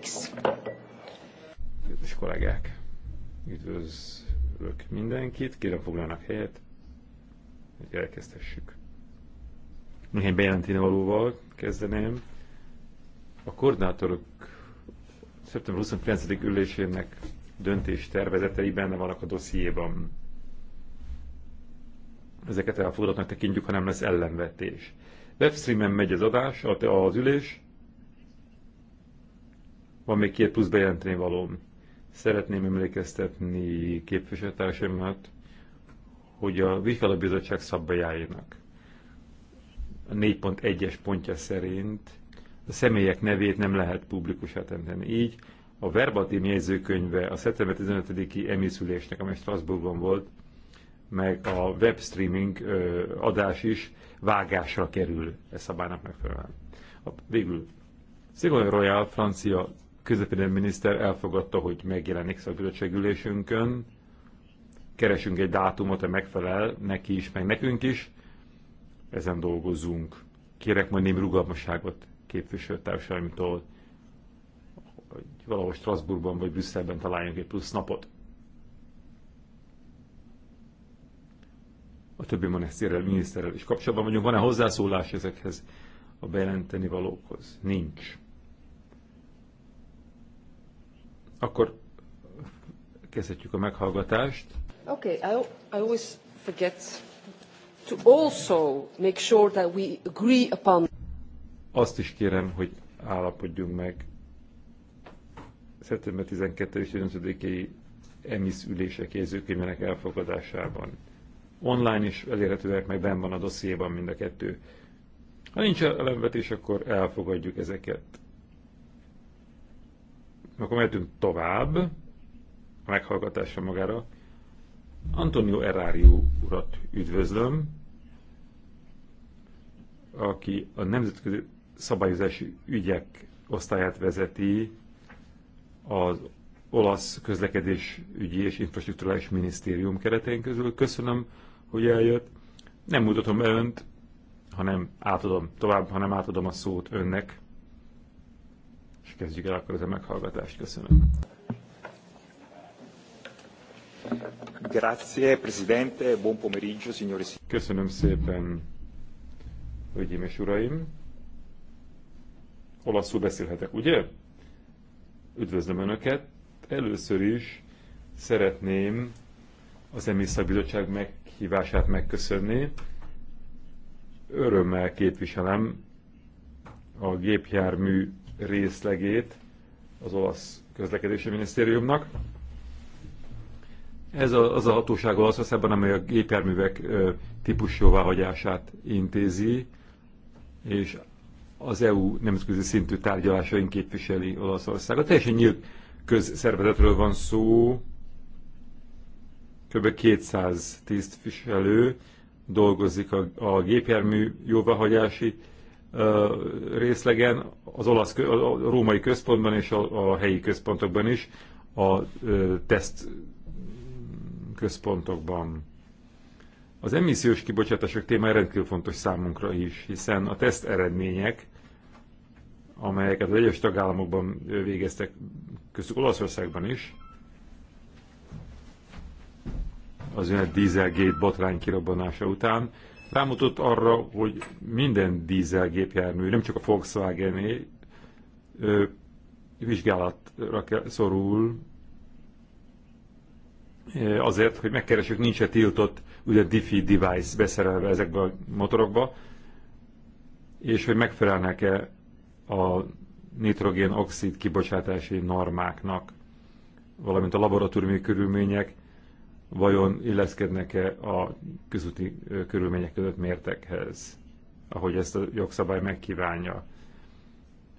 X. Kedves kollégák, üdvözlök mindenkit, kérem foglalnak helyet, hogy elkezdhessük. Néhány bejelentene valóval kezdeném. A koordinátorok szeptember 29. ülésének döntés tervezetei benne vannak a dossziéban. Ezeket elfogadatnak tekintjük, ha nem lesz ellenvetés. Webstreamen megy az adás, az ülés, van még két plusz bejelenteni valóm. Szeretném emlékeztetni képviselőtársaimat, hogy a vizsgálóbizottság szabályáinak a 4.1-es pontja szerint a személyek nevét nem lehet publikusá tenni. Így a verbatim jegyzőkönyve a szeptember 15-i emiszülésnek, amely Strasbourgban volt, meg a webstreaming adás is vágásra kerül e szabálynak megfelelően. végül Szigony Royal, francia közvetlen miniszter elfogadta, hogy megjelenik szakbizottságülésünkön. Keresünk egy dátumot, a megfelel neki is, meg nekünk is. Ezen dolgozunk. Kérek majd némi rugalmasságot képviselőtársaimtól, hogy valahol Strasbourgban vagy Brüsszelben találjunk egy plusz napot. A többi monesztérrel, miniszterrel is kapcsolatban vagyunk. Van-e hozzászólás ezekhez a bejelenteni valókhoz? Nincs. Akkor kezdhetjük a meghallgatást. Okay, I, I always forget to also make sure that we agree upon... Azt is kérem, hogy állapodjunk meg szeptember 12 és 15-i EMIS ülések jegyzőkönyvének elfogadásában. Online is elérhetőek, meg benn van a dossziéban mind a kettő. Ha nincs elemvetés, akkor elfogadjuk ezeket. Akkor mehetünk tovább a meghallgatásra magára. Antonio Erárió urat üdvözlöm, aki a Nemzetközi Szabályozási Ügyek osztályát vezeti az olasz közlekedés ügyi és infrastruktúrális minisztérium keretein közül. Köszönöm, hogy eljött. Nem mutatom önt, hanem átadom tovább, hanem átadom a szót önnek, és kezdjük el akkor ez a meghallgatást. Köszönöm. Grazie, Presidente, buon pomeriggio, signori. Köszönöm szépen, hölgyeim és uraim. Olaszul beszélhetek, ugye? Üdvözlöm Önöket. Először is szeretném az EMI Szakbizottság meghívását megköszönni. Örömmel képviselem a gépjármű részlegét az olasz közlekedési minisztériumnak. Ez a, az a hatóság Olaszországban, amely a gépjárművek típus jóváhagyását intézi, és az EU nemzetközi szintű tárgyalásain képviseli Olaszország. A teljesen nyílt közszervezetről van szó, kb. 200 tisztviselő dolgozik a, a gépjármű jóváhagyási részlegen, az olasz, a római központban és a, a helyi központokban is, a teszt központokban. Az emissziós kibocsátások témája rendkívül fontos számunkra is, hiszen a teszt eredmények, amelyeket az egyes tagállamokban végeztek, köztük Olaszországban is, az olyan Dieselgate botrány kirobbanása után, rámutott arra, hogy minden dízelgépjármű, nem csak a volkswagen vizsgálatra szorul, azért, hogy megkeressük, nincs-e tiltott ugye diffi device beszerelve ezekbe a motorokba, és hogy megfelelnek-e a nitrogén-oxid kibocsátási normáknak, valamint a laboratóriumi körülmények vajon illeszkednek-e a közúti körülmények között mértekhez, ahogy ezt a jogszabály megkívánja.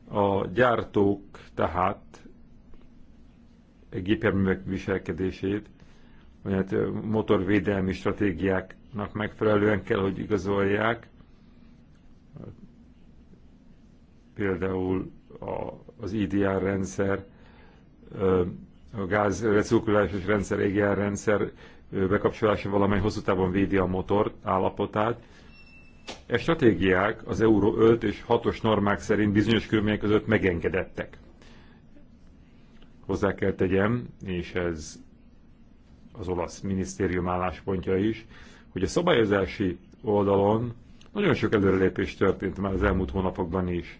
A gyártók tehát gépjárművek viselkedését, vagy hát, motorvédelmi stratégiáknak megfelelően kell, hogy igazolják. Például a, az IDR rendszer a gáz recirkulációs rendszer, EGR rendszer bekapcsolása valamely hosszú távon védi a motor állapotát. E stratégiák az Euró 5 és 6-os normák szerint bizonyos körülmények között megengedettek. Hozzá kell tegyem, és ez az olasz minisztérium álláspontja is, hogy a szabályozási oldalon nagyon sok előrelépés történt már az elmúlt hónapokban is.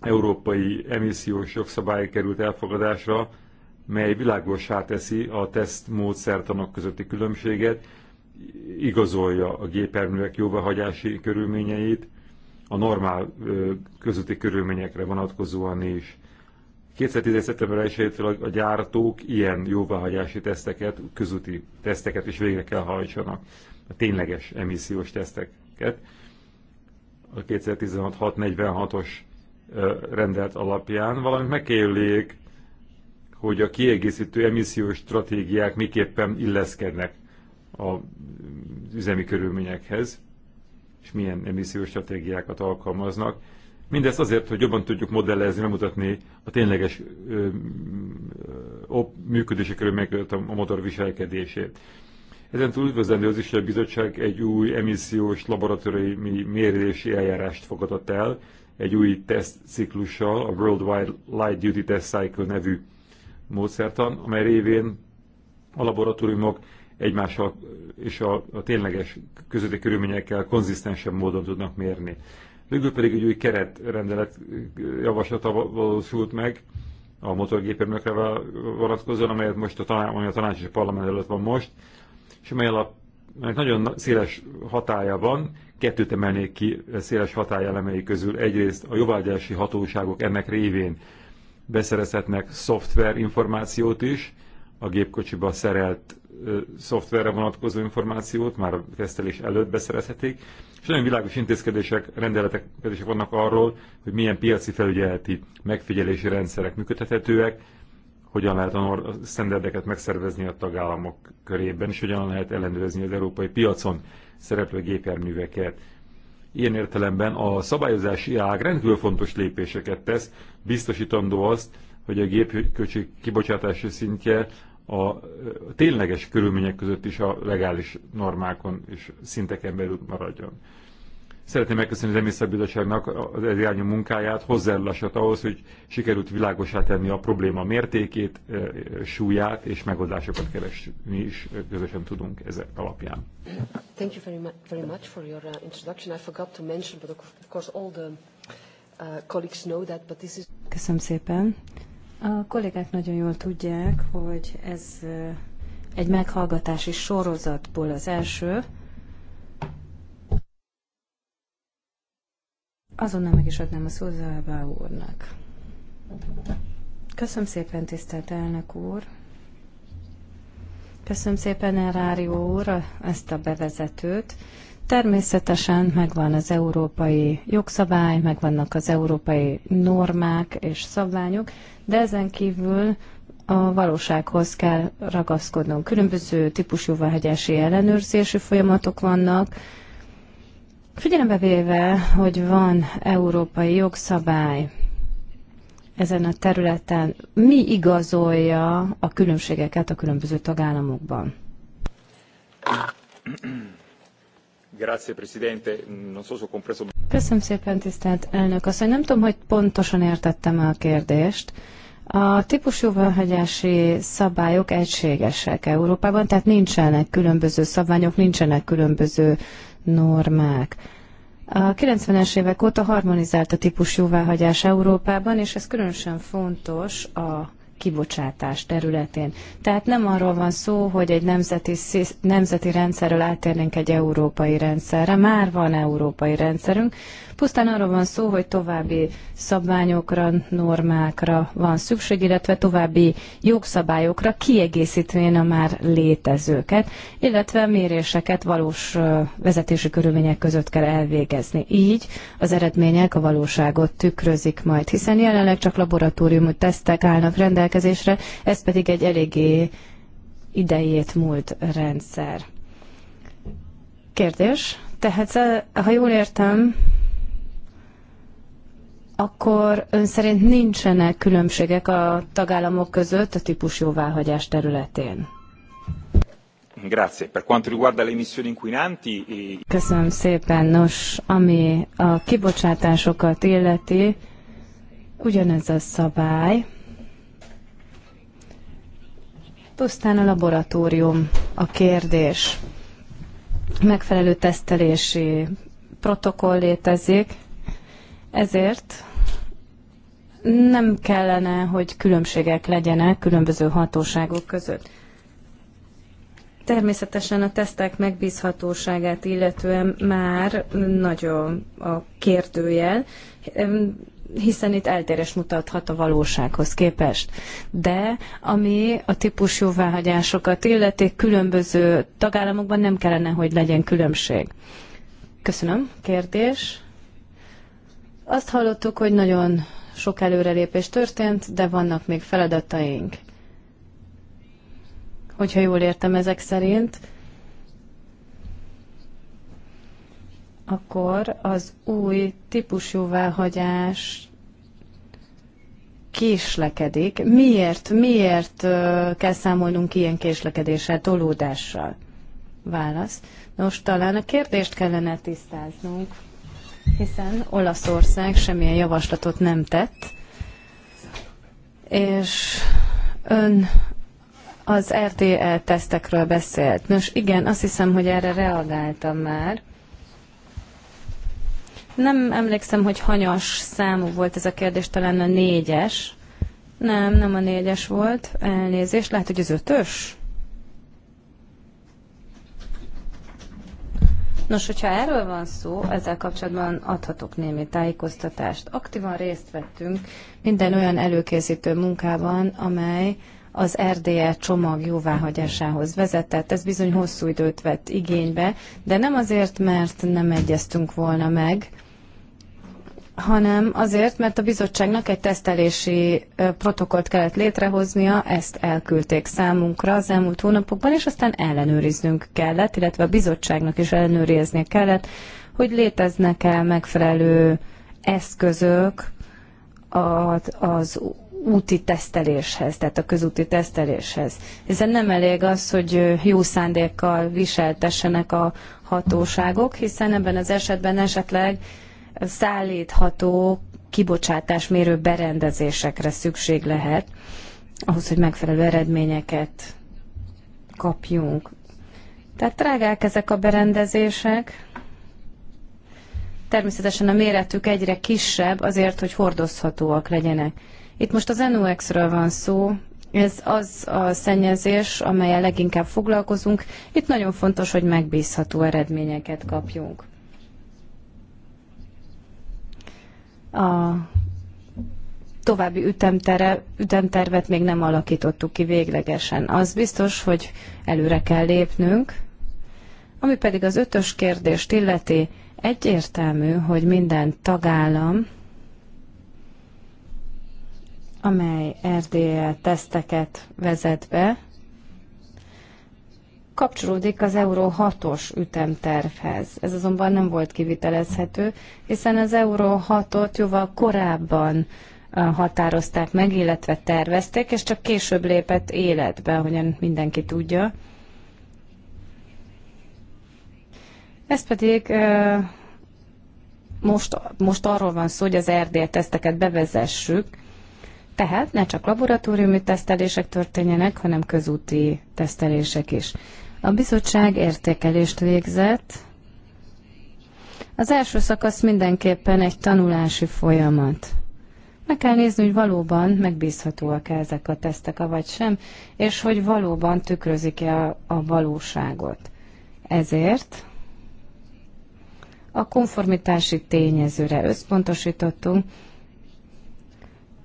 Európai emissziós jogszabály került elfogadásra, mely világosá teszi a teszt módszertanok közötti különbséget, igazolja a gépjárművek jóváhagyási körülményeit, a normál közötti körülményekre vonatkozóan is. 2010. szeptember 1 a gyártók ilyen jóváhagyási teszteket, közúti teszteket is végre kell hajtsanak, a tényleges emissziós teszteket. A 2016-646-os rendelt alapján, valamint megkérjék hogy a kiegészítő emissziós stratégiák miképpen illeszkednek az üzemi körülményekhez, és milyen emissziós stratégiákat alkalmaznak. Mindezt azért, hogy jobban tudjuk modellezni, bemutatni a tényleges működési körülmények között a motor viselkedését. Ezen túl üdvözlendő az is, hogy a bizottság egy új emissziós laboratóriumi mérési eljárást fogadott el, egy új tesztciklussal, a Worldwide Light Duty Test Cycle nevű módszertan, amely révén a laboratóriumok egymással és a, a tényleges közötti körülményekkel konzisztensebb módon tudnak mérni. Végül pedig egy új keretrendelet javaslata valósult meg a motorgépjárműekre vonatkozóan, amelyet most a, tanács, a tanács és a parlament előtt van most, és amely alap mert nagyon széles hatája van, kettőt emelnék ki széles hatája elemei közül. Egyrészt a jobbágyási hatóságok ennek révén beszerezhetnek szoftver információt is, a gépkocsiba szerelt szoftverre vonatkozó információt, már a tesztelés előtt beszerezhetik, és nagyon világos intézkedések, rendeletek vannak arról, hogy milyen piaci felügyeleti megfigyelési rendszerek működhetetőek, hogyan lehet a standardeket megszervezni a tagállamok körében, és hogyan lehet ellenőrizni az európai piacon szereplő gépjárműveket. Ilyen értelemben a szabályozási ág rendkívül fontos lépéseket tesz, biztosítandó azt, hogy a gépköltség kibocsátási szintje a tényleges körülmények között is a legális normákon és szinteken belül maradjon. Szeretném megköszönni az Bizottságnak az ez irányú munkáját, hozzájárulását ahhoz, hogy sikerült világosá tenni a probléma mértékét, súlyát, és megoldásokat keresni is közösen tudunk ezek alapján. Thank you very, mu- very much for your uh, introduction. I forgot to mention, but of course all the uh, colleagues know that, but this is... Köszönöm szépen. A kollégák nagyon jól tudják, hogy ez uh, egy meghallgatási sorozatból az első, Azonnal meg is adnám a szót Zalbá úrnak. Köszönöm szépen, tisztelt elnök úr. Köszönöm szépen, Erárió úr, ezt a bevezetőt. Természetesen megvan az európai jogszabály, megvannak az európai normák és szabványok, de ezen kívül a valósághoz kell ragaszkodnunk. Különböző típusú jóváhagyási ellenőrzési folyamatok vannak, Figyelembe véve, hogy van európai jogszabály ezen a területen, mi igazolja a különbségeket a különböző tagállamokban? Köszönöm szépen, tisztelt elnök asszony. Nem tudom, hogy pontosan értettem a kérdést. A típusjóváhagyási szabályok egységesek Európában, tehát nincsenek különböző szabványok, nincsenek különböző normák. A 90-es évek óta harmonizált a típus jóváhagyás Európában, és ez különösen fontos a kibocsátás területén. Tehát nem arról van szó, hogy egy nemzeti, nemzeti rendszerről átérnénk egy európai rendszerre, már van európai rendszerünk, pusztán arról van szó, hogy további szabványokra, normákra van szükség, illetve további jogszabályokra kiegészítvén a már létezőket, illetve méréseket valós vezetési körülmények között kell elvégezni. Így az eredmények a valóságot tükrözik majd, hiszen jelenleg csak laboratóriumi tesztek állnak rendelkezésre, rendelkezésre, ez pedig egy eléggé idejét múlt rendszer. Kérdés, tehát eh, ha jól értem, akkor ön szerint nincsenek különbségek a tagállamok között a típus jóváhagyás területén? Grazie. Per quanto riguarda le emissioni inquinanti... Eh, Köszönöm szépen. Nos, ami a kibocsátásokat illeti, ugyanez a szabály, Pusztán a laboratórium a kérdés. Megfelelő tesztelési protokoll létezik, ezért nem kellene, hogy különbségek legyenek különböző hatóságok között. Természetesen a tesztek megbízhatóságát illetően már nagyon a kérdőjel hiszen itt eltérés mutathat a valósághoz képest. De ami a típus jóváhagyásokat illeti, különböző tagállamokban nem kellene, hogy legyen különbség. Köszönöm. Kérdés? Azt hallottuk, hogy nagyon sok előrelépés történt, de vannak még feladataink. Hogyha jól értem ezek szerint, akkor az új típusjóváhagyás késlekedik. Miért, miért kell számolnunk ilyen késlekedéssel, tolódással? Válasz. Nos, talán a kérdést kellene tisztáznunk, hiszen Olaszország semmilyen javaslatot nem tett, és ön az RTL e tesztekről beszélt. Nos, igen, azt hiszem, hogy erre reagáltam már. Nem emlékszem, hogy hanyas számú volt ez a kérdés, talán a négyes. Nem, nem a négyes volt. Elnézést, lehet, hogy az ötös? Nos, hogyha erről van szó, ezzel kapcsolatban adhatok némi tájékoztatást. Aktívan részt vettünk minden olyan előkészítő munkában, amely az RDE csomag jóváhagyásához vezetett. Ez bizony hosszú időt vett igénybe, de nem azért, mert nem egyeztünk volna meg hanem azért, mert a bizottságnak egy tesztelési protokollt kellett létrehoznia, ezt elküldték számunkra az elmúlt hónapokban, és aztán ellenőriznünk kellett, illetve a bizottságnak is ellenőriznie kellett, hogy léteznek-e megfelelő eszközök az úti teszteléshez, tehát a közúti teszteléshez. Hiszen nem elég az, hogy jó szándékkal viseltessenek a hatóságok, hiszen ebben az esetben esetleg szállítható kibocsátásmérő berendezésekre szükség lehet, ahhoz, hogy megfelelő eredményeket kapjunk. Tehát drágák ezek a berendezések. Természetesen a méretük egyre kisebb azért, hogy hordozhatóak legyenek. Itt most az NOx-ről van szó, ez az a szennyezés, amelyen leginkább foglalkozunk. Itt nagyon fontos, hogy megbízható eredményeket kapjunk. A további ütemtere, ütemtervet még nem alakítottuk ki véglegesen. Az biztos, hogy előre kell lépnünk. Ami pedig az ötös kérdést illeti, egyértelmű, hogy minden tagállam, amely RDE teszteket vezet be, kapcsolódik az Euró 6-os ütemtervhez. Ez azonban nem volt kivitelezhető, hiszen az Euró 6-ot jóval korábban határozták meg, illetve tervezték, és csak később lépett életbe, ahogyan mindenki tudja. Ez pedig most, most arról van szó, hogy az RDL teszteket bevezessük, tehát ne csak laboratóriumi tesztelések történjenek, hanem közúti tesztelések is. A bizottság értékelést végzett. Az első szakasz mindenképpen egy tanulási folyamat. Meg kell nézni, hogy valóban megbízhatóak-e ezek a tesztek, vagy sem, és hogy valóban tükrözik-e a, a valóságot. Ezért a konformitási tényezőre összpontosítottunk,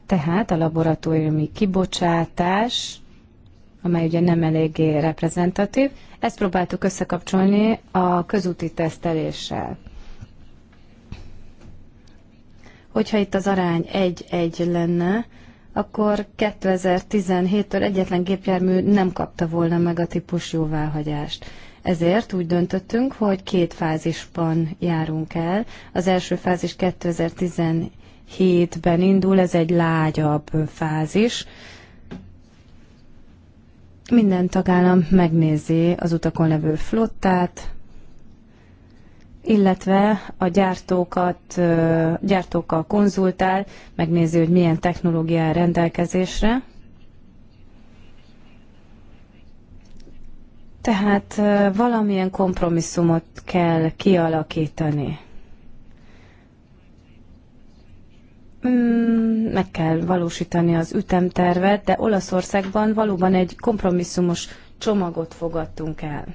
tehát a laboratóriumi kibocsátás, amely ugye nem eléggé reprezentatív, ezt próbáltuk összekapcsolni a közúti teszteléssel. Hogyha itt az arány 1-1 lenne, akkor 2017-től egyetlen gépjármű nem kapta volna meg a típus jóváhagyást. Ezért úgy döntöttünk, hogy két fázisban járunk el. Az első fázis 2017-ben indul, ez egy lágyabb fázis. Minden tagállam megnézi az utakon levő flottát, illetve a gyártókat, gyártókkal konzultál, megnézi, hogy milyen technológia rendelkezésre. Tehát valamilyen kompromisszumot kell kialakítani. Mm, meg kell valósítani az ütemtervet, de Olaszországban valóban egy kompromisszumos csomagot fogadtunk el.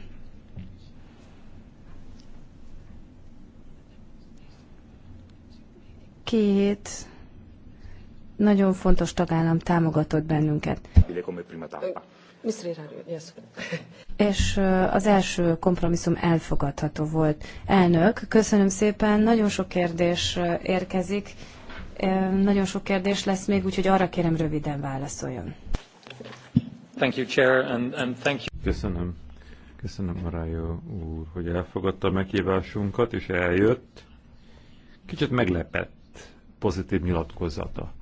Két nagyon fontos tagállam támogatott bennünket. És az első kompromisszum elfogadható volt. Elnök, köszönöm szépen, nagyon sok kérdés érkezik nagyon sok kérdés lesz még, úgyhogy arra kérem röviden válaszoljon. Thank you, Chair, and, and thank you. Köszönöm. Köszönöm, Marája úr, hogy elfogadta a meghívásunkat, és eljött. Kicsit meglepett pozitív nyilatkozata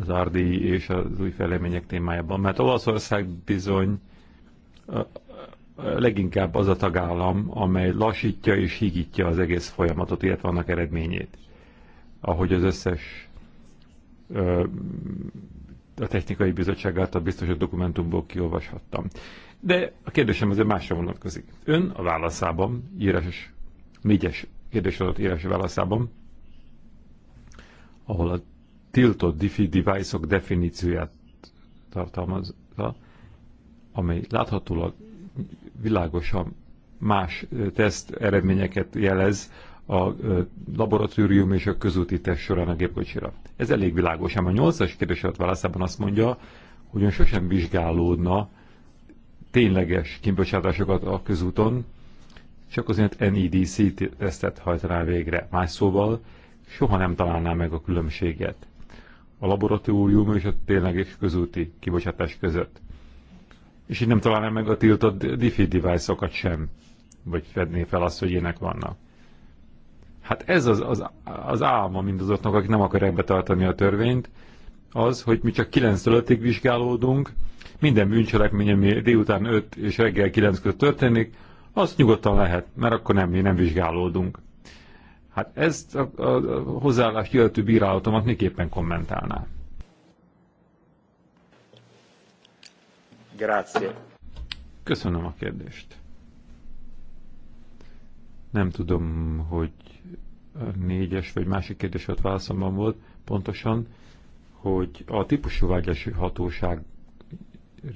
az RDI és az új fejlemények témájában, mert Olaszország bizony leginkább az a tagállam, amely lassítja és higítja az egész folyamatot, illetve annak eredményét. Ahogy az összes a technikai bizottság által biztosított dokumentumból kiolvashattam. De a kérdésem azért másra vonatkozik. Ön a válaszában, írásos, négyes kérdés adott írási válaszában, ahol a tiltott diffi device-ok definícióját tartalmazza, amely láthatólag világosan más teszt eredményeket jelez a laboratórium és a közúti test során a gépkocsira. Ez elég világos, ám a nyolcas kérdés alatt válaszában azt mondja, hogy ön sosem vizsgálódna tényleges kimbocsátásokat a közúton, csak azért NEDC tesztet hajtaná végre. Más szóval soha nem találná meg a különbséget a laboratórium és a tényleges közúti kibocsátás között. És így nem találná meg a tiltott diffi device-okat sem, vagy fedné fel azt, hogy ének vannak. Hát ez az, az, az álma mindazoknak, akik nem akarják betartani a törvényt, az, hogy mi csak 9-től 5-ig vizsgálódunk, minden bűncselekmény, ami délután 5 és reggel 9 között történik, azt nyugodtan lehet, mert akkor nem, mi nem vizsgálódunk. Hát ezt a, a, a hozzáállást illető bírálatomat miképpen kommentálná? Grazie. Köszönöm a kérdést. Nem tudom, hogy a négyes vagy másik kérdés ott válaszomban volt pontosan, hogy a típusú vágyási hatóság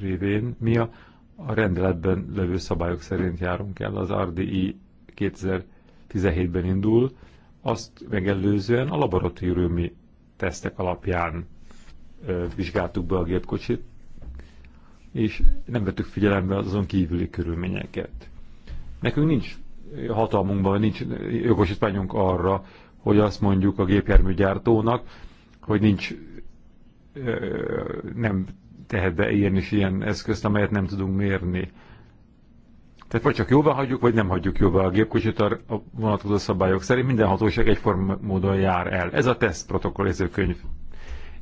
révén mi a, a rendeletben levő szabályok szerint járunk el. Az RDI 2017-ben indul, azt megelőzően a laboratóriumi tesztek alapján ö, vizsgáltuk be a gépkocsit, és nem vettük figyelembe azon kívüli körülményeket. Nekünk nincs hatalmunkban nincs jogosítványunk arra, hogy azt mondjuk a gépjárműgyártónak, hogy nincs, nem tehet be ilyen is ilyen eszközt, amelyet nem tudunk mérni. Tehát vagy csak jóvá hagyjuk, vagy nem hagyjuk jóvá a gépkocsit a vonatkozó szabályok szerint. Minden hatóság egyforma módon jár el. Ez a teszt protokollizőkönyv.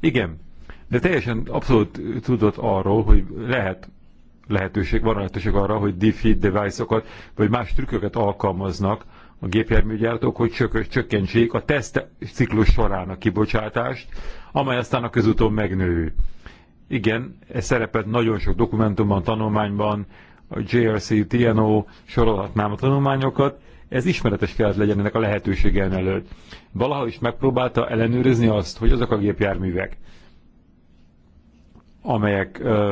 Igen, de teljesen abszolút tudott arról, hogy lehet lehetőség, van lehetőség arra, hogy defeat device-okat, vagy más trükköket alkalmaznak a gépjárműgyártók, hogy csökkentsék a teszt ciklus során a kibocsátást, amely aztán a közúton megnő. Igen, ez szerepet nagyon sok dokumentumban, tanulmányban, a JRC, TNO, sorolhatnám a tanulmányokat, ez ismeretes kellett legyen ennek a lehetősége előtt. Valahol is megpróbálta ellenőrizni azt, hogy azok a gépjárművek, amelyek uh,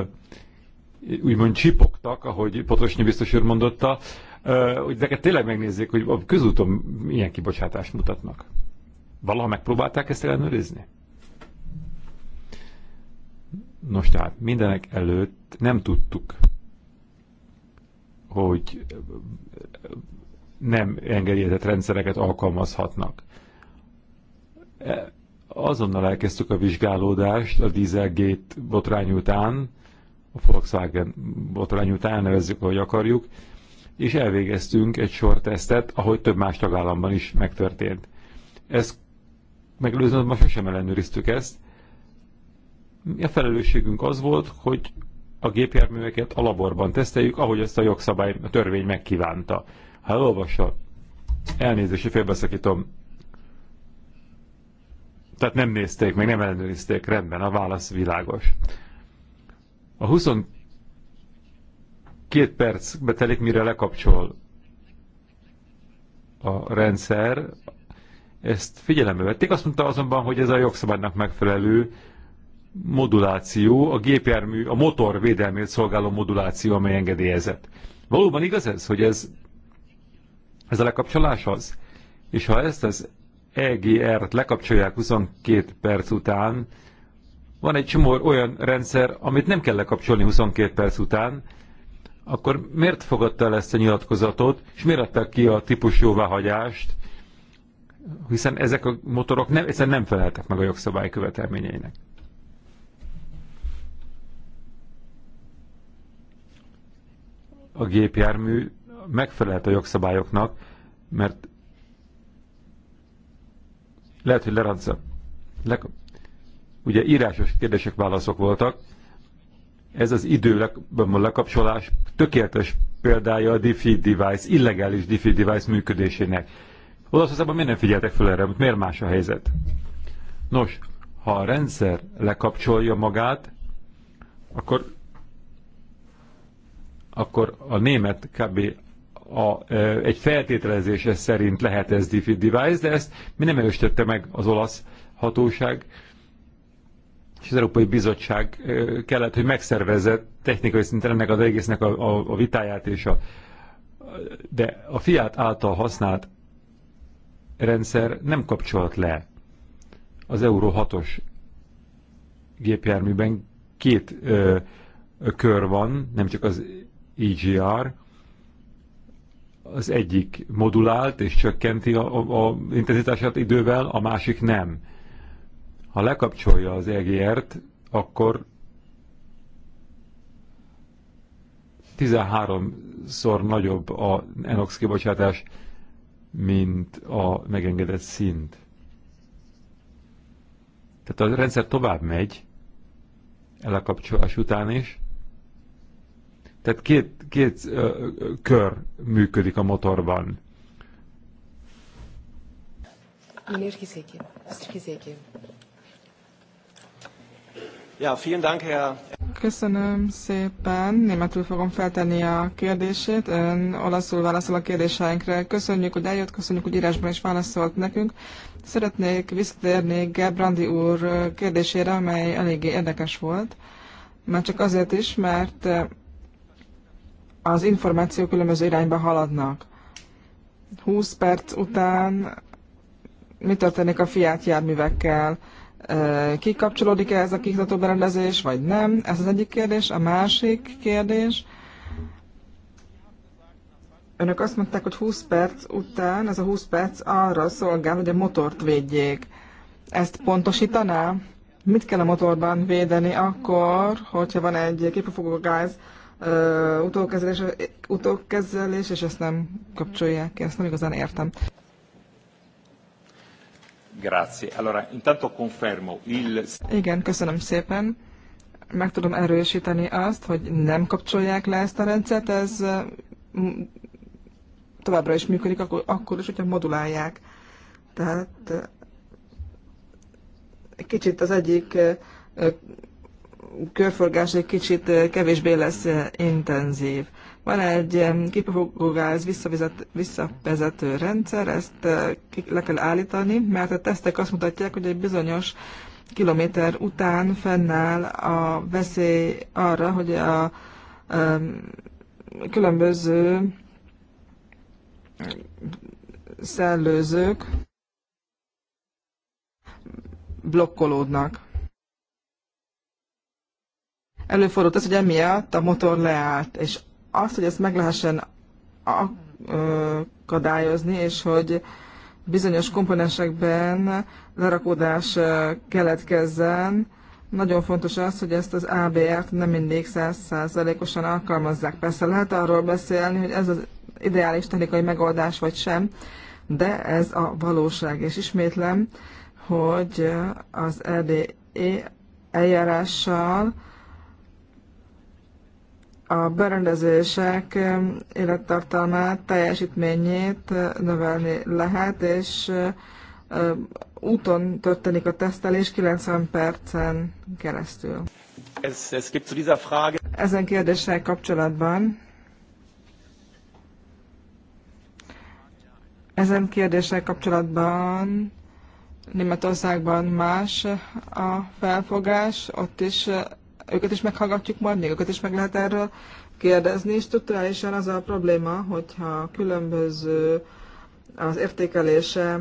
úgymond csipogtak, ahogy Potosnyi biztos úr mondotta, hogy ezeket tényleg megnézzék, hogy a közúton milyen kibocsátást mutatnak. Valaha megpróbálták ezt ellenőrizni? Nos tehát, mindenek előtt nem tudtuk, hogy nem engedélyezett rendszereket alkalmazhatnak. E, azonnal elkezdtük a vizsgálódást a Dieselgate botrány után, a Volkswagen botrány után, elnevezzük, ahogy akarjuk, és elvégeztünk egy sor tesztet, ahogy több más tagállamban is megtörtént. Ez megelőzően ma sosem ellenőriztük ezt. A felelősségünk az volt, hogy a gépjárműveket a laborban teszteljük, ahogy ezt a jogszabály, a törvény megkívánta. Ha elolvassa, elnézést, hogy félbeszakítom. Tehát nem nézték, meg nem ellenőrizték, rendben, a válasz világos. A 22 perc betelik, mire lekapcsol a rendszer. Ezt figyelembe vették. Azt mondta azonban, hogy ez a jogszabálynak megfelelő moduláció, a gépjármű, a motor védelmét szolgáló moduláció, amely engedélyezett. Valóban igaz ez, hogy ez, ez a lekapcsolás az? És ha ezt az EGR-t lekapcsolják 22 perc után, van egy csomó olyan rendszer, amit nem kell lekapcsolni 22 perc után, akkor miért fogadta el ezt a nyilatkozatot, és miért adta ki a típus jóváhagyást, hiszen ezek a motorok nem, egyszerűen nem feleltek meg a jogszabály követelményeinek. A gépjármű megfelelt a jogszabályoknak, mert lehet, hogy lerancsa, Ugye írásos kérdések, válaszok voltak. Ez az idő lekapcsolás tökéletes példája a DeFi device, illegális DeFi device működésének. Olaszországban miért nem figyeltek fel erre, miért más a helyzet? Nos, ha a rendszer lekapcsolja magát, akkor, akkor a német kb. A, e, egy feltételezése szerint lehet ez DeFi device, de ezt mi nem erősítette meg az olasz hatóság és az Európai Bizottság kellett, hogy megszervezze technikai szinten ennek az egésznek a, a, a vitáját, és a, de a fiát által használt rendszer nem kapcsolt le az Euró 6-os gépjárműben két ö, ö, kör van, nem csak az EGR, az egyik modulált és csökkenti a, a, a intenzitását idővel, a másik nem. Ha lekapcsolja az EGR-t, akkor 13-szor nagyobb a NOx kibocsátás, mint a megengedett szint. Tehát a rendszer tovább megy, lekapcsolás után is. Tehát két, két ö, ö, kör működik a motorban. Mr. Kizéki. Mr. Kizéki. Köszönöm szépen. Németül fogom feltenni a kérdését. Ön olaszul válaszol a kérdéseinkre. Köszönjük, hogy eljött, köszönjük, hogy írásban is válaszolt nekünk. Szeretnék visszatérni Gerbrandi úr kérdésére, amely eléggé érdekes volt. Már csak azért is, mert az információ különböző irányba haladnak. 20 perc után mi történik a fiát járművekkel? kikapcsolódik-e ez a kiktató berendezés, vagy nem. Ez az egyik kérdés. A másik kérdés, önök azt mondták, hogy 20 perc után, ez a 20 perc arra szolgál, hogy a motort védjék. Ezt pontosítaná? Mit kell a motorban védeni akkor, hogyha van egy kipufogó gáz utókezelés, utókezelés, és ezt nem kapcsolják ki, ezt nem igazán értem. Grazie. Allora, intanto confermo il... Igen, köszönöm szépen. Meg tudom erősíteni azt, hogy nem kapcsolják le ezt a rendszert, ez továbbra is működik, akkor, akkor is, hogyha modulálják. Tehát kicsit az egyik körforgás egy kicsit kevésbé lesz intenzív. Van egy kipufogógáz visszavezető rendszer, ezt eh, le kell állítani, mert a tesztek azt mutatják, hogy egy bizonyos kilométer után fennáll a veszély arra, hogy a, a különböző szellőzők blokkolódnak. Előfordult az, hogy emiatt a motor leállt, és azt, hogy ezt meg lehessen akadályozni, és hogy bizonyos komponensekben lerakódás keletkezzen, nagyon fontos az, hogy ezt az ABR-t nem mindig százszázalékosan alkalmazzák. Persze lehet arról beszélni, hogy ez az ideális technikai megoldás vagy sem, de ez a valóság. És ismétlem, hogy az EDE e eljárással a berendezések élettartalmát, teljesítményét eh, növelni lehet, és eh, úton történik a tesztelés 90 percen keresztül. Ez, ez gibt zu dieser Frage. Ezen kérdéssel kapcsolatban Ezen kérdéssel kapcsolatban Németországban más a felfogás, ott is eh, őket is meghallgatjuk majd, még őket is meg lehet erről kérdezni, és strukturálisan az a probléma, hogyha különböző az értékelése,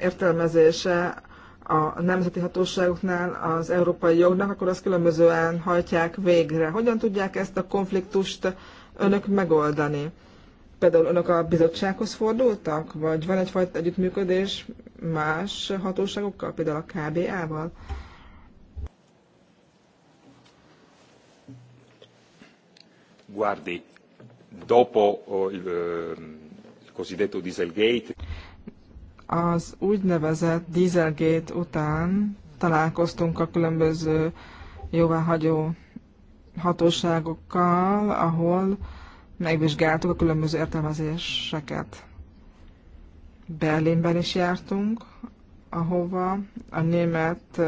értelmezése a nemzeti hatóságoknál az európai jognak, akkor azt különbözően hajtják végre. Hogyan tudják ezt a konfliktust önök megoldani? Például önök a bizottsághoz fordultak, vagy van egyfajta együttműködés más hatóságokkal, például a KBA-val? Guardi, dopo oh, eh, il cosiddetto Dieselgate. Az úgynevezett Dieselgate után találkoztunk a különböző jóváhagyó hatóságokkal, ahol megvizsgáltuk a különböző értelmezéseket. Berlinben is jártunk, ahova a német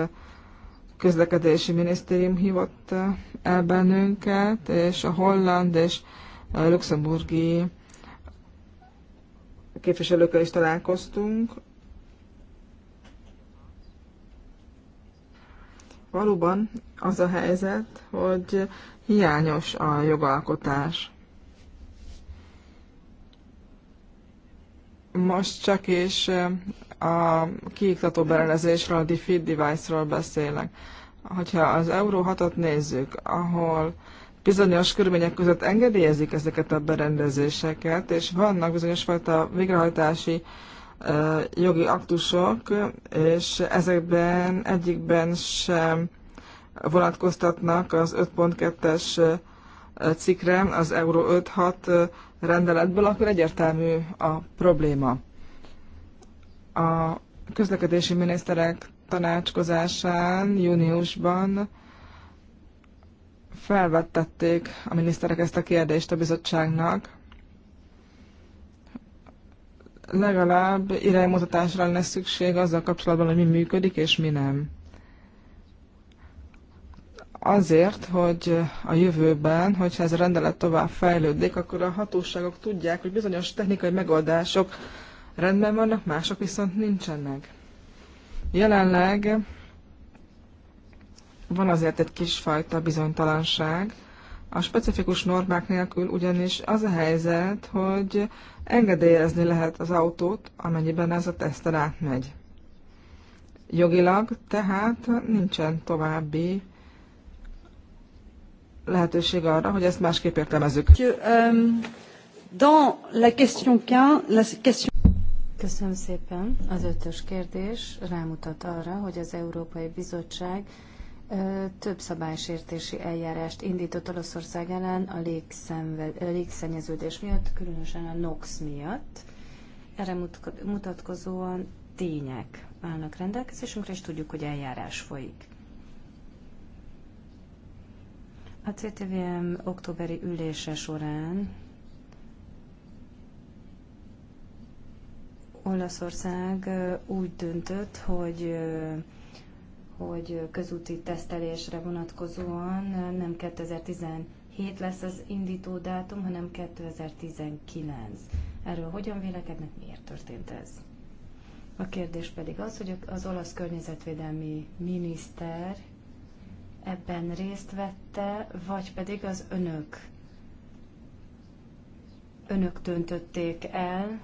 közlekedési minisztérium hívott el bennünket, és a holland és a luxemburgi képviselőkkel is találkoztunk. Valóban az a helyzet, hogy hiányos a jogalkotás. Most csak is eh, a kiiktató berendezésről, a defeat device-ról beszélek hogyha az Euró hatot nézzük, ahol bizonyos körülmények között engedélyezik ezeket a berendezéseket, és vannak bizonyos fajta végrehajtási jogi aktusok, és ezekben egyikben sem vonatkoztatnak az 5.2-es cikkre az Euró 5.6 rendeletből, akkor egyértelmű a probléma. A közlekedési miniszterek tanácskozásán júniusban felvettették a miniszterek ezt a kérdést a bizottságnak. Legalább iránymutatásra lenne szükség azzal kapcsolatban, hogy mi működik és mi nem. Azért, hogy a jövőben, hogyha ez a rendelet tovább fejlődik, akkor a hatóságok tudják, hogy bizonyos technikai megoldások rendben vannak, mások viszont nincsenek. Jelenleg van azért egy kisfajta bizonytalanság. A specifikus normák nélkül ugyanis az a helyzet, hogy engedélyezni lehet az autót, amennyiben ez a teszten átmegy. Jogilag tehát nincsen további lehetőség arra, hogy ezt másképp értelmezzük. Um, dans la question 15, la question... Köszönöm szépen. Az ötös kérdés rámutat arra, hogy az Európai Bizottság több szabálysértési eljárást indított Olaszország ellen a légszennyeződés miatt, különösen a NOx miatt. Erre mutatkozóan tények állnak rendelkezésünkre, és tudjuk, hogy eljárás folyik. A CTVM októberi ülése során Olaszország úgy döntött, hogy hogy közúti tesztelésre vonatkozóan nem 2017 lesz az indító dátum, hanem 2019. Erről hogyan vélekednek, miért történt ez? A kérdés pedig az, hogy az olasz környezetvédelmi miniszter ebben részt vette, vagy pedig az önök önök döntötték el,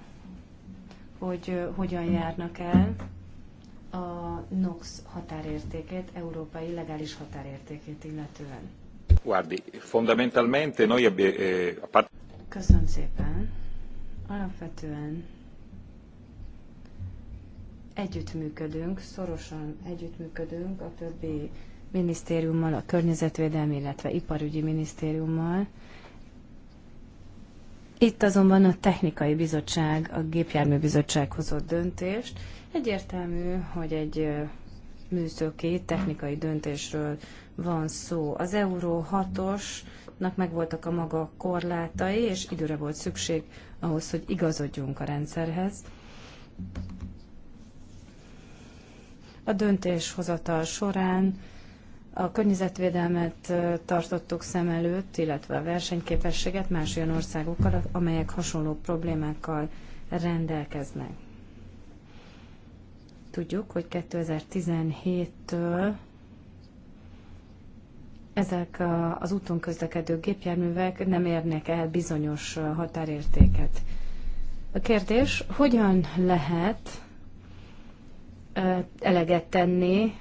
hogy hogyan járnak el a NOx határértékét, európai legális határértékét illetően. Guardi, fondamentalmente noi eh, a part... Köszönöm szépen. Alapvetően együttműködünk, szorosan együttműködünk a többi minisztériummal, a környezetvédelmi, illetve iparügyi minisztériummal, itt azonban a technikai bizottság, a gépjárműbizottság hozott döntést. Egyértelmű, hogy egy műszaki, technikai döntésről van szó. Az Euró 6-osnak megvoltak a maga korlátai, és időre volt szükség ahhoz, hogy igazodjunk a rendszerhez. A döntéshozatal során a környezetvédelmet tartottuk szem előtt, illetve a versenyképességet más olyan országokkal, amelyek hasonló problémákkal rendelkeznek. Tudjuk, hogy 2017-től ezek az úton közlekedő gépjárművek nem érnek el bizonyos határértéket. A kérdés, hogyan lehet eleget tenni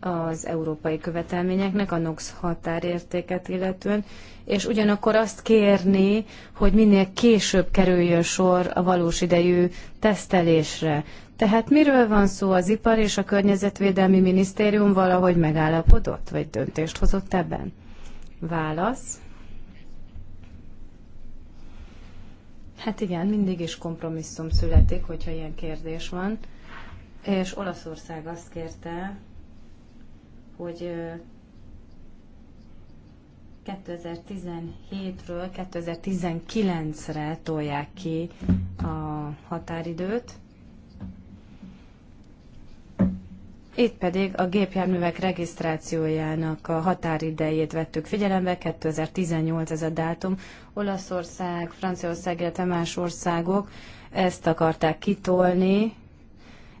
az európai követelményeknek, a NOx határértéket illetően, és ugyanakkor azt kérni, hogy minél később kerüljön sor a valós idejű tesztelésre. Tehát miről van szó az ipar és a környezetvédelmi minisztérium valahogy megállapodott, vagy döntést hozott ebben? Válasz. Hát igen, mindig is kompromisszum születik, hogyha ilyen kérdés van. És Olaszország azt kérte, hogy 2017-ről 2019-re tolják ki a határidőt. Itt pedig a gépjárművek regisztrációjának a határidejét vettük figyelembe, 2018 ez a dátum. Olaszország, Franciaország, illetve más országok ezt akarták kitolni,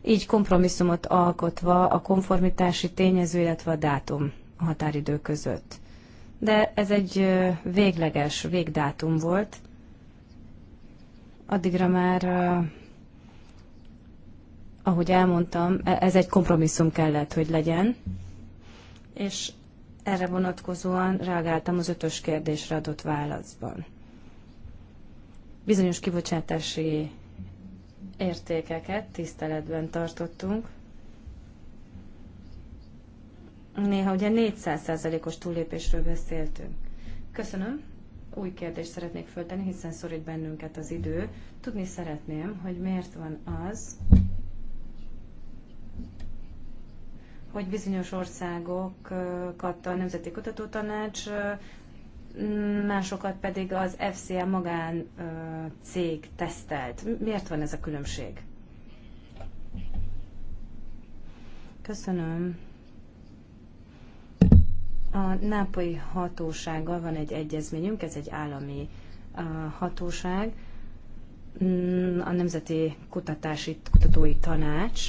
így kompromisszumot alkotva a konformitási tényező, illetve a dátum a határidő között. De ez egy végleges végdátum volt. Addigra már, ahogy elmondtam, e, ez egy kompromisszum kellett, hogy legyen. És erre vonatkozóan reagáltam az ötös kérdésre adott válaszban. Bizonyos kibocsátási értékeket tiszteletben tartottunk. Néha ugye 400%-os túlépésről beszéltünk. Köszönöm. Új kérdést szeretnék föltenni, hiszen szorít bennünket az idő. Tudni szeretném, hogy miért van az, hogy bizonyos országokat a Nemzeti Kutatótanács másokat pedig az FCA magán cég tesztelt. Miért van ez a különbség? Köszönöm. A nápolyi hatósággal van egy egyezményünk, ez egy állami hatóság, mm, a Nemzeti Kutatási Kutatói Tanács,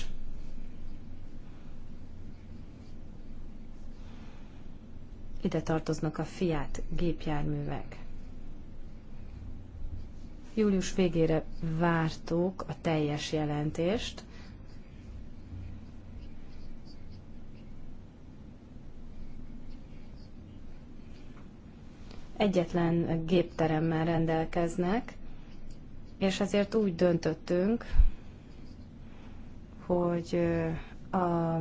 Ide tartoznak a fiát gépjárművek. Július végére vártuk a teljes jelentést, egyetlen gépteremmel rendelkeznek, és ezért úgy döntöttünk, hogy a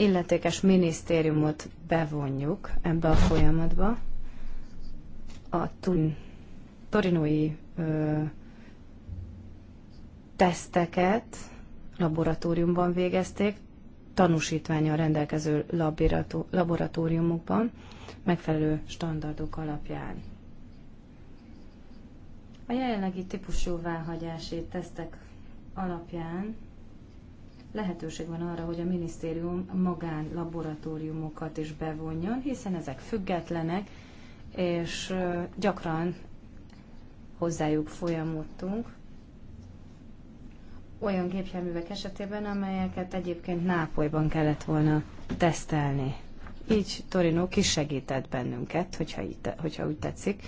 illetékes minisztériumot bevonjuk ebbe a folyamatba. A torinói ö, teszteket laboratóriumban végezték, tanúsítványa rendelkező laboratóriumokban, megfelelő standardok alapján. A jelenlegi típusú válhagyási tesztek alapján lehetőség van arra, hogy a minisztérium magán laboratóriumokat is bevonjon, hiszen ezek függetlenek, és gyakran hozzájuk folyamodtunk olyan gépjárművek esetében, amelyeket egyébként Nápolyban kellett volna tesztelni. Így Torino kisegített bennünket, hogyha, így, hogyha úgy tetszik,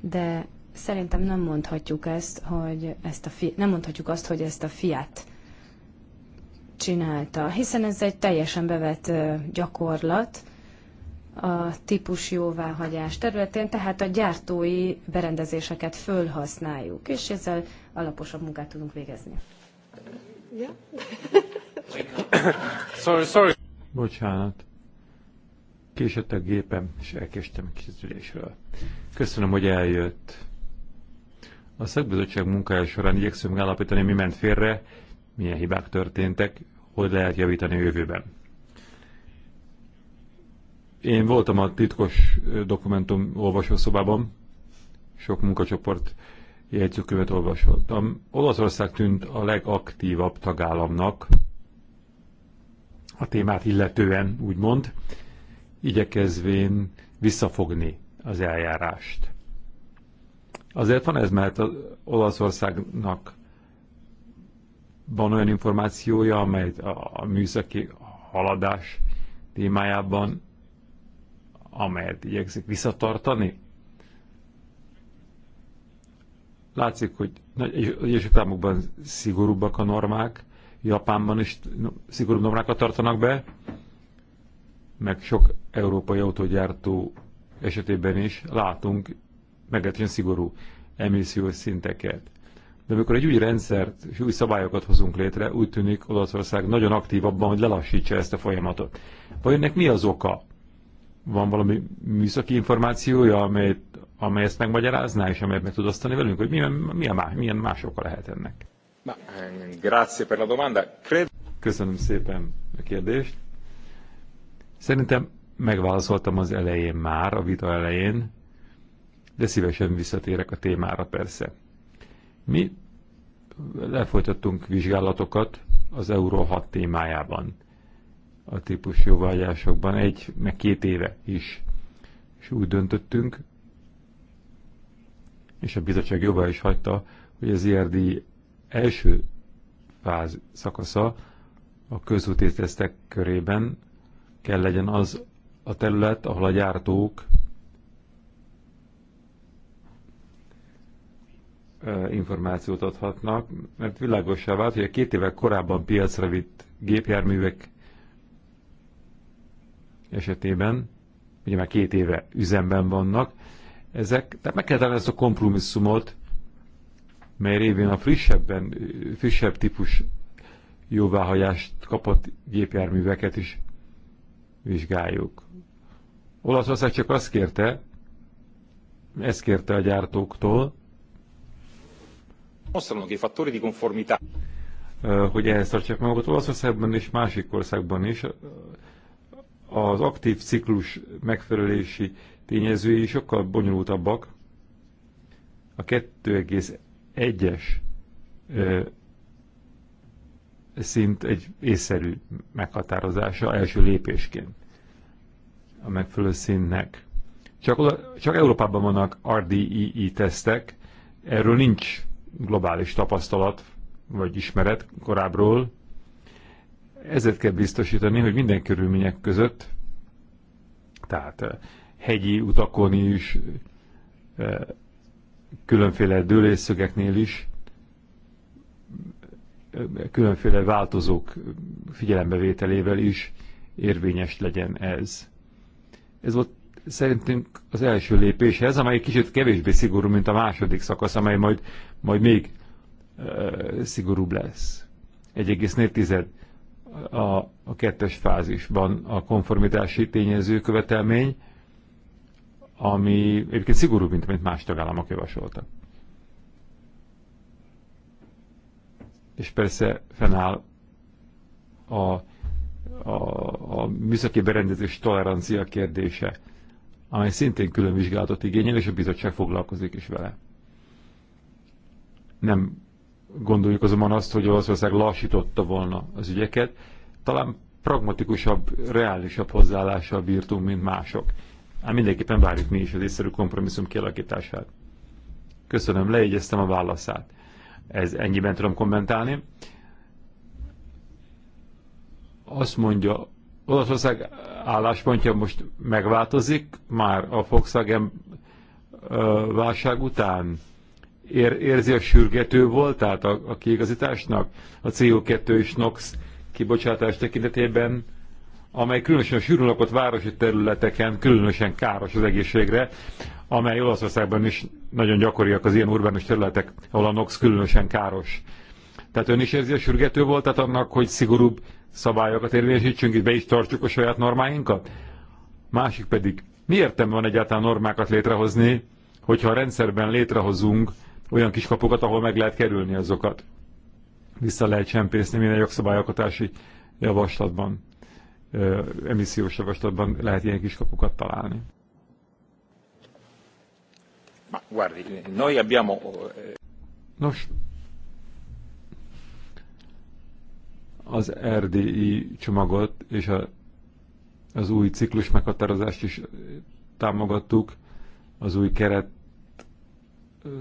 de szerintem nem mondhatjuk ezt, hogy ezt a fi- nem mondhatjuk azt, hogy ezt a Fiat csinálta, hiszen ez egy teljesen bevett gyakorlat a típus jóváhagyás területén, tehát a gyártói berendezéseket fölhasználjuk, és ezzel alaposabb munkát tudunk végezni. Yeah. sorry, sorry. Bocsánat. Késett a gépem, és elkéstem készülésről. Köszönöm, hogy eljött. A szakbizottság munkája során igyekszünk megállapítani, mi ment félre, milyen hibák történtek, hogy lehet javítani a jövőben. Én voltam a titkos dokumentum olvasószobában, sok munkacsoport jegyzőkövet olvasottam. Olaszország tűnt a legaktívabb tagállamnak a témát illetően, úgymond, igyekezvén visszafogni az eljárást. Azért van ez, mert az Olaszországnak van olyan információja, amely a, műszaki haladás témájában, amelyet igyekszik visszatartani? Látszik, hogy Egyesült Államokban szigorúbbak a normák, Japánban is szigorúbb normákat tartanak be, meg sok európai autógyártó esetében is látunk meglehetősen szigorú emissziós szinteket. De amikor egy új rendszert és új szabályokat hozunk létre, úgy tűnik Olaszország nagyon aktív abban, hogy lelassítsa ezt a folyamatot. Vajon ennek mi az oka? Van valami műszaki információja, amely, amely ezt megmagyarázná, és amelyet meg tud osztani velünk, hogy milyen, milyen, más, milyen más oka lehet ennek? Eh, grazie per la domanda. Köszönöm szépen a kérdést. Szerintem megválaszoltam az elején már, a vita elején, de szívesen visszatérek a témára persze. Mi lefolytattunk vizsgálatokat az Euró 6 témájában, a típus jóvágyásokban, egy, meg két éve is. És úgy döntöttünk, és a bizottság jobban is hagyta, hogy az IRD első fáz szakasza a közúti tesztek körében kell legyen az a terület, ahol a gyártók információt adhatnak, mert világosá vált, hogy a két évek korábban piacra vitt gépjárművek esetében, ugye már két éve üzemben vannak, ezek, tehát meg kell találni ezt a kompromisszumot, mely révén a frissebben, frissebb típus jóváhagyást kapott gépjárműveket is vizsgáljuk. Olaszország csak azt kérte, ezt kérte a gyártóktól, hogy ehhez tartják magukat Olaszországban és másik országban is, az aktív ciklus megfelelési tényezői sokkal bonyolultabbak. A 2,1-es szint egy észszerű meghatározása első lépésként a megfelelő szintnek. Csak, oda, csak Európában vannak RDII e e tesztek, erről nincs globális tapasztalat vagy ismeret korábbról. Ezért kell biztosítani, hogy minden körülmények között, tehát eh, hegyi utakon is, eh, különféle dőlésszögeknél is, eh, különféle változók figyelembevételével is érvényes legyen ez. Ez volt szerintünk az első lépéshez, amely kicsit kevésbé szigorú, mint a második szakasz, amely majd majd még szigorúbb lesz. 1,4 a, a kettes fázisban a konformitási tényező követelmény, ami egyébként szigorúbb, mint amit más tagállamok javasoltak. És persze fennáll a, a, a műszaki berendezés tolerancia kérdése, amely szintén külön vizsgálatot igényel, és a bizottság foglalkozik is vele. Nem gondoljuk azonban azt, hogy Olaszország lassította volna az ügyeket. Talán pragmatikusabb, reálisabb hozzáállással bírtunk, mint mások. Ám mindenképpen várjuk mi is az észszerű kompromisszum kialakítását. Köszönöm, leégyeztem a válaszát. Ez ennyiben tudom kommentálni. Azt mondja, Olaszország álláspontja most megváltozik már a Volkswagen válság után ér, érzi a sürgető voltát a, a kiigazításnak a CO2 és NOx kibocsátás tekintetében, amely különösen a sűrűn lakott városi területeken különösen káros az egészségre, amely Olaszországban is nagyon gyakoriak az ilyen urbánus területek, ahol a NOx különösen káros. Tehát ön is érzi a sürgető voltát annak, hogy szigorúbb szabályokat érvényesítsünk, és be is tartsuk a saját normáinkat? Másik pedig, miért nem van egyáltalán normákat létrehozni, hogyha a rendszerben létrehozunk olyan kiskapukat, ahol meg lehet kerülni azokat. Vissza lehet csempészni minden jogszabályalkotási javaslatban, emissziós javaslatban lehet ilyen kiskapukat találni. Eh, Nos, az RDI csomagot és a, az új ciklus meghatározást is támogattuk, az új keret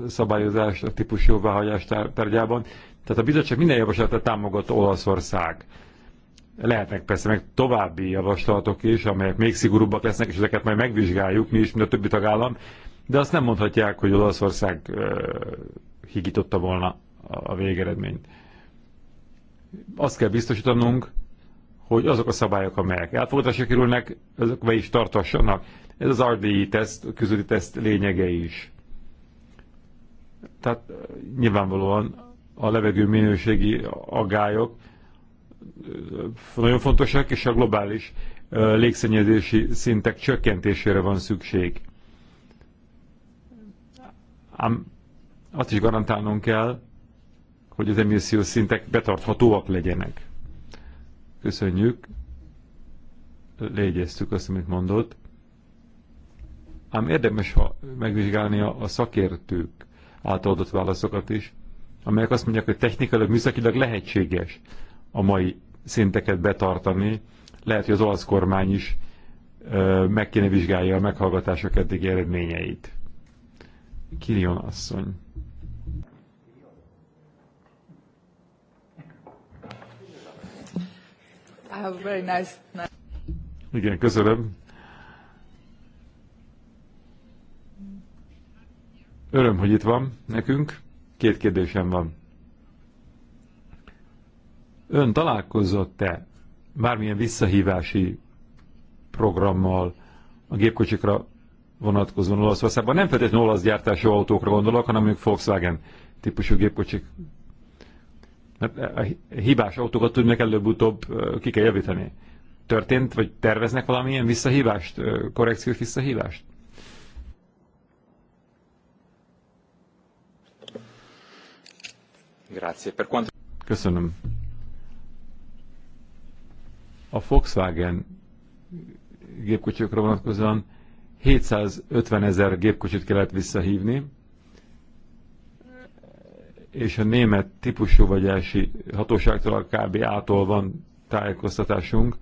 szabályozás, a típus jóváhagyás tárgyában. Tehát a bizottság minden javaslatot támogat Olaszország. Lehetnek persze meg további javaslatok is, amelyek még szigorúbbak lesznek, és ezeket majd megvizsgáljuk mi is, mint a többi tagállam, de azt nem mondhatják, hogy Olaszország uh, higította volna a végeredményt. Azt kell biztosítanunk, hogy azok a szabályok, amelyek elfogadásra kerülnek, azok be is tartassanak. Ez az RDI teszt, a közötti teszt lényege is. Tehát eh, nyilvánvalóan a levegő minőségi agályok eh, nagyon fontosak, és a globális eh, légszennyezési szintek csökkentésére van szükség. Ám azt is garantálnunk kell, hogy az emissziós szintek betarthatóak legyenek. Köszönjük. Légyeztük azt, amit mondott. Ám érdemes ha megvizsgálni a, a szakértők által adott válaszokat is, amelyek azt mondják, hogy technikailag, műszakilag lehetséges a mai szinteket betartani. Lehet, hogy az olasz kormány is ö, meg kéne vizsgálja a meghallgatások eddigi eredményeit. Kirion asszony. very nice. Igen, köszönöm. Öröm, hogy itt van nekünk. Két kérdésem van. Ön találkozott-e bármilyen visszahívási programmal a gépkocsikra vonatkozóan Olaszországban? Nem feltétlenül olasz gyártású autókra gondolok, hanem mondjuk Volkswagen típusú gépkocsik. Mert hát, e, a hibás autókat tudnak előbb-utóbb ki kell javítani. Történt, vagy terveznek valamilyen visszahívást, korrekciós visszahívást? Köszönöm. A Volkswagen gépkocsikra vonatkozóan 750 ezer gépkocsit kellett visszahívni, és a német típusú vagyási hatóságtól a KBA-tól van tájékoztatásunk,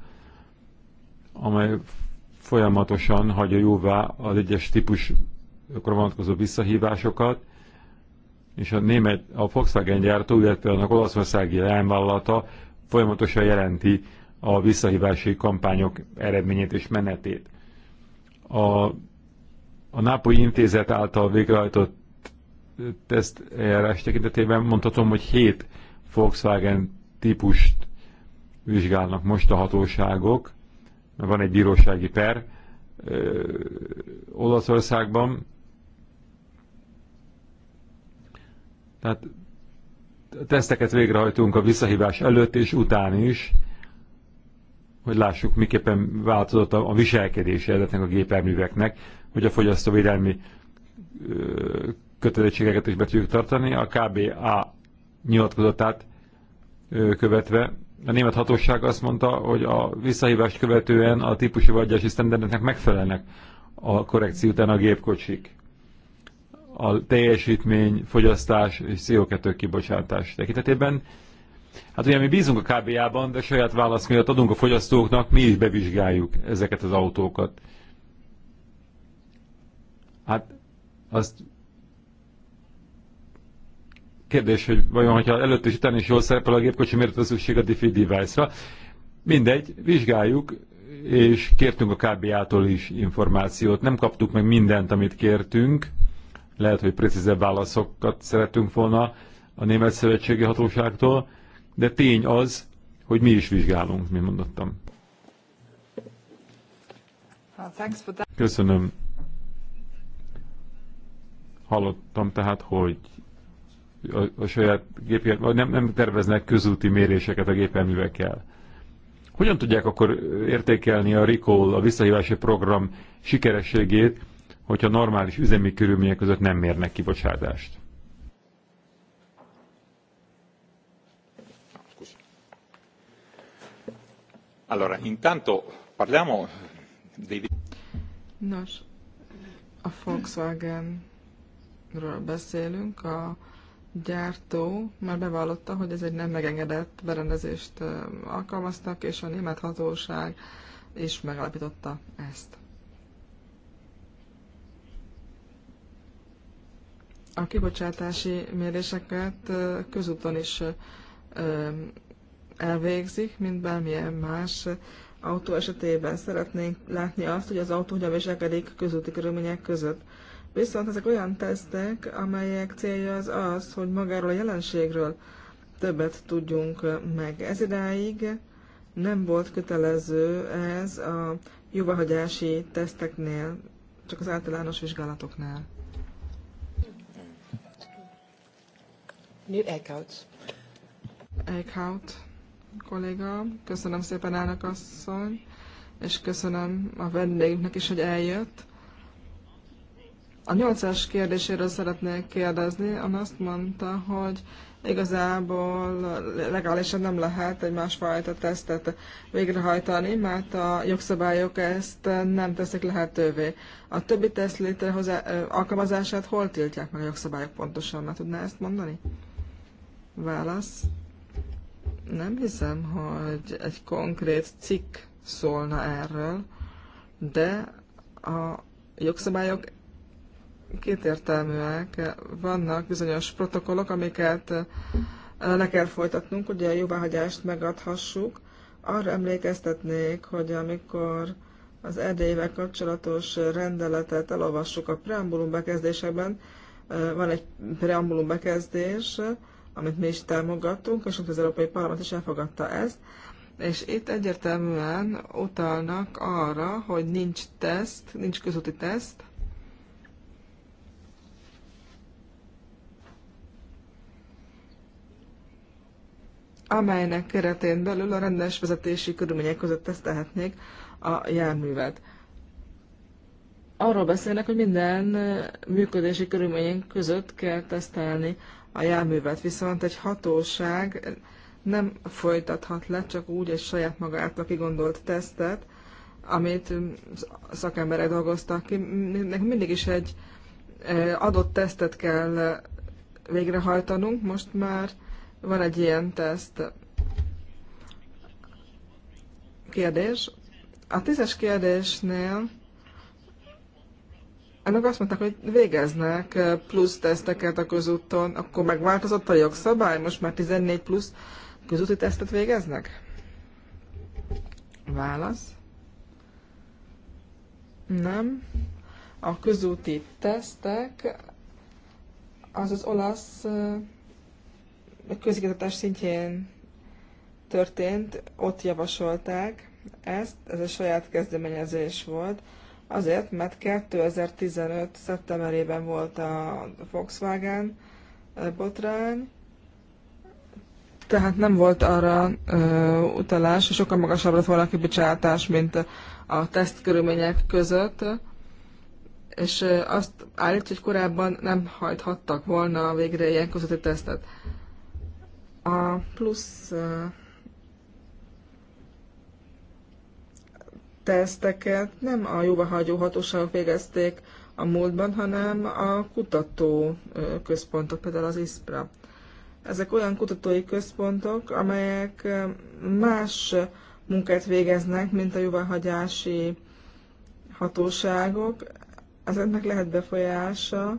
amely folyamatosan hagyja jóvá az egyes típusokra vonatkozó visszahívásokat, és a német, a Volkswagen gyártó, illetve annak olaszországi leányvállalata folyamatosan jelenti a visszahívási kampányok eredményét és menetét. A, a Nápolyi Intézet által végrehajtott teszt tekintetében mondhatom, hogy 7 Volkswagen típust vizsgálnak most a hatóságok, van egy bírósági per ö, Olaszországban, Tehát teszteket végrehajtunk a visszahívás előtt és után is, hogy lássuk, miképpen változott a, a viselkedése ezeknek a gépjárműveknek, hogy a fogyasztóvédelmi kötelezettségeket is be tudjuk tartani. A KBA nyilatkozatát követve a német hatóság azt mondta, hogy a visszahívást követően a típusú vagyási sztenderdeknek megfelelnek a korrekció után a gépkocsik a teljesítmény, fogyasztás és CO2 kibocsátás tekintetében. Hát ugye mi bízunk a KBA-ban, de saját válasz miatt adunk a fogyasztóknak, mi is bevizsgáljuk ezeket az autókat. Hát azt kérdés, hogy vajon, hogyha előtt és után is jól szerepel a gépkocsi, miért az szükség a DeFi device-ra. Mindegy, vizsgáljuk, és kértünk a KBA-tól is információt. Nem kaptuk meg mindent, amit kértünk, lehet, hogy precízebb válaszokat szeretünk volna a Német Szövetségi Hatóságtól, de tény az, hogy mi is vizsgálunk, mint mondottam. Köszönöm. Hallottam tehát, hogy a, a saját vagy nem, nem terveznek közúti méréseket a gépjárművekkel. Hogyan tudják akkor értékelni a recall, a visszahívási program sikerességét, hogyha normális üzemi körülmények között nem mérnek kibocsátást. Allora, intanto parliamo dei... Nos, a Volkswagenről beszélünk, a gyártó már bevallotta, hogy ez egy nem megengedett berendezést alkalmaztak, és a német hatóság is megalapította ezt. a kibocsátási méréseket közúton is elvégzik, mint bármilyen más autó esetében. Szeretnénk látni azt, hogy az autó hogyan viselkedik közúti körülmények között. Viszont ezek olyan tesztek, amelyek célja az az, hogy magáról a jelenségről többet tudjunk meg. Ez idáig nem volt kötelező ez a jóváhagyási teszteknél, csak az általános vizsgálatoknál. nu Eickhout. Eickhout kolléga, köszönöm szépen elnök asszony, és köszönöm a vendégünknek is, hogy eljött. A nyolcas kérdéséről szeretnék kérdezni. Ön azt mondta, hogy igazából legálisan nem lehet egy másfajta tesztet végrehajtani, mert a jogszabályok ezt nem teszik lehetővé. A többi teszt létrehozá- alkalmazását hol tiltják meg a jogszabályok pontosan? Már tudná ezt mondani? Válasz. Nem hiszem, hogy egy konkrét cikk szólna erről, de a jogszabályok kétértelműek. Vannak bizonyos protokollok, amiket eh, le kell folytatnunk, ugye a jóváhagyást megadhassuk. Arra emlékeztetnék, hogy amikor az erdélyével kapcsolatos rendeletet elolvassuk a preambulum bekezdésekben, eh, van egy preambulum bekezdés, amit mi is támogattunk, és az Európai Parlament is elfogadta ezt, és itt egyértelműen utalnak arra, hogy nincs teszt, nincs közúti teszt, amelynek keretén belül a rendes vezetési körülmények között tesztelhetnék a járművet. Arról beszélnek, hogy minden működési körülmények között kell tesztelni a járművet, viszont egy hatóság nem folytathat le csak úgy egy saját maga által kigondolt tesztet, amit szakemberek dolgoztak ki. Nekünk mindig is egy adott tesztet kell végrehajtanunk, most már van egy ilyen teszt. Kérdés. A tízes kérdésnél ennek azt mondták, hogy végeznek eh, plusz teszteket a közúton, akkor megváltozott a jogszabály, most már 14 plusz közúti tesztet végeznek? Válasz. Nem. A közúti tesztek az az olasz eh, közigazgatás szintjén történt, ott javasolták ezt, ez a saját kezdeményezés volt, Azért, mert 2015. szeptemberében volt a Volkswagen eh, botrány, tehát nem volt arra ö, utalás, sokkal magasabb lett volna a kibocsátás, mint a teszt körülmények között, és azt állít, hogy korábban nem hajthattak volna végre ilyen közötti tesztet. A plusz teszteket nem a jóváhagyó hatóságok végezték a múltban, hanem a kutató központok, például az ISPRA. Ezek olyan kutatói központok, amelyek más munkát végeznek, mint a jóváhagyási hatóságok. Ezeknek lehet befolyása,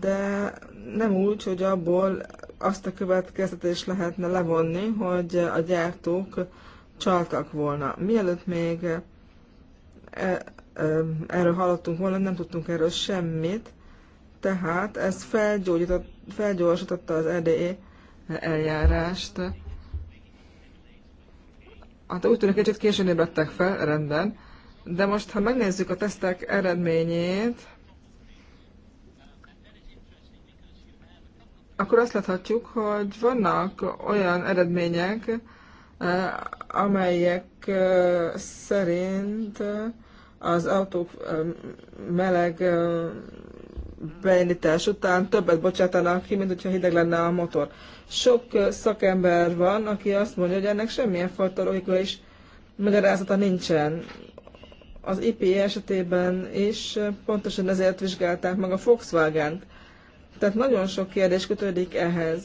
de nem úgy, hogy abból azt a következtetést lehetne levonni, hogy a gyártók csaltak volna. Mielőtt még e, e, e, erről hallottunk volna, nem tudtunk erről semmit, tehát ez felgyorsította az EDE eljárást. Hát úgy tűnik, kicsit későn ébredtek fel, rendben. De most, ha megnézzük a tesztek eredményét, akkor azt láthatjuk, hogy vannak olyan eredmények, amelyek szerint az autók meleg beindítás után többet bocsátanak ki, mint hogyha hideg lenne a motor. Sok szakember van, aki azt mondja, hogy ennek semmilyen fajta logika is magyarázata nincsen. Az IPI esetében is pontosan ezért vizsgálták meg a Volkswagen-t. Tehát nagyon sok kérdés kötődik ehhez.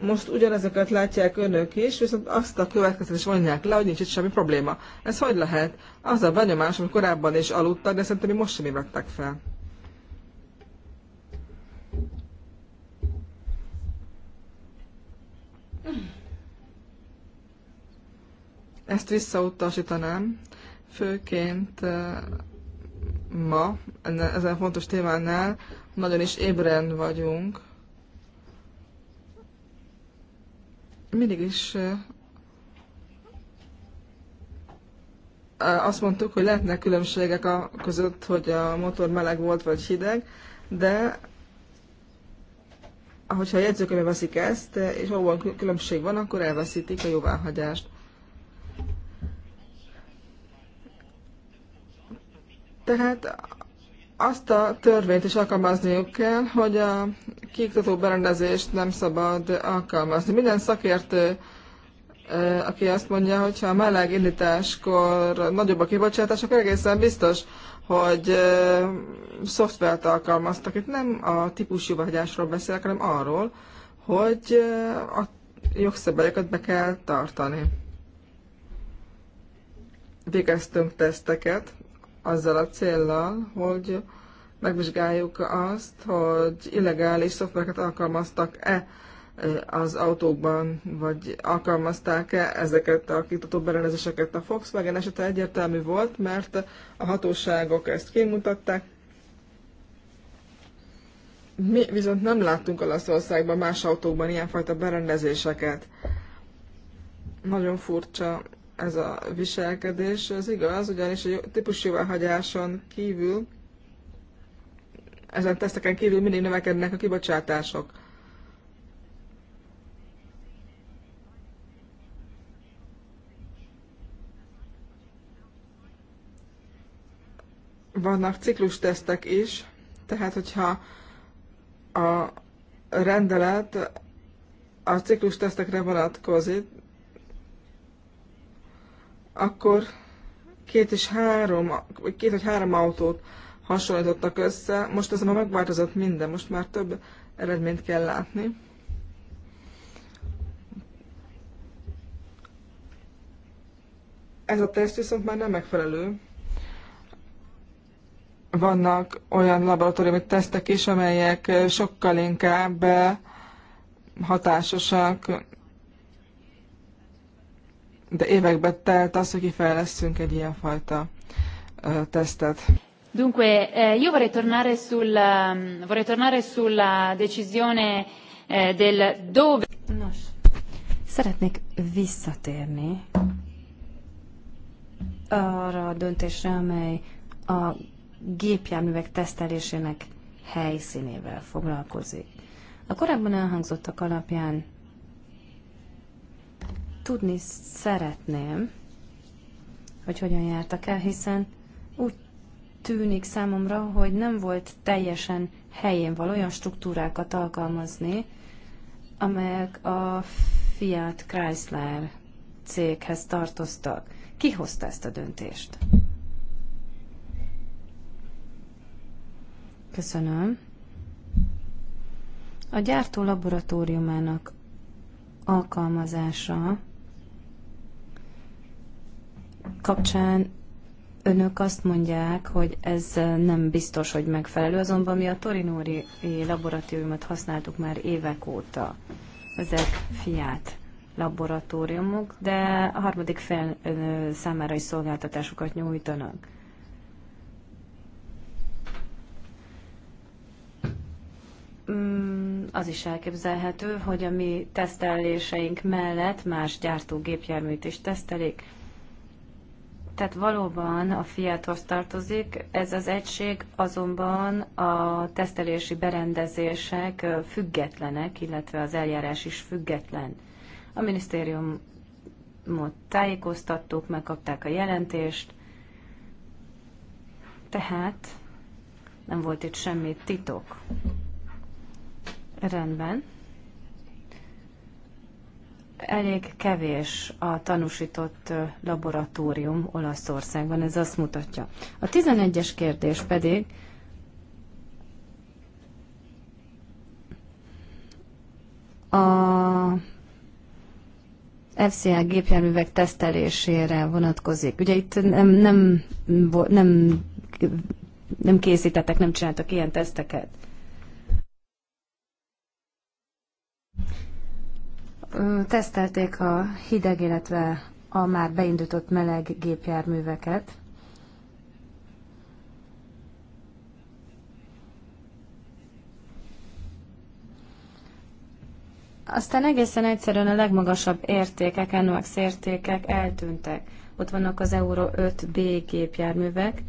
Most ugyanezeket látják önök is, viszont azt a következtetés vonják le, hogy nincs itt semmi probléma. Ez hogy lehet? Az a benyomás, hogy korábban is aludtak, de szerintem most sem ébredtek fel. Ezt visszautasítanám, főként eh, ma, ezen fontos témánál nagyon is ébren vagyunk. mindig is azt mondtuk, hogy lehetnek különbségek a között, hogy a motor meleg volt vagy hideg, de ahogyha a jegyzőkönyve veszik ezt, és ahol különbség van, akkor elveszítik a jóváhagyást. Tehát azt a törvényt is alkalmazniuk kell, hogy a kiiktató berendezést nem szabad alkalmazni. Minden szakértő, aki azt mondja, hogy ha a meleg indításkor nagyobb a kibocsátás, akkor egészen biztos, hogy szoftvert alkalmaztak. Itt nem a típusjóvágyásról beszélek, hanem arról, hogy a jogszabályokat be kell tartani. Végeztünk teszteket azzal a céllal, hogy megvizsgáljuk azt, hogy illegális szoftvereket alkalmaztak-e az autókban, vagy alkalmazták-e ezeket a kitató berendezéseket. A Volkswagen esete egyértelmű volt, mert a hatóságok ezt kimutatták. Mi viszont nem láttunk Olaszországban más autókban ilyenfajta berendezéseket. Nagyon furcsa ez a viselkedés. Ez igaz, ugyanis a típusjóváhagyáson kívül, ezen teszteken kívül mindig növekednek a kibocsátások. Vannak tesztek is, tehát hogyha a rendelet a ciklus tesztekre vonatkozik, akkor két és három, két vagy három autót hasonlítottak össze. Most ez már megváltozott minden, most már több eredményt kell látni. Ez a teszt viszont már nem megfelelő. Vannak olyan laboratóriumi tesztek is, amelyek sokkal inkább eh, hatásosak de évekbe telt az, hogy kifejlesztünk egy fajta tesztet. Dunque, eh, io vorrei tornare sul ehm, vorrei tornare sulla decisione eh, del dove... Nos, szeretnék visszatérni arra a döntésre, amely a gépjárművek tesztelésének helyszínével foglalkozik. A korábban elhangzottak alapján tudni szeretném, hogy hogyan jártak el, hiszen úgy tűnik számomra, hogy nem volt teljesen helyén való olyan struktúrákat alkalmazni, amelyek a Fiat Chrysler céghez tartoztak. Ki hozta ezt a döntést? Köszönöm. A gyártó laboratóriumának alkalmazása kapcsán önök azt mondják, hogy ez nem biztos, hogy megfelelő, azonban mi a torinóri laboratóriumot használtuk már évek óta. Ezek fiát laboratóriumok, de a harmadik fél számára is szolgáltatásokat nyújtanak. Mm, az is elképzelhető, hogy a mi teszteléseink mellett más gyártógépjárműt is tesztelik, tehát valóban a fiathoz tartozik, ez az egység azonban a tesztelési berendezések függetlenek, illetve az eljárás is független. A minisztériumot tájékoztattuk, megkapták a jelentést, tehát nem volt itt semmi titok. Rendben elég kevés a tanúsított laboratórium Olaszországban, ez azt mutatja. A 11-es kérdés pedig, a FCA gépjárművek tesztelésére vonatkozik. Ugye itt nem, nem, nem, nem készítettek, nem csináltak ilyen teszteket. tesztelték a hideg, illetve a már beindított meleg gépjárműveket. Aztán egészen egyszerűen a legmagasabb értékek, NOx értékek eltűntek. Ott vannak az Euro 5B gépjárművek.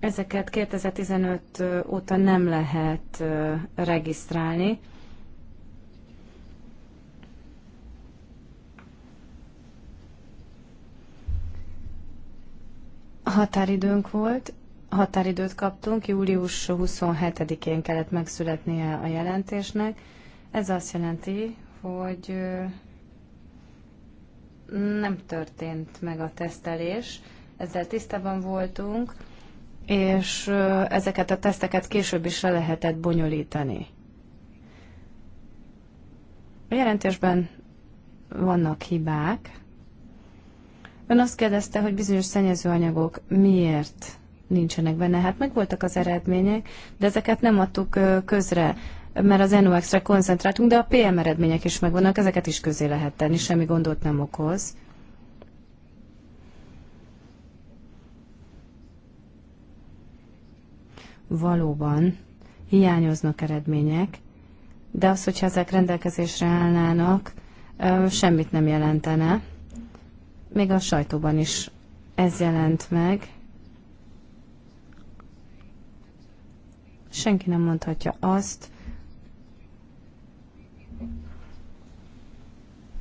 Ezeket 2015 óta nem lehet regisztrálni. Határidőnk volt, határidőt kaptunk, július 27-én kellett megszületnie a jelentésnek. Ez azt jelenti, hogy nem történt meg a tesztelés, ezzel tisztában voltunk, és ezeket a teszteket később is le lehetett bonyolítani. A jelentésben vannak hibák, Ön azt kérdezte, hogy bizonyos szennyezőanyagok miért nincsenek benne. Hát meg voltak az eredmények, de ezeket nem adtuk közre, mert az nox re koncentráltunk, de a PM eredmények is megvannak, ezeket is közé lehet tenni, semmi gondot nem okoz. Valóban hiányoznak eredmények, de az, hogyha ezek rendelkezésre állnának, semmit nem jelentene még a sajtóban is ez jelent meg. Senki nem mondhatja azt,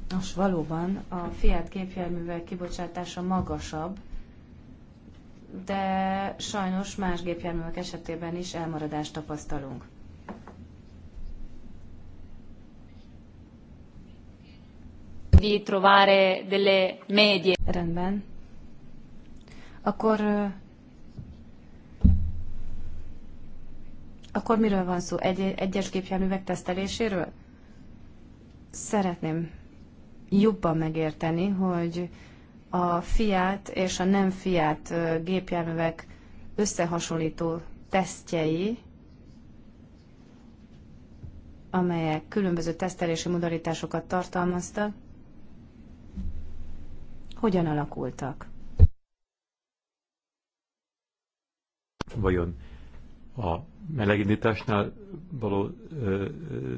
Nos, valóban a Fiat gépjárművek kibocsátása magasabb, de sajnos más gépjárművek esetében is elmaradást tapasztalunk. di trovare delle medie. Rendben. Akkor akkor miről van szó? Egy, egyes gépjárművek teszteléséről? Szeretném jobban megérteni, hogy a fiát és a nem fiát gépjárművek összehasonlító tesztjei, amelyek különböző tesztelési modalitásokat tartalmaztak, hogyan alakultak? Vajon a melegindításnál való ö,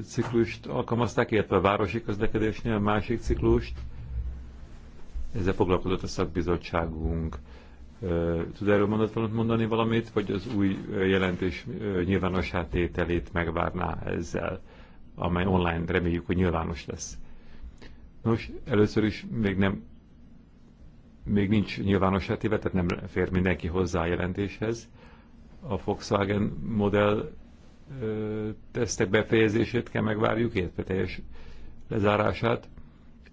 ciklust alkalmazták, illetve a városi közlekedésnél a másik ciklust. Ezzel foglalkozott a szakbizottságunk. tud erről mondat mondani valamit, vagy az új jelentés nyilvánossá tételét megvárná ezzel, amely online reméljük, hogy nyilvános lesz? Nos, először is még nem még nincs nyilvános téve, tehát nem fér mindenki hozzá a jelentéshez. A Volkswagen modell ö, tesztek befejezését kell megvárjuk, illetve teljes lezárását.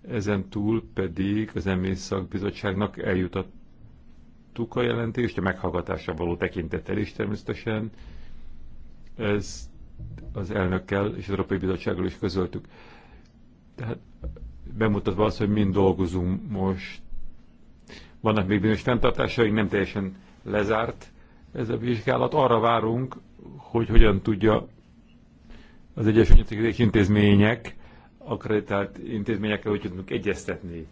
Ezen túl pedig az Bizottságnak eljutattuk a jelentést, a meghallgatásra való tekintettel is természetesen. Ez az elnökkel és az Európai Bizottsággal is közöltük. Tehát bemutatva az, hogy mind dolgozunk most vannak még bizonyos fenntartásai, nem teljesen lezárt ez a vizsgálat. Arra várunk, hogy hogyan tudja az Egyesült Intézmények akreditált intézményekkel hogy tudunk egyeztetni,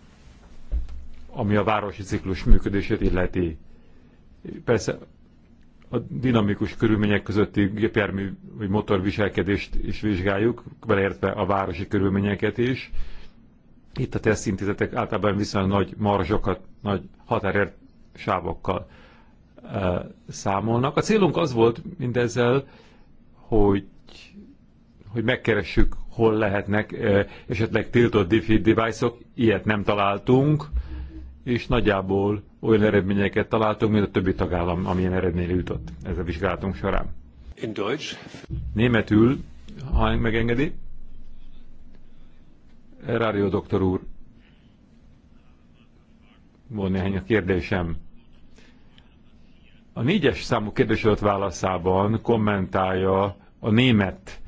ami a városi ciklus működését illeti. Persze a dinamikus körülmények közötti gépjármű vagy motorviselkedést is vizsgáljuk, beleértve a városi körülményeket is. Itt a tesztintézetek általában viszonylag nagy marzsokat, nagy határért sávokkal e, számolnak. A célunk az volt mindezzel, hogy, hogy megkeressük, hol lehetnek e, esetleg tiltott defeat device-ok, ilyet nem találtunk, és nagyjából olyan eredményeket találtunk, mint a többi tagállam, amilyen eredményre jutott ez a vizsgálatunk során. In Németül, ha megengedi. Rádió doktor úr, van néhány a kérdésem. A négyes számú kérdésület válaszában kommentálja a német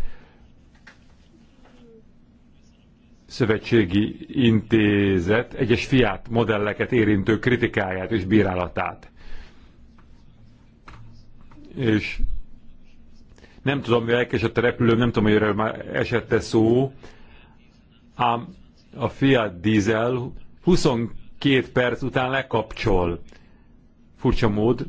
szövetségi intézet egyes fiát modelleket érintő kritikáját és bírálatát. És nem tudom, hogy elkésett a repülő, nem tudom, hogy erről már esette szó, ám a Fiat Diesel 22 perc után lekapcsol. Furcsa mód,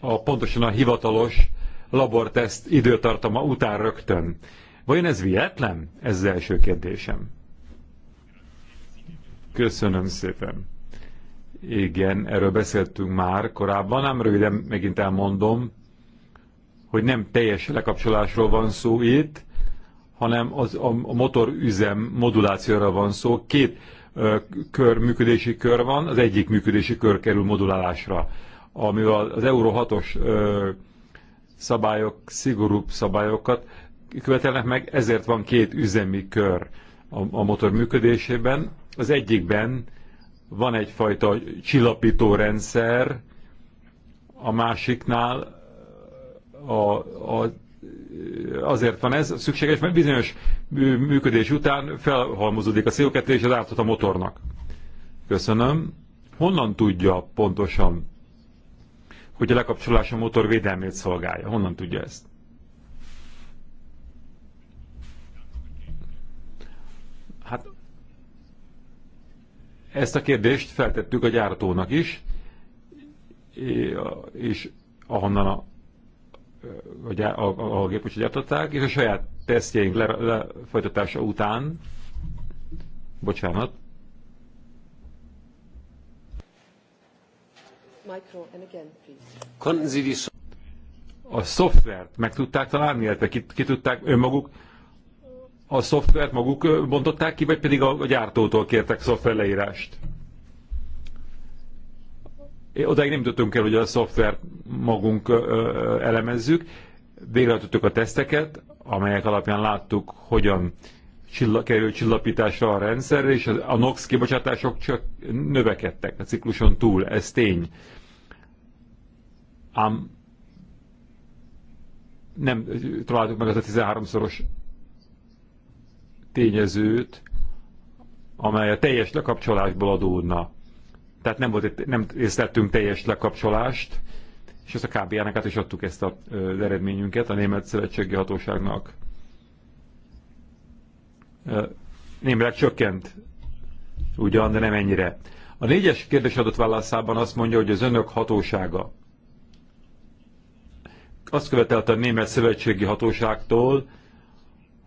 a pontosan a hivatalos laborteszt időtartama után rögtön. Vajon ez vietlen? Ez az első kérdésem. Köszönöm szépen. Igen, erről beszéltünk már korábban, ám röviden megint elmondom, hogy nem teljes lekapcsolásról van szó itt, hanem az, a, a üzem modulációra van szó. Két ö, kör, működési kör van, az egyik működési kör kerül modulálásra, amivel az Euro 6-os szabályok, szigorúbb szabályokat követelnek meg, ezért van két üzemi kör a, a motor működésében. Az egyikben van egyfajta csillapító rendszer, a másiknál a, a azért van ez szükséges, mert bizonyos működés után felhalmozódik a CO2 és az átad a motornak. Köszönöm. Honnan tudja pontosan, hogy a lekapcsolás a motor védelmét szolgálja? Honnan tudja ezt? Hát ezt a kérdést feltettük a gyártónak is, és ahonnan a vagy a, a gépkocsit gyártották, és a saját tesztjeink le, lefolytatása után, bocsánat, a szoftvert meg tudták találni, illetve ki, ki tudták önmaguk, a szoftvert maguk bontották ki, vagy pedig a, a gyártótól kértek szoftver leírást? Odáig nem jutottunk el, hogy a szoftvert magunk elemezzük, végrehajtottuk a teszteket, amelyek alapján láttuk, hogyan csilla, kerül csillapításra a rendszer, és a NOx kibocsátások csak növekedtek a cikluson túl, ez tény. Ám nem találtuk meg az a 13-szoros tényezőt, amely a teljes lekapcsolásból adódna. Tehát nem, volt, nem észlettünk teljes lekapcsolást, és ezt a KBA-nak át is adtuk ezt az eredményünket a Német Szövetségi Hatóságnak. Némileg csökkent, ugyan, de nem ennyire. A négyes kérdés adott válaszában azt mondja, hogy az önök hatósága azt követelte a Német Szövetségi Hatóságtól,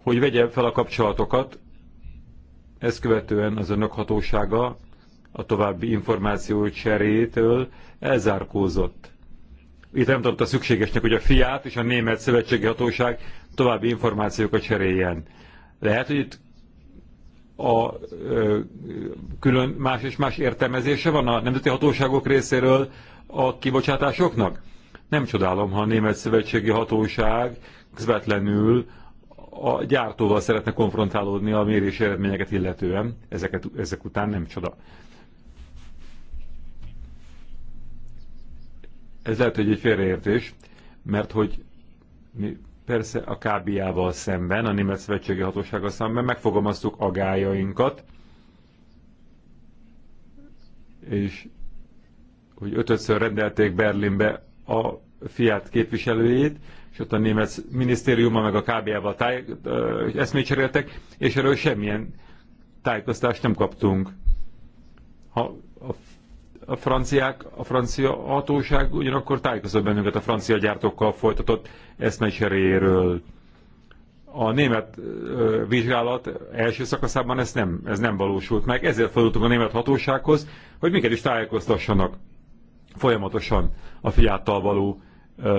hogy vegye fel a kapcsolatokat, ezt követően az önök hatósága a további információ cserétől elzárkózott. Itt nem tartotta szükségesnek, hogy a fiát és a német szövetségi hatóság további információkat cseréljen. Lehet, hogy itt a ö, külön más és más értelmezése van a nemzeti hatóságok részéről a kibocsátásoknak? Nem csodálom, ha a Német Szövetségi Hatóság közvetlenül a gyártóval szeretne konfrontálódni a mérés eredményeket illetően, ezeket, ezek után nem csoda. Ez lehet, hogy egy félreértés, mert hogy mi persze a KBA-val szemben, a Német Szövetségi Hatósága szemben megfogalmaztuk agájainkat, és hogy ötödször rendelték Berlinbe a fiát képviselőjét, és ott a német minisztériuma meg a KBA-val táj, eszmét cseréltek, és erről semmilyen tájékoztást nem kaptunk. Ha a a franciák, a francia hatóság ugyanakkor tájékozott bennünket a francia gyártókkal folytatott eszmecseréről. A német vizsgálat első szakaszában ez nem, ez nem valósult meg, ezért fordultunk a német hatósághoz, hogy minket is tájékoztassanak folyamatosan a fiáttal való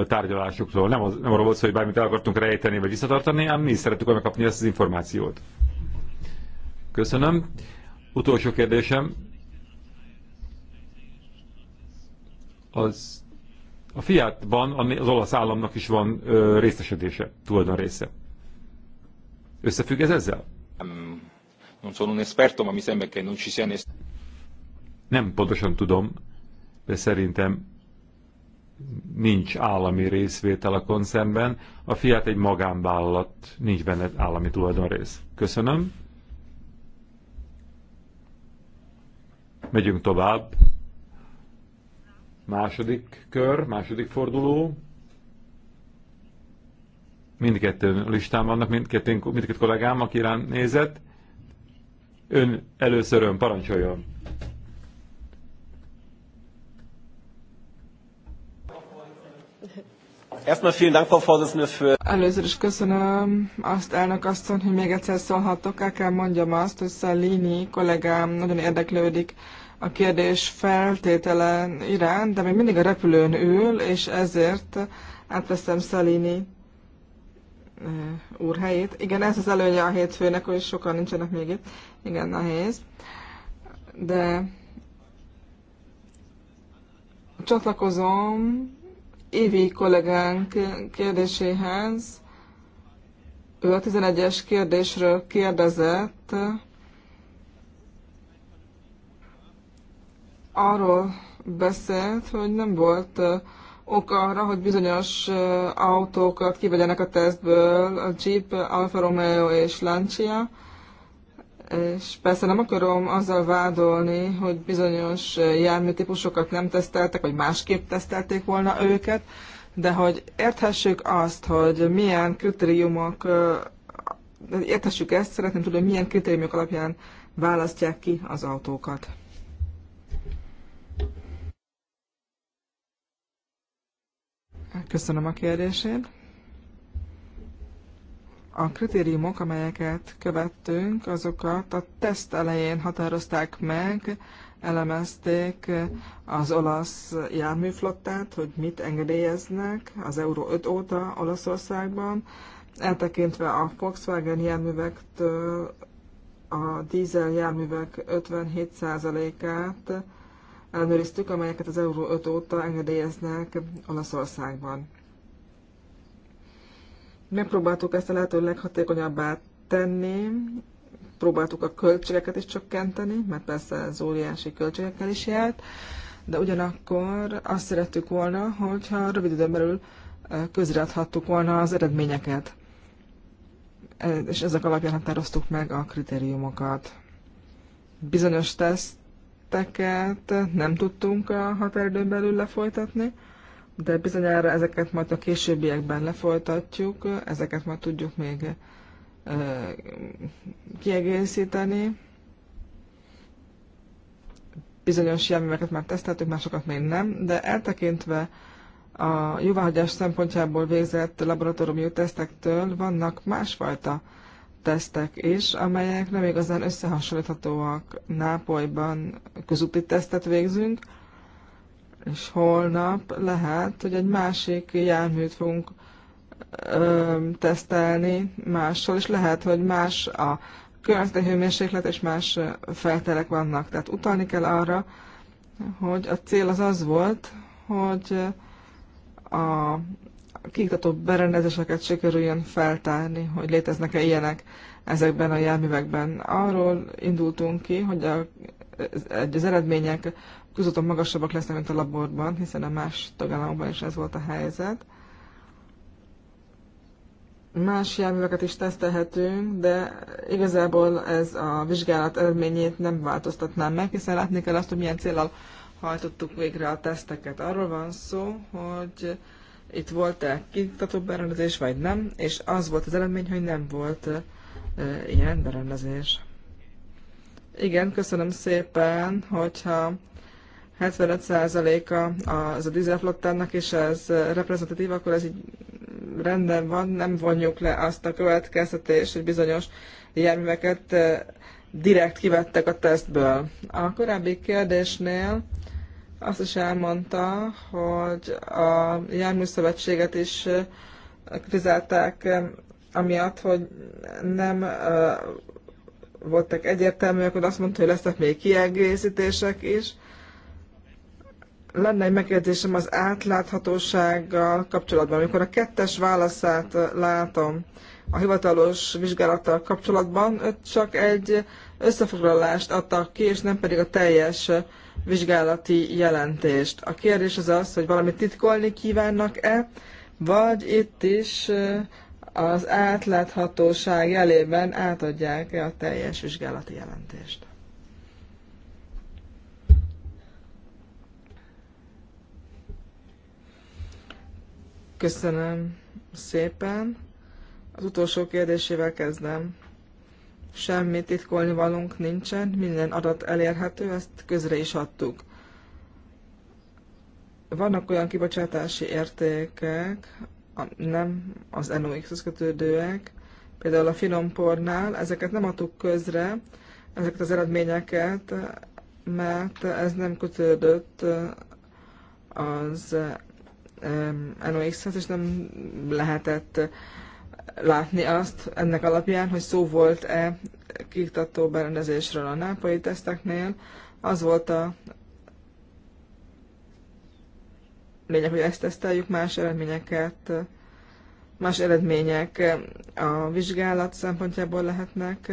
tárgyalásokról. Nem, az, nem arról volt szó, hogy bármit el akartunk rejteni vagy visszatartani, ám mi is szerettük megkapni ezt az információt. Köszönöm. Utolsó kérdésem az a Fiatban az olasz államnak is van ö, részesedése, tulajdon része. Összefügg ez ezzel? Non sono un esperto, ma mi sembra che non ci sia Nem pontosan tudom, de szerintem nincs állami részvétel a koncernben. A Fiat egy magánvállalat, nincs benne állami tulajdonrész. Köszönöm. Megyünk tovább. Második kör, második forduló. Mindkettő listán vannak, mindkettőn, mindkett kollégám, aki rám nézett. Ön először ön, parancsoljon. Először is köszönöm azt elnök asszony, hogy még egyszer szólhatok. El kell mondjam azt, hogy Szellini kollégám nagyon érdeklődik a kérdés feltétele irán, de még mindig a repülőn ül, és ezért átveszem Szalini úr helyét. Igen, ez az előnye a hétfőnek, hogy sokan nincsenek még itt. Igen, nehéz. De csatlakozom Évi kollégánk kérdéséhez. Ő a 11-es kérdésről kérdezett, arról beszélt, hogy nem volt ok arra, hogy bizonyos autókat kivegyenek a tesztből, a Jeep, Alfa Romeo és Lancia, és persze nem akarom azzal vádolni, hogy bizonyos járműtípusokat nem teszteltek, vagy másképp tesztelték volna őket, de hogy érthessük azt, hogy milyen kritériumok, érthessük ezt, szeretném tudni, hogy milyen kritériumok alapján választják ki az autókat. Köszönöm a kérdését. A kritériumok, amelyeket követtünk, azokat a teszt elején határozták meg, elemezték az olasz járműflottát, hogy mit engedélyeznek az Euró 5 óta Olaszországban, eltekintve a Volkswagen járművektől a dízel járművek 57%-át ellenőriztük, amelyeket az Euró 5 óta engedélyeznek Olaszországban. Megpróbáltuk ezt a lehető leghatékonyabbá tenni, próbáltuk a költségeket is csökkenteni, mert persze az óriási költségekkel is járt, de ugyanakkor azt szerettük volna, hogyha rövid időn belül közreadhattuk volna az eredményeket. És ezek alapján határoztuk meg a kritériumokat. Bizonyos teszt projekteket nem tudtunk a határidőn belül lefolytatni, de bizonyára ezeket majd a későbbiekben lefolytatjuk, ezeket majd tudjuk még kiegészíteni. Bizonyos járműveket már teszteltük, másokat még nem, de eltekintve a jóváhagyás szempontjából végzett laboratóriumi tesztektől vannak másfajta tesztek is, amelyek nem igazán összehasonlíthatóak. Nápolyban közúti tesztet végzünk, és holnap lehet, hogy egy másik járműt fogunk ö, tesztelni mással, és lehet, hogy más a környezeti hőmérséklet és más feltelek vannak. Tehát utalni kell arra, hogy a cél az az volt, hogy a kiktató berendezéseket sikerüljön feltárni, hogy léteznek-e ilyenek ezekben a járművekben. Arról indultunk ki, hogy a, az eredmények közúton magasabbak lesznek, mint a laborban, hiszen a más tagállamokban is ez volt a helyzet. Más járműveket is tesztelhetünk, de igazából ez a vizsgálat eredményét nem változtatnám meg, hiszen látni kell azt, hogy milyen célral hajtottuk végre a teszteket. Arról van szó, hogy itt volt-e kiktató berendezés, vagy nem, és az volt az eredmény, hogy nem volt uh, ilyen berendezés. Igen, köszönöm szépen, hogyha 75%-a az a dízelflottának, és ez reprezentatív, akkor ez így rendben van, nem vonjuk le azt a következtetést, hogy bizonyos járműveket direkt kivettek a tesztből. A korábbi kérdésnél azt is elmondta, hogy a járműszövetséget is kritizálták amiatt, hogy nem voltak egyértelműek, hogy azt mondta, hogy lesznek még kiegészítések is. Lenne egy megjegyzésem az átláthatósággal kapcsolatban. Amikor a kettes válaszát látom a hivatalos vizsgálattal kapcsolatban, csak egy összefoglalást adtak ki, és nem pedig a teljes uh, vizsgálati jelentést. A kérdés az az, hogy valamit titkolni kívánnak-e, vagy itt is az átláthatóság jelében átadják-e a teljes vizsgálati jelentést. Köszönöm szépen. Az utolsó kérdésével kezdem semmi titkolni valunk nincsen, minden adat elérhető, ezt közre is adtuk. Vannak olyan kibocsátási értékek, nem az NOx-hoz kötődőek, például a finompornál, ezeket nem adtuk közre, ezeket az eredményeket, mert ez nem kötődött eh, az eh, NOx-hez, és nem lehetett látni azt ennek alapján, hogy szó volt-e kiktató berendezésről a nápai teszteknél. Az volt a lényeg, hogy ezt teszteljük, más eredményeket, más eredmények a vizsgálat szempontjából lehetnek.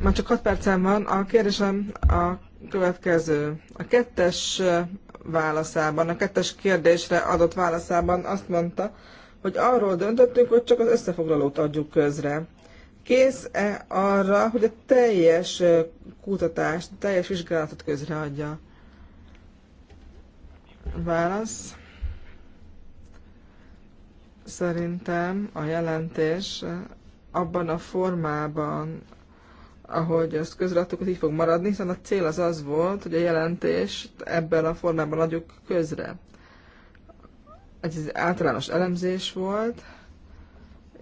Már csak 6 percem van, a kérdésem a következő. A kettes válaszában, a kettes kérdésre adott válaszában azt mondta, hogy arról döntöttünk, hogy csak az összefoglalót adjuk közre. Kész-e arra, hogy a teljes kutatást, a teljes vizsgálatot közreadja? Válasz. Szerintem a jelentés abban a formában, ahogy azt közreadtuk, az így fog maradni, hiszen a cél az az volt, hogy a jelentést ebben a formában adjuk közre egy általános elemzés volt,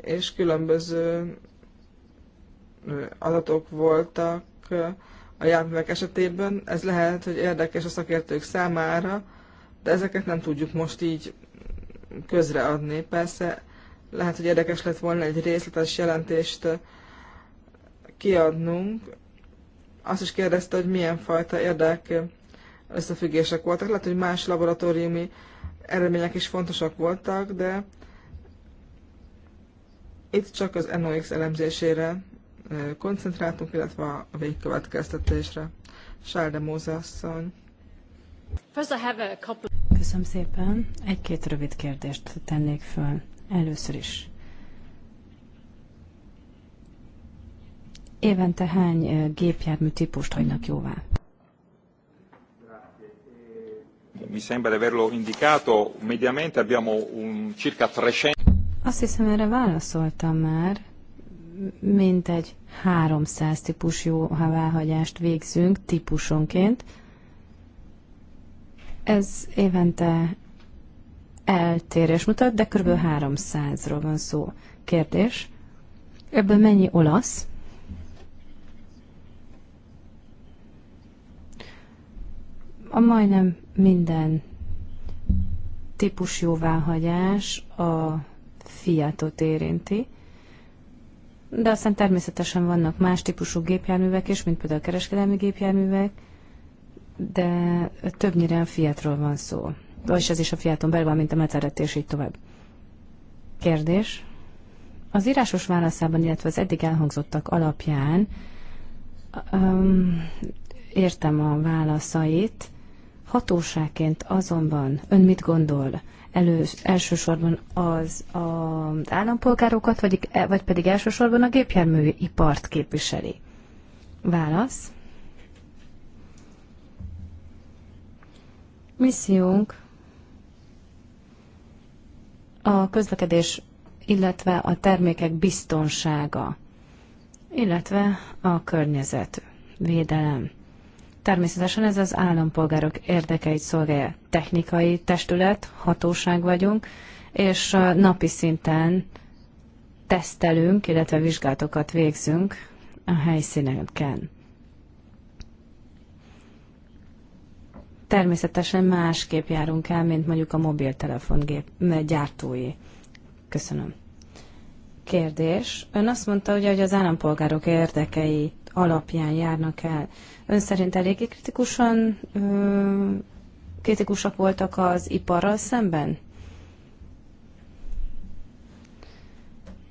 és különböző adatok voltak a járművek esetében. Ez lehet, hogy érdekes a szakértők számára, de ezeket nem tudjuk most így közreadni. Persze lehet, hogy érdekes lett volna egy részletes jelentést kiadnunk. Azt is kérdezte, hogy milyen fajta érdek összefüggések voltak. Lehet, hogy más laboratóriumi eredmények is fontosak voltak, de itt csak az NOx elemzésére koncentráltunk, illetve a végkövetkeztetésre. Sárde Móza asszony. Köszönöm szépen. Egy-két rövid kérdést tennék föl. Először is. Évente hány gépjármű típust hagynak jóvá? mi sembra di averlo indicato, mediamente abbiamo un circa 300... Azt hiszem, erre válaszoltam már. Mintegy 300 típusú jóváhagyást végzünk típusonként. Ez évente eltérés mutat, de kb. 300-ról van szó. Kérdés, ebből mennyi olasz? A majdnem minden típus jóváhagyás a fiatot érinti, de aztán természetesen vannak más típusú gépjárművek is, mint például a kereskedelmi gépjárművek, de többnyire a fiatról van szó. Vagyis ez is a fiaton belül van, mint a mezeret, és így tovább. Kérdés. Az írásos válaszában, illetve az eddig elhangzottak alapján um, értem a válaszait, Hatóságként azonban ön mit gondol? Elő elsősorban az, az állampolgárokat, vagy, vagy pedig elsősorban a gépjárműipart képviseli? Válasz. Missziunk a közlekedés, illetve a termékek biztonsága, illetve a környezet védelem. Természetesen ez az állampolgárok érdekeit szolgálja. Technikai testület, hatóság vagyunk, és napi szinten tesztelünk, illetve vizsgálatokat végzünk a helyszíneken. Természetesen másképp járunk el, mint mondjuk a mobiltelefon gyártói. Köszönöm kérdés. Ön azt mondta, ugye, hogy az állampolgárok érdekei alapján járnak el. Ön szerint eléggé kritikusan ö, kritikusak voltak az iparral szemben?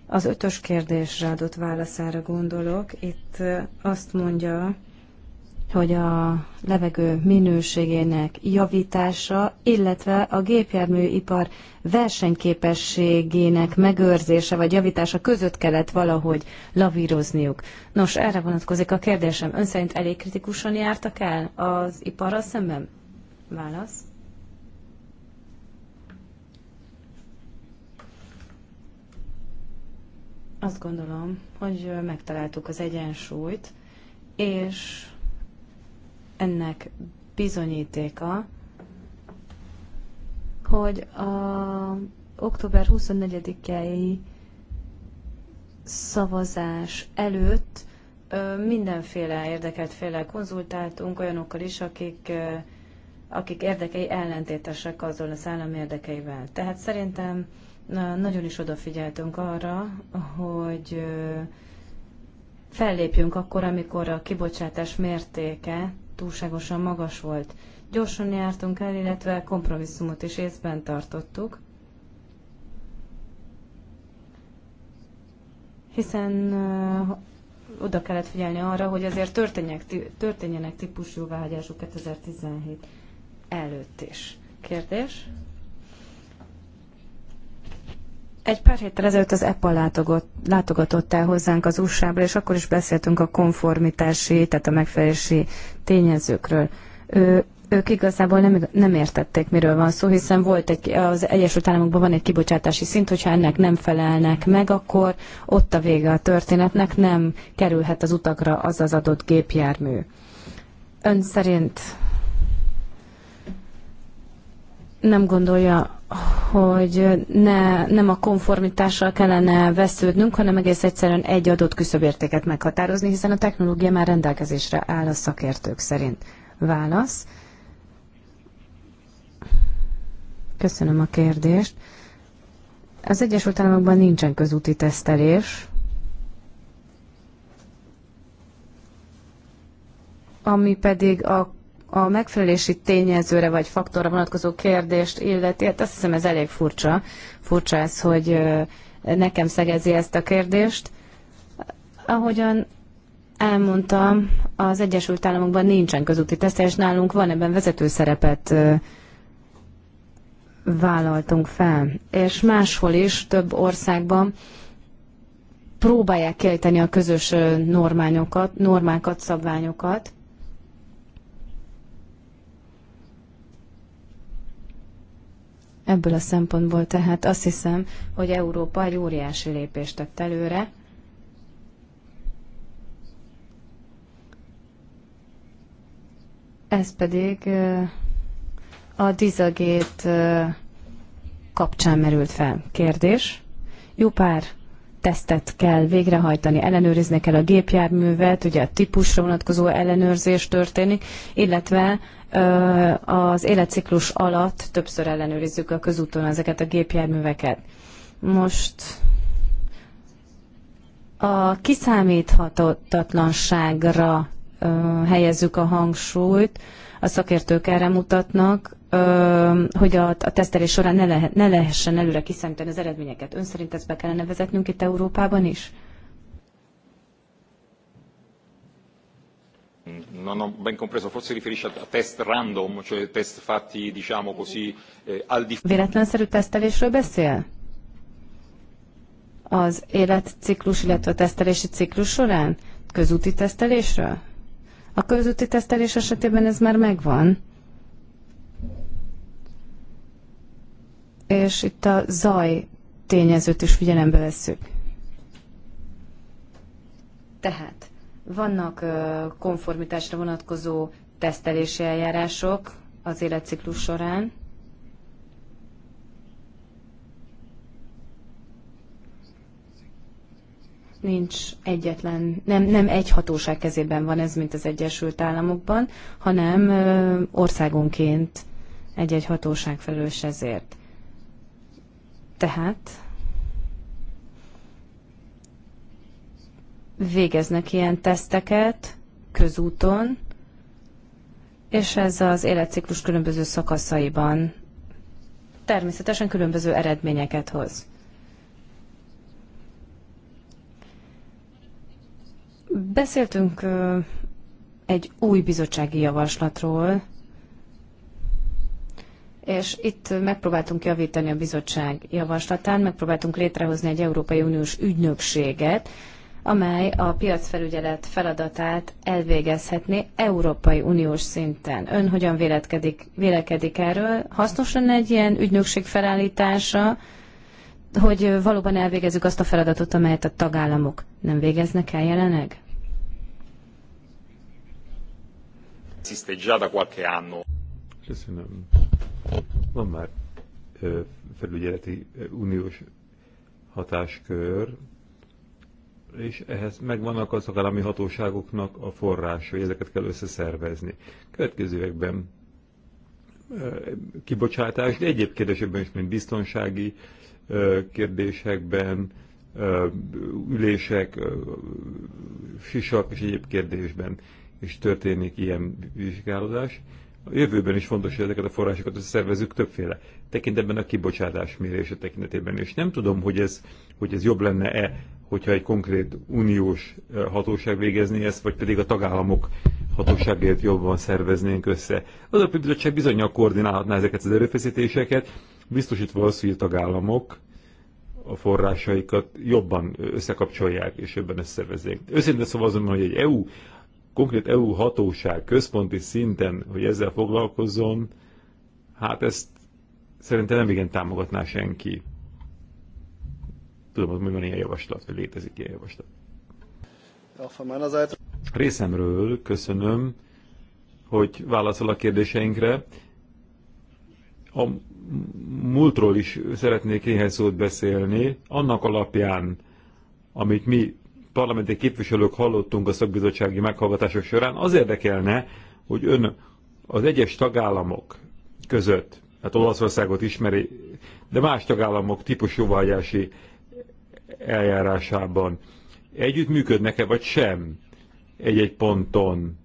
Az ötös kérdésre adott válaszára gondolok. Itt azt mondja, hogy a levegő minőségének javítása, illetve a gépjárműipar versenyképességének megőrzése vagy javítása között kellett valahogy lavírozniuk. Nos, erre vonatkozik a kérdésem. Ön szerint elég kritikusan jártak el az iparral szemben? Válasz. Azt gondolom, hogy megtaláltuk az egyensúlyt, és ennek bizonyítéka, hogy a október 24-i szavazás előtt mindenféle érdekelt félel konzultáltunk, olyanokkal is, akik, akik érdekei ellentétesek azzal az állam érdekeivel. Tehát szerintem nagyon is odafigyeltünk arra, hogy fellépjünk akkor, amikor a kibocsátás mértéke túlságosan magas volt. Gyorsan jártunk el, illetve kompromisszumot is észben tartottuk. Hiszen oda kellett figyelni arra, hogy azért történjenek, történjenek típusú vágyások 2017 előtt is. Kérdés? Egy pár héttel ezelőtt az EPA látogat, látogatott el hozzánk az usa és akkor is beszéltünk a konformitási, tehát a megfelelési tényezőkről. Ő, ők igazából nem, nem értették, miről van szó, hiszen volt egy, az Egyesült Államokban van egy kibocsátási szint, hogyha ennek nem felelnek meg, akkor ott a vége a történetnek, nem kerülhet az utakra az az adott gépjármű. Ön szerint nem gondolja, hogy ne, nem a konformitással kellene vesződnünk, hanem egész egyszerűen egy adott küszöbértéket meghatározni, hiszen a technológia már rendelkezésre áll a szakértők szerint. Válasz. Köszönöm a kérdést. Az Egyesült Államokban nincsen közúti tesztelés. Ami pedig a a megfelelési tényezőre vagy faktorra vonatkozó kérdést illeti, hát azt hiszem ez elég furcsa. Furcsa ez, hogy nekem szegezi ezt a kérdést. Ahogyan elmondtam, az Egyesült Államokban nincsen közúti tesztel, és nálunk van ebben vezető szerepet vállaltunk fel. És máshol is, több országban próbálják kelteni a közös normányokat, normákat, szabványokat. Ebből a szempontból tehát azt hiszem, hogy Európa egy óriási lépést tett előre, Ez pedig a dizagét kapcsán merült fel. Kérdés. Jó pár tesztet kell végrehajtani, ellenőrizni kell a gépjárművet, ugye a típusra vonatkozó ellenőrzés történik, illetve az életciklus alatt többször ellenőrizzük a közúton ezeket a gépjárműveket. Most a kiszámíthatatlanságra helyezzük a hangsúlyt, a szakértők erre mutatnak, hogy a, a tesztelés során ne, lehet, ne lehessen előre kiszámítani az eredményeket. Ön szerint ezt be kellene vezetnünk itt Európában is? Non ho ben compreso, forse riferisce a test random, cioè test fatti, diciamo così, eh, al di... Véletlenszerű tesztelésről beszél? Az életciklus, illetve a tesztelési ciklus során? Közúti tesztelésről? A közúti tesztelés esetében ez már megvan. És itt a zaj tényezőt is figyelembe vesszük. Tehát vannak konformitásra vonatkozó tesztelési eljárások az életciklus során, nincs egyetlen, nem, nem egy hatóság kezében van ez, mint az Egyesült Államokban, hanem országonként egy-egy hatóság felelős ezért. Tehát végeznek ilyen teszteket közúton, és ez az életciklus különböző szakaszaiban természetesen különböző eredményeket hoz. Beszéltünk egy új bizottsági javaslatról, és itt megpróbáltunk javítani a bizottság javaslatán, megpróbáltunk létrehozni egy Európai Uniós ügynökséget, amely a piacfelügyelet feladatát elvégezhetné Európai Uniós szinten. Ön hogyan vélekedik, vélekedik erről? Hasznos lenne egy ilyen ügynökség felállítása, hogy valóban elvégezzük azt a feladatot, amelyet a tagállamok nem végeznek el jelenleg? Köszönöm. Van már felügyeleti uniós hatáskör, és ehhez megvannak azok állami hatóságoknak a forrásai, ezeket kell összeszervezni. Következő években kibocsátás, de egyéb kérdésekben is, mint biztonsági, kérdésekben, ülések, sisak és egyéb kérdésben is történik ilyen vizsgálódás. A jövőben is fontos, hogy ezeket a forrásokat szervezzük többféle tekintetben a kibocsátás mérése tekintetében. És nem tudom, hogy ez, hogy ez jobb lenne-e, hogyha egy konkrét uniós hatóság végezni ezt, vagy pedig a tagállamok hatóságért jobban szerveznénk össze. Az a bizottság bizonyal koordinálhatná ezeket az erőfeszítéseket, biztosítva az, hogy a tagállamok a forrásaikat jobban összekapcsolják és jobban összevezik. Őszintén szóval azon, hogy egy EU, konkrét EU hatóság központi szinten, hogy ezzel foglalkozzon, hát ezt szerintem nem igen támogatná senki. Tudom, hogy van ilyen javaslat, vagy létezik ilyen javaslat. Részemről köszönöm, hogy válaszol a kérdéseinkre. A múltról is szeretnék néhány szót beszélni, annak alapján, amit mi parlamenti képviselők hallottunk a szakbizottsági meghallgatások során, az érdekelne, hogy ön az egyes tagállamok között, hát Olaszországot ismeri, de más tagállamok típus jóvágyási eljárásában együttműködnek-e, vagy sem egy-egy ponton,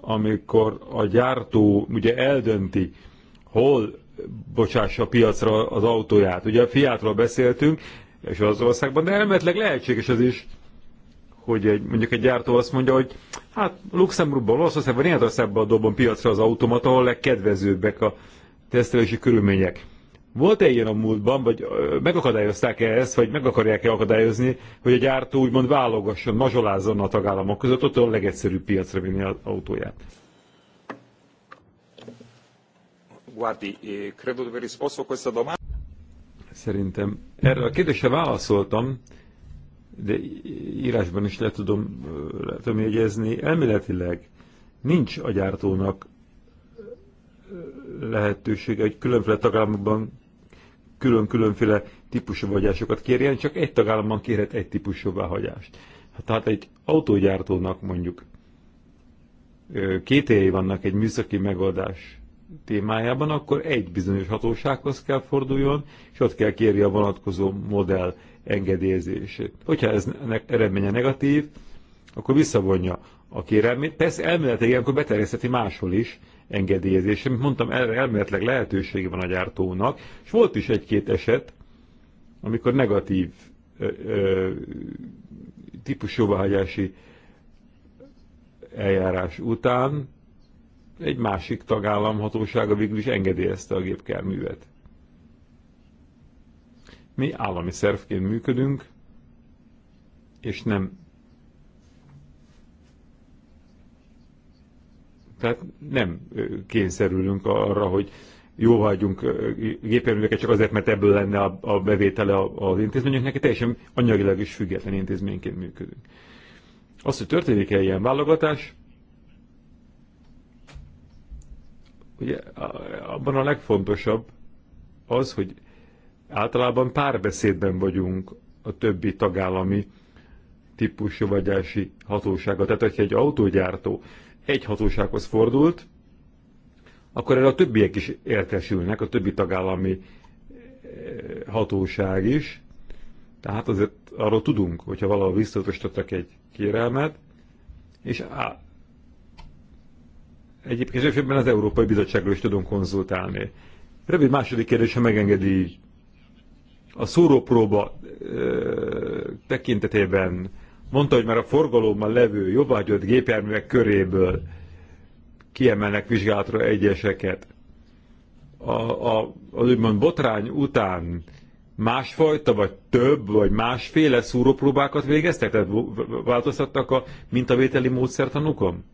amikor a gyártó ugye eldönti, hol bocsássa piacra az autóját. Ugye a Fiatról beszéltünk, és az országban, de elméletileg lehetséges az is, hogy egy, mondjuk egy gyártó azt mondja, hogy hát Luxemburgban, Olaszországban, Németországban dobom piacra az automat, ahol legkedvezőbbek a tesztelési körülmények. Volt-e ilyen a múltban, vagy megakadályozták-e ezt, vagy meg akarják-e akadályozni, hogy a gyártó úgymond válogasson, mazsolázzon a tagállamok között, ott a legegyszerűbb piacra vinni az autóját? Guardi, eh, credo di aver risposto a questa domanda. Szerintem erre a kérdésre válaszoltam, de írásban is le tudom, le tudom jegyezni. Elméletileg nincs a gyártónak eh, lehetősége, hogy különféle tagállamokban külön-különféle típusú vagyásokat kérjen, csak egy tagállamban kérhet egy típusú váhagyást. Hát, tehát egy autógyártónak mondjuk eh, két éjjel vannak egy műszaki megoldás témájában, akkor egy bizonyos hatósághoz kell forduljon, és ott kell kérje a vonatkozó modell engedélyezését. Hogyha ez eredménye negatív, akkor visszavonja a kérelmét. Persze elméletileg ilyenkor beterjeszteti máshol is engedélyezésre. Mint mondtam, erre elméletileg lehetősége van a gyártónak, és volt is egy-két eset, amikor negatív típusjóváhagyási típusú eljárás után egy másik tagállam hatósága végül is engedélyezte a gépkárművet. Mi állami szervként működünk, és nem tehát nem kényszerülünk arra, hogy jóvágyunk gépjárműveket csak azért, mert ebből lenne a, a bevétele az intézményeknek, teljesen anyagilag is független intézményként működünk. Az, hogy történik-e ilyen válogatás, ugye abban a legfontosabb az, hogy általában párbeszédben vagyunk a többi tagállami típusú vagyási hatósága. Tehát, hogyha egy autógyártó egy hatósághoz fordult, akkor erre a többiek is értesülnek, a többi tagállami eh, hatóság is. Tehát azért arról tudunk, hogyha valahol visszatosítottak egy kérelmet, és Egyébként esetben az Európai Bizottságról is tudunk konzultálni. Rövid második kérdés, ha megengedi a szórópróba ö, tekintetében mondta, hogy már a forgalomban levő jobbágyott gépjárművek köréből kiemelnek vizsgálatra egyeseket. A, a, az úgymond botrány után másfajta, vagy több, vagy másféle szúrópróbákat végeztek? Tehát változtattak a mintavételi módszertanukon?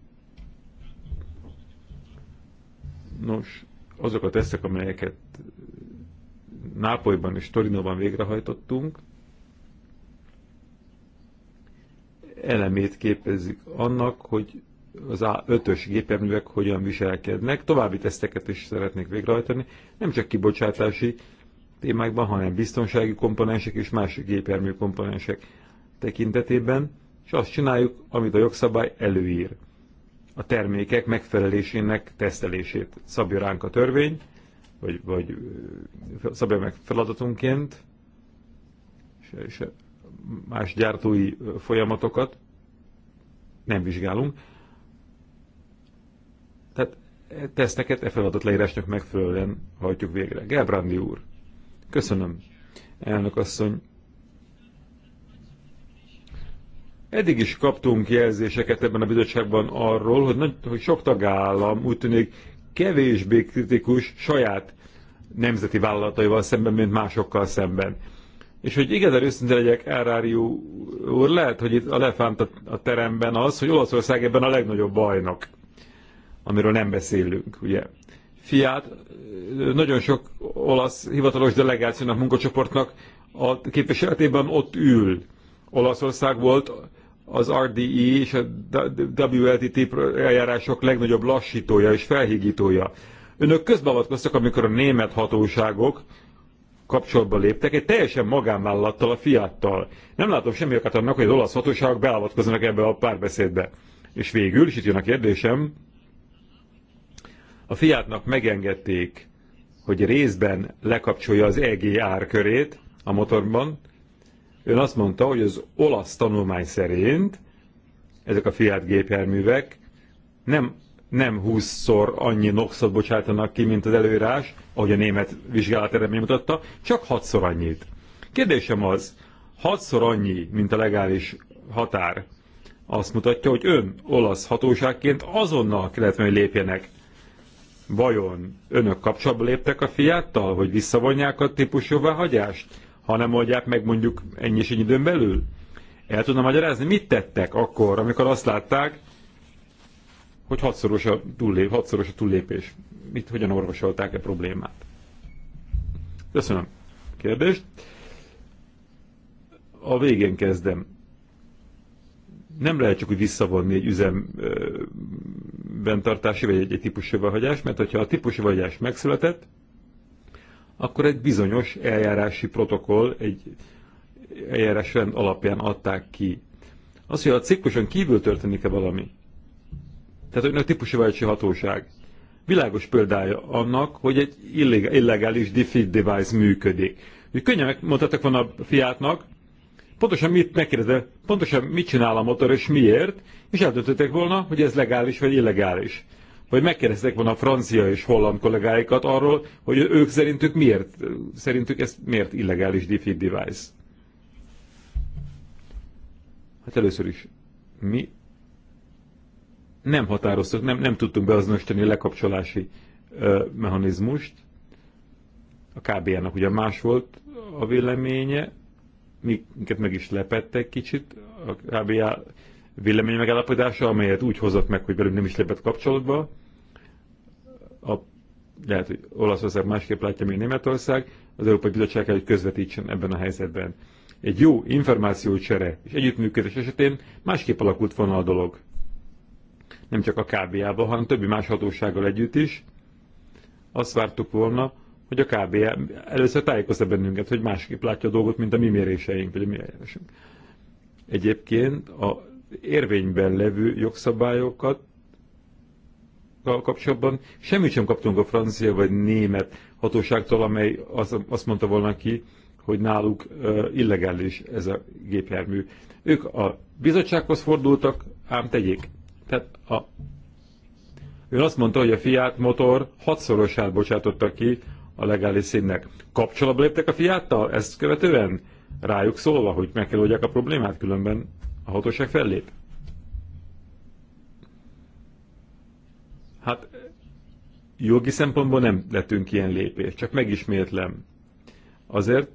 Nos, azok a tesztek, amelyeket Nápolyban és Torinóban végrehajtottunk, elemét képezik annak, hogy az A5-ös gépjárművek hogyan viselkednek. További teszteket is szeretnék végrehajtani, nem csak kibocsátási témákban, hanem biztonsági komponensek és más gépjármű komponensek tekintetében, és azt csináljuk, amit a jogszabály előír a termékek megfelelésének tesztelését szabja ránk a törvény, vagy, vagy szabja meg feladatunként, és más gyártói folyamatokat nem vizsgálunk. Tehát e teszteket e feladat leírásnak megfelelően hajtjuk végre. Gábrándi úr, köszönöm. Elnök asszony, Eddig is kaptunk jelzéseket ebben a bizottságban arról, hogy, nagy, hogy sok tagállam úgy tűnik kevésbé kritikus saját nemzeti vállalataival szemben, mint másokkal szemben. És hogy igazán őszinte legyek, Erárió úr, lehet, hogy itt a lefánt a teremben az, hogy Olaszország ebben a legnagyobb bajnok, amiről nem beszélünk, ugye. Fiát nagyon sok olasz hivatalos delegációnak, munkacsoportnak a képviseletében ott ül. Olaszország volt az RDI e és a WLTT eljárások legnagyobb lassítója és felhígítója. Önök közbeavatkoztak, amikor a német hatóságok kapcsolatba léptek egy teljesen magánvállalattal, a fiattal. Nem látom semmi okát annak, hogy az olasz hatóságok beavatkoznak ebbe a párbeszédbe. És végül, és itt jön a kérdésem, a fiátnak megengedték, hogy részben lekapcsolja az EGR körét a motorban, Ön azt mondta, hogy az olasz tanulmány szerint ezek a Fiat gépjárművek nem, nem 20-szor annyi noxot bocsátanak ki, mint az előírás, ahogy a német vizsgálat eredmény mutatta, csak 6-szor annyit. Kérdésem az, 6-szor annyi, mint a legális határ, azt mutatja, hogy ön olasz hatóságként azonnal kellett, hogy lépjenek. Vajon önök kapcsolatba léptek a fiáttal, hogy visszavonják a típusjóváhagyást? ha nem oldják meg mondjuk ennyi és ennyi időn belül? El tudna magyarázni, mit tettek akkor, amikor azt látták, hogy hatszoros a, túllép, hatszoros a túllépés. Mit, hogyan orvosolták-e problémát? Köszönöm. Kérdést. A végén kezdem. Nem lehet csak úgy visszavonni egy üzem bentartási vagy egy, egy típusú vagyás, mert hogyha a típusú vagyás megszületett, akkor egy bizonyos eljárási protokoll, egy eljárás alapján adták ki. Az, hogy a cikluson kívül történik-e valami, tehát önök típusú váltsi hatóság, világos példája annak, hogy egy illegális defeat device működik. Úgy könnyen mondhattak van a fiátnak, pontosan mit megkérdezte, pontosan mit csinál a motor és miért, és eldöntöttek volna, hogy ez legális vagy illegális hogy megkérdeztek volna a francia és holland kollégáikat arról, hogy ők szerintük miért, szerintük ez miért illegális defeat device. Hát először is mi nem határoztuk, nem, nem tudtunk beazonosítani a lekapcsolási ö, mechanizmust. A KBN-nak ugye más volt a véleménye, minket meg is lepettek kicsit a KBN vélemény megállapodása, amelyet úgy hozott meg, hogy velünk nem is lépett kapcsolatba a, lehet, hogy Olaszország másképp látja, mint Németország, az Európai Bizottság kell, hogy közvetítsen ebben a helyzetben. Egy jó információcsere és együttműködés esetén másképp alakult volna a dolog. Nem csak a kba ban hanem többi más hatósággal együtt is. Azt vártuk volna, hogy a KBA először tájékozta bennünket, hogy másképp látja a dolgot, mint a mi méréseink, vagy a mi eljárásunk. Egyébként a érvényben levő jogszabályokat kapcsolatban semmit sem kaptunk a francia vagy német hatóságtól, amely az, azt mondta volna ki, hogy náluk illegális ez a gépjármű. Ők a bizottsághoz fordultak, ám tegyék. Tehát a, ő azt mondta, hogy a Fiat motor hatszorosát bocsátotta ki a legális színnek. Kapcsolatba léptek a Fiattal ezt követően? Rájuk szólva, hogy meg kell oldják a problémát, különben a hatóság fellép. jogi szempontból nem lettünk ilyen lépés, csak megismétlem. Azért,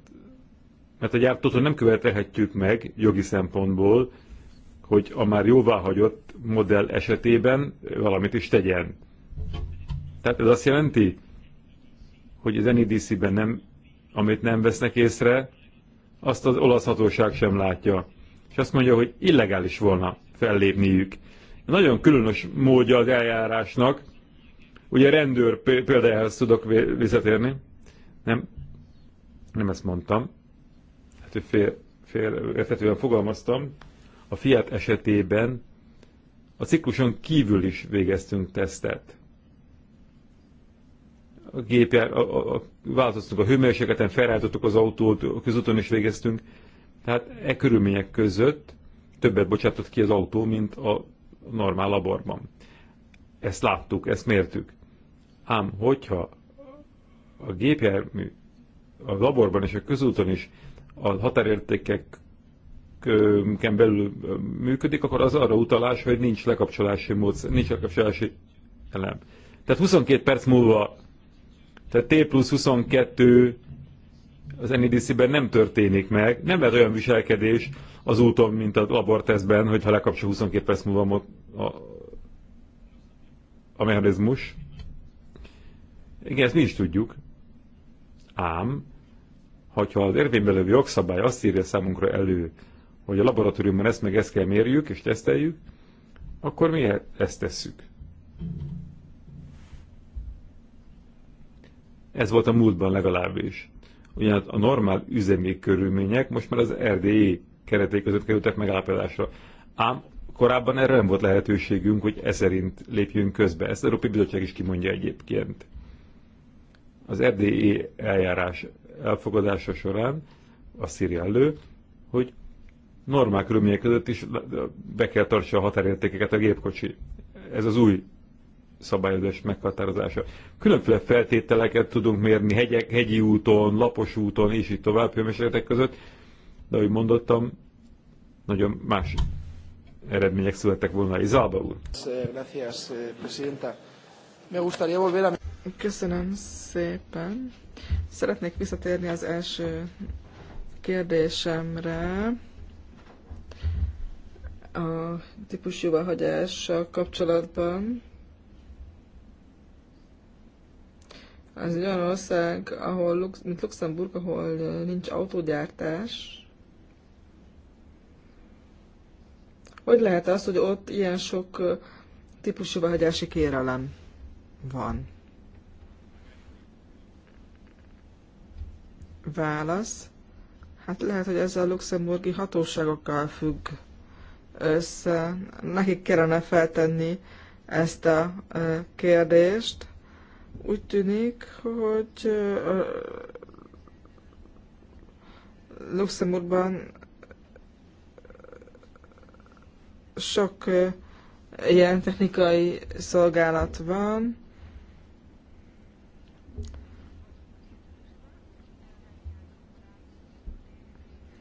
mert a gyártótól nem követelhetjük meg jogi szempontból, hogy a már jóváhagyott modell esetében valamit is tegyen. Tehát ez azt jelenti, hogy az NEDC-ben nem, amit nem vesznek észre, azt az olasz hatóság sem látja. És azt mondja, hogy illegális volna fellépniük. Nagyon különös módja az eljárásnak, Ugye rendőr példájához tudok visszatérni. Nem, nem ezt mondtam. Hát, hogy fél, fél értetően fogalmaztam. A Fiat esetében a cikluson kívül is végeztünk tesztet. A gépjár, a, a, a, változtunk a hőmérsékleten, felállítottuk az autót, a közúton is végeztünk. Tehát e körülmények között többet bocsátott ki az autó, mint a normál laborban. Ezt láttuk, ezt mértük. Ám hogyha a gépjármű a laborban és a közúton is a határértékeken belül működik, akkor az arra utalás, hogy nincs lekapcsolási módszer, nincs lekapcsolási elem. Tehát 22 perc múlva, tehát T plusz 22 az NEDC-ben nem történik meg, nem lehet olyan viselkedés az úton, mint a labortesztben, hogyha lekapcsol 22 perc múlva a, a mechanizmus. Igen, ezt mi is tudjuk. Ám, hogyha az érvényben levő jogszabály azt írja számunkra elő, hogy a laboratóriumban ezt meg ezt kell mérjük és teszteljük, akkor mi ezt tesszük. Ez volt a múltban legalábbis. Ugyan a normál üzemi körülmények most már az RDI e kereték között kerültek megállapodásra. Ám korábban erre nem volt lehetőségünk, hogy ez szerint lépjünk közbe. Ezt az Európai Bizottság is kimondja egyébként az RDI eljárás elfogadása során a írja elő, hogy normál körülmények között is be kell tartsa a határértékeket a gépkocsi. Ez az új szabályozás meghatározása. Különféle feltételeket tudunk mérni hegyek, hegyi úton, lapos úton, és így tovább, hőmérsékletek között, de ahogy mondottam, nagyon más eredmények születtek volna. Izalba úr. Eh, Köszönöm szépen. Szeretnék visszatérni az első kérdésemre. A típus jóváhagyással kapcsolatban. Ez egy olyan ország, ahol mint Luxemburg, ahol nincs autógyártás. Hogy lehet az, hogy ott ilyen sok típusú hagyási kérelem van? Válasz. Hát lehet, hogy ez a luxemburgi hatóságokkal függ össze. Nekik kellene feltenni ezt a kérdést. Úgy tűnik, hogy Luxemburgban sok ilyen technikai szolgálat van,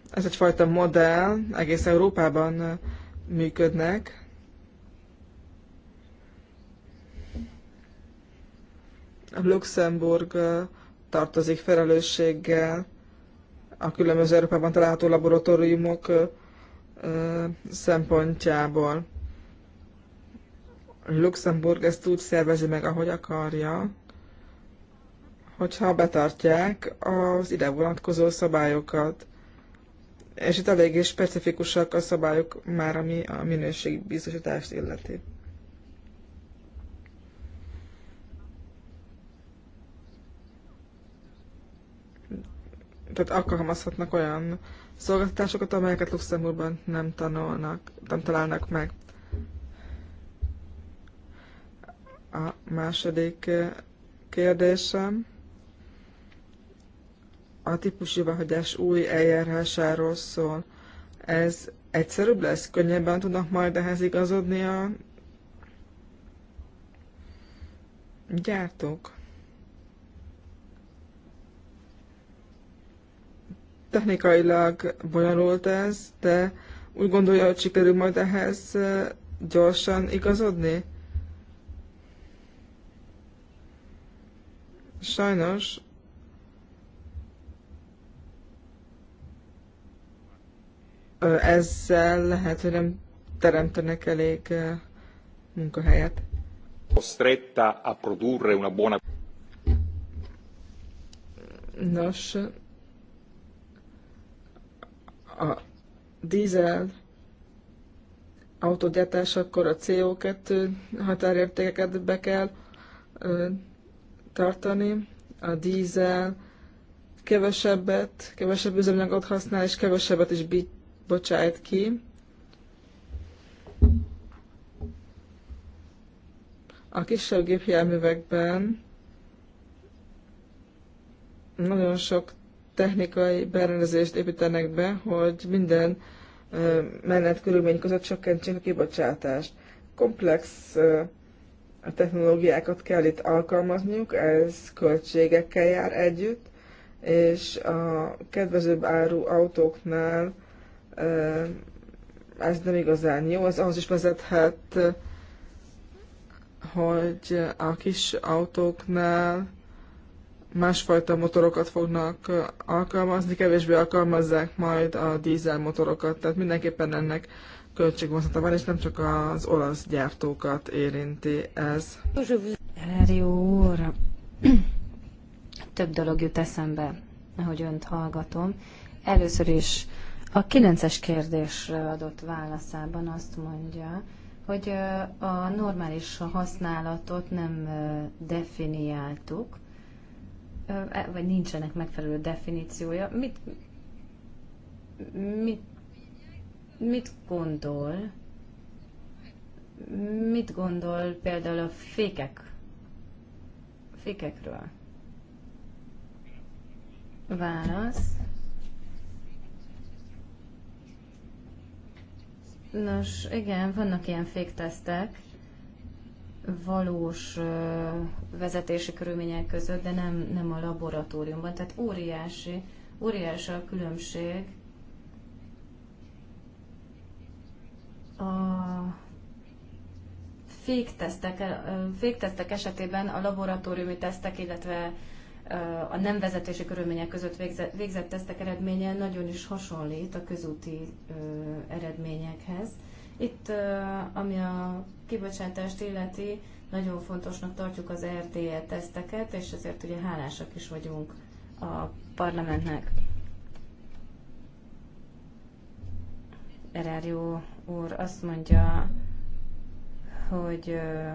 ez egyfajta modell, egész Európában működnek. A Luxemburg tartozik felelősséggel a különböző Európában található laboratóriumok szempontjából. Luxemburg ezt úgy szervezi meg, ahogy akarja, hogyha betartják az ide vonatkozó szabályokat és itt eléggé specifikusak a szabályok már, ami a minőségbiztosítást illeti. Tehát alkalmazhatnak olyan szolgáltatásokat, amelyeket Luxemburgban nem tanulnak, nem találnak meg. A második kérdésem a típusjóváhagyás új eljárásáról szól. Ez egyszerűbb lesz? Könnyebben tudnak majd ehhez igazodni a gyártók? Technikailag bonyolult ez, de úgy gondolja, hogy sikerül majd ehhez gyorsan igazodni? Sajnos ezzel lehet, hogy nem teremtenek elég munkahelyet. Costretta a produrre una buona... Nos, a dízel autógyártás, akkor a CO2 határértékeket be kell ö, tartani. A dízel kevesebbet, kevesebb üzemanyagot használ, és kevesebbet is bít bocsájt ki. A kisebb gépjárművekben nagyon sok technikai berendezést építenek be, hogy minden menet körülmény között csökkentsék a kibocsátást. Komplex technológiákat kell itt alkalmazniuk, ez költségekkel jár együtt, és a kedvezőbb áru autóknál ez nem igazán jó, az ahhoz is vezethet, hogy a kis autóknál másfajta motorokat fognak alkalmazni, kevésbé alkalmazzák majd a dízel motorokat, tehát mindenképpen ennek költségvonzata van, és nem csak az olasz gyártókat érinti ez. Rádió óra, több dolog jut eszembe, ahogy önt hallgatom. Először is a kilences kérdésre adott válaszában azt mondja, hogy a normális használatot nem definiáltuk, e, vagy nincsenek megfelelő definíciója. Mit, mit, mit gondol? Mit gondol például a fékek? Fékekről. Válasz. Nos, igen, vannak ilyen féktesztek valós vezetési körülmények között, de nem, nem a laboratóriumban. Tehát óriási, óriási a különbség a féktesztek, féktesztek esetében a laboratóriumi tesztek, illetve a nem vezetési körülmények között végzett, végzett tesztek eredménye nagyon is hasonlít a közúti ö, eredményekhez. Itt, ö, ami a kibocsátást illeti, nagyon fontosnak tartjuk az RDE teszteket, és ezért ugye hálásak is vagyunk a parlamentnek. Erárió úr azt mondja, hogy ö,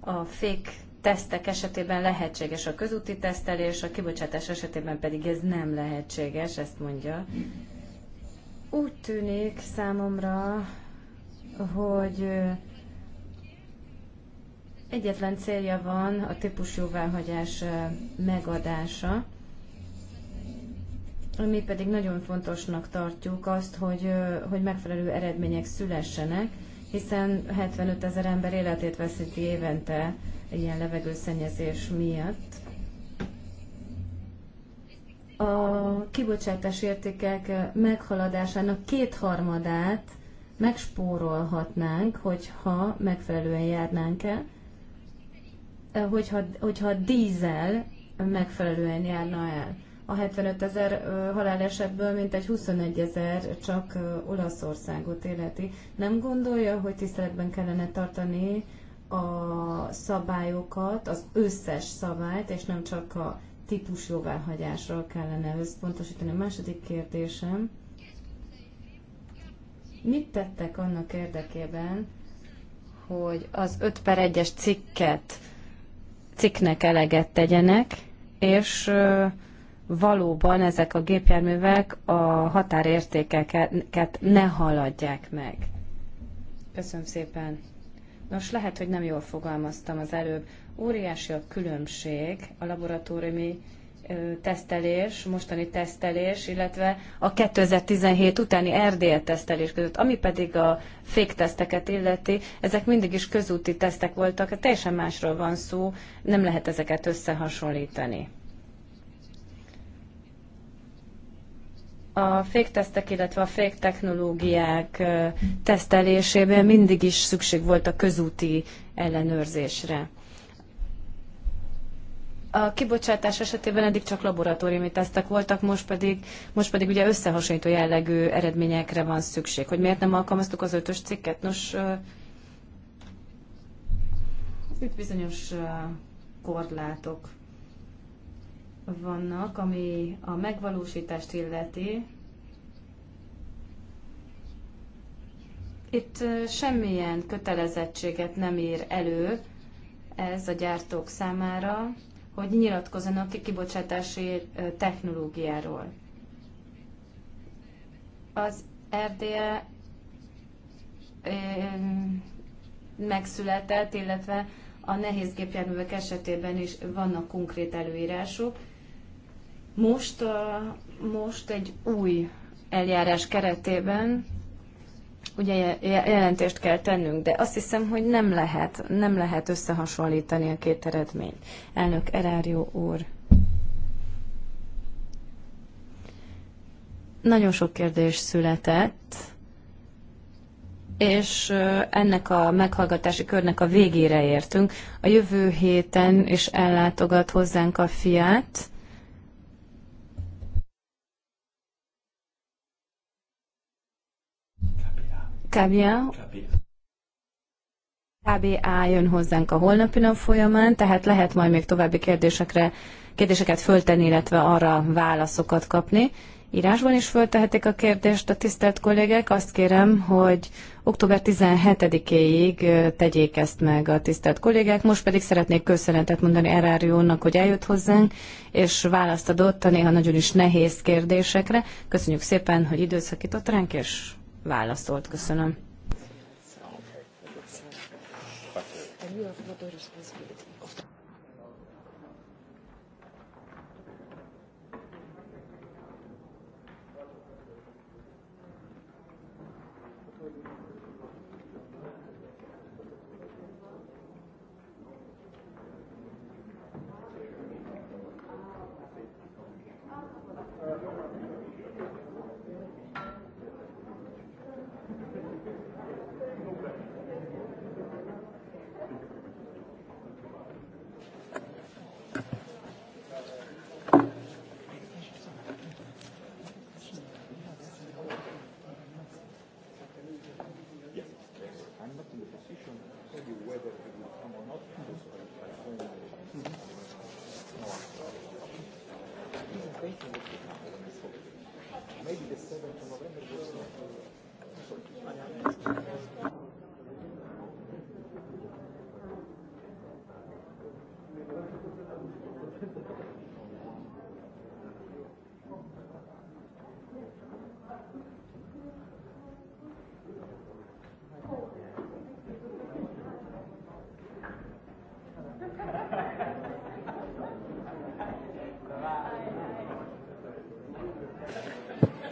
a fék tesztek esetében lehetséges a közúti tesztelés, a kibocsátás esetében pedig ez nem lehetséges, ezt mondja. Úgy tűnik számomra, hogy egyetlen célja van a típus jóváhagyás megadása, mi pedig nagyon fontosnak tartjuk azt, hogy, hogy megfelelő eredmények szülessenek, hiszen 75 ezer ember életét veszíti évente ilyen levegőszennyezés miatt. A kibocsátás értékek meghaladásának kétharmadát megspórolhatnánk, hogyha megfelelően járnánk el, hogyha, hogyha a dízel megfelelően járna el. A 75 ezer halálesetből mintegy 21 ezer csak Olaszországot életi. Nem gondolja, hogy tiszteletben kellene tartani a szabályokat, az összes szabályt, és nem csak a típus jóváhagyásról kellene összpontosítani. A második kérdésem, mit tettek annak érdekében, hogy az 5 per 1-es cikket, cikknek eleget tegyenek, és valóban ezek a gépjárművek a határértékeket ne haladják meg. Köszönöm szépen. Nos, lehet, hogy nem jól fogalmaztam az előbb. Óriási a különbség a laboratóriumi tesztelés, mostani tesztelés, illetve a 2017 utáni RDL tesztelés között, ami pedig a fake teszteket illeti, ezek mindig is közúti tesztek voltak, hát teljesen másról van szó, nem lehet ezeket összehasonlítani. a féktesztek, illetve a féktechnológiák tesztelésében mindig is szükség volt a közúti ellenőrzésre. A kibocsátás esetében eddig csak laboratóriumi tesztek voltak, most pedig, most pedig ugye összehasonlító jellegű eredményekre van szükség. Hogy miért nem alkalmaztuk az ötös cikket? Nos, itt bizonyos korlátok vannak, ami a megvalósítást illeti. Itt semmilyen kötelezettséget nem ír elő ez a gyártók számára, hogy nyilatkozzanak ki kibocsátási technológiáról. Az RDE megszületett, illetve a nehéz gépjárművek esetében is vannak konkrét előírások, most, most egy új eljárás keretében ugye jelentést kell tennünk, de azt hiszem, hogy nem lehet, nem lehet összehasonlítani a két eredményt. Elnök Erárió úr. Nagyon sok kérdés született, és ennek a meghallgatási körnek a végére értünk. A jövő héten is ellátogat hozzánk a fiát, Tabia. KBA jön hozzánk a holnapi nap folyamán, tehát lehet majd még további kérdésekre, kérdéseket föltenni, illetve arra válaszokat kapni. Írásban is föltehetik a kérdést a tisztelt kollégek. Azt kérem, hogy október 17-éig tegyék ezt meg a tisztelt kollégák. Most pedig szeretnék köszönetet mondani Eráriónak, hogy eljött hozzánk, és választ adott a néha nagyon is nehéz kérdésekre. Köszönjük szépen, hogy időszakított ránk, és válaszolt. Köszönöm.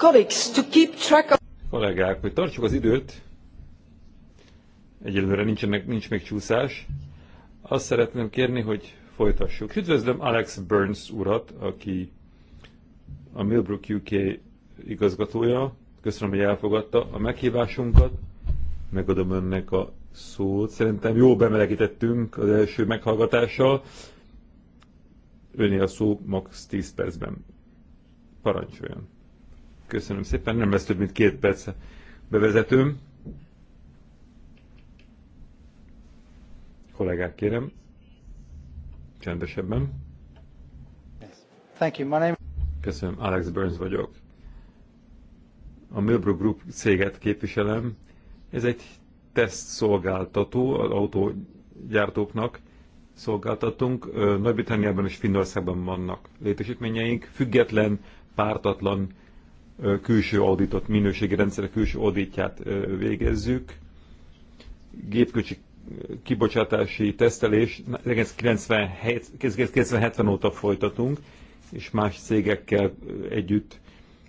colleagues, to keep track of... Kollégák, hogy tartsuk az időt, egyelőre nincs, nincs még csúszás, azt szeretném kérni, hogy folytassuk. Üdvözlöm Alex Burns urat, aki a Millbrook UK igazgatója. Köszönöm, hogy elfogadta a meghívásunkat. Megadom önnek a szót. Szerintem jó bemelegítettünk az első meghallgatással. Öné a szó max. 10 percben. Parancsoljon! Köszönöm szépen, nem lesz több mint két perc bevezetőm. Kollégák, kérem, csendesebben. Thank you, my name... Köszönöm, Alex Burns vagyok. A Milbrook Group céget képviselem. Ez egy teszt szolgáltató az autógyártóknak, szolgáltatunk. Nagy-Britanniában és Finnországban vannak létesítményeink, független, pártatlan külső auditot, minőségi rendszer külső auditját végezzük. Gépkocsi kibocsátási tesztelés 1970 óta folytatunk, és más cégekkel együtt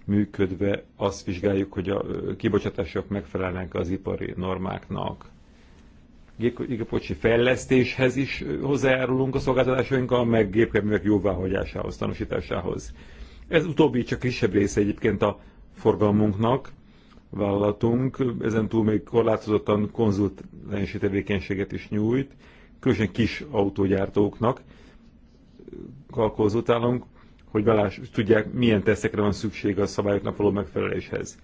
működve azt vizsgáljuk, hogy a kibocsátások megfelelnek az ipari normáknak. Gépkocsi fejlesztéshez is hozzájárulunk a szolgáltatásainkkal, meg gépkocsi jóváhagyásához, tanúsításához. Ez utóbbi csak kisebb része egyébként a forgalmunknak, vállalatunk, ezen túl még korlátozottan konzultási tevékenységet is nyújt, különösen kis autógyártóknak kalkozótálunk, hogy belás, tudják, milyen teszekre van szükség a szabályoknak való megfeleléshez.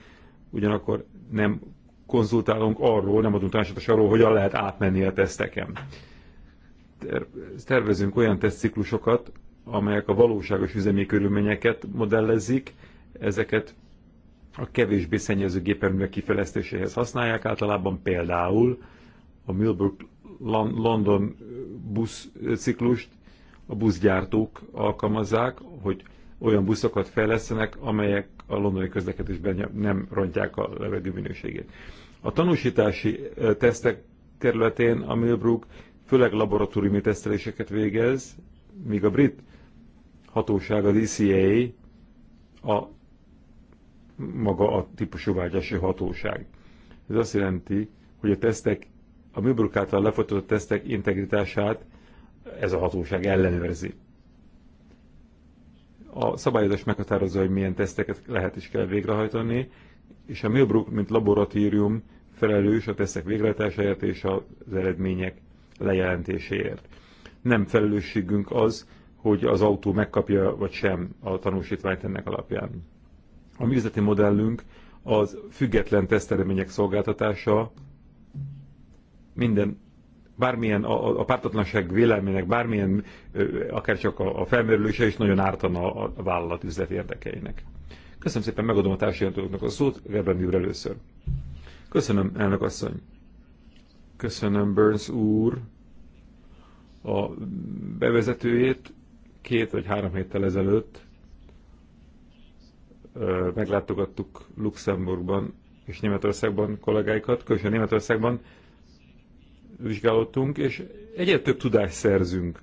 Ugyanakkor nem konzultálunk arról, nem adunk tanácsot arról, hogyan lehet átmenni a teszteken. Tervezünk olyan tesztciklusokat, amelyek a valóságos üzemi körülményeket modellezik, ezeket a kevésbé szennyező gépjárművek kifejlesztéséhez használják általában, például a Millbrook London buszciklust a buszgyártók alkalmazzák, hogy olyan buszokat fejlesztenek, amelyek a londoni közlekedésben nem rontják a levegő minőségét. A tanúsítási tesztek területén a Millbrook főleg laboratóriumi teszteléseket végez, míg a brit hatóság, az ECA, a maga a típusú vágyási hatóság. Ez azt jelenti, hogy a tesztek, a műbruk által lefolytatott tesztek integritását ez a hatóság ellenőrzi. A szabályozás meghatározza, hogy milyen teszteket lehet és kell végrehajtani, és a Millbrook, mint laboratórium felelős a tesztek végrehajtásáért és az eredmények lejelentéséért. Nem felelősségünk az, hogy az autó megkapja vagy sem a tanúsítványt ennek alapján. A mi üzleti modellünk az független tesztelemények szolgáltatása, minden, bármilyen a, a pártatlanság véleménynek, bármilyen, akár csak a, a felmerülése is nagyon ártana a, vállalat üzleti érdekeinek. Köszönöm szépen, megadom a társadalmatoknak a szót, Gerben úr először. Köszönöm, elnök asszony. Köszönöm, Burns úr, a bevezetőjét két vagy három héttel ezelőtt meglátogattuk Luxemburgban és Németországban kollégáikat, különösen Németországban vizsgálódtunk, és egyre több tudást szerzünk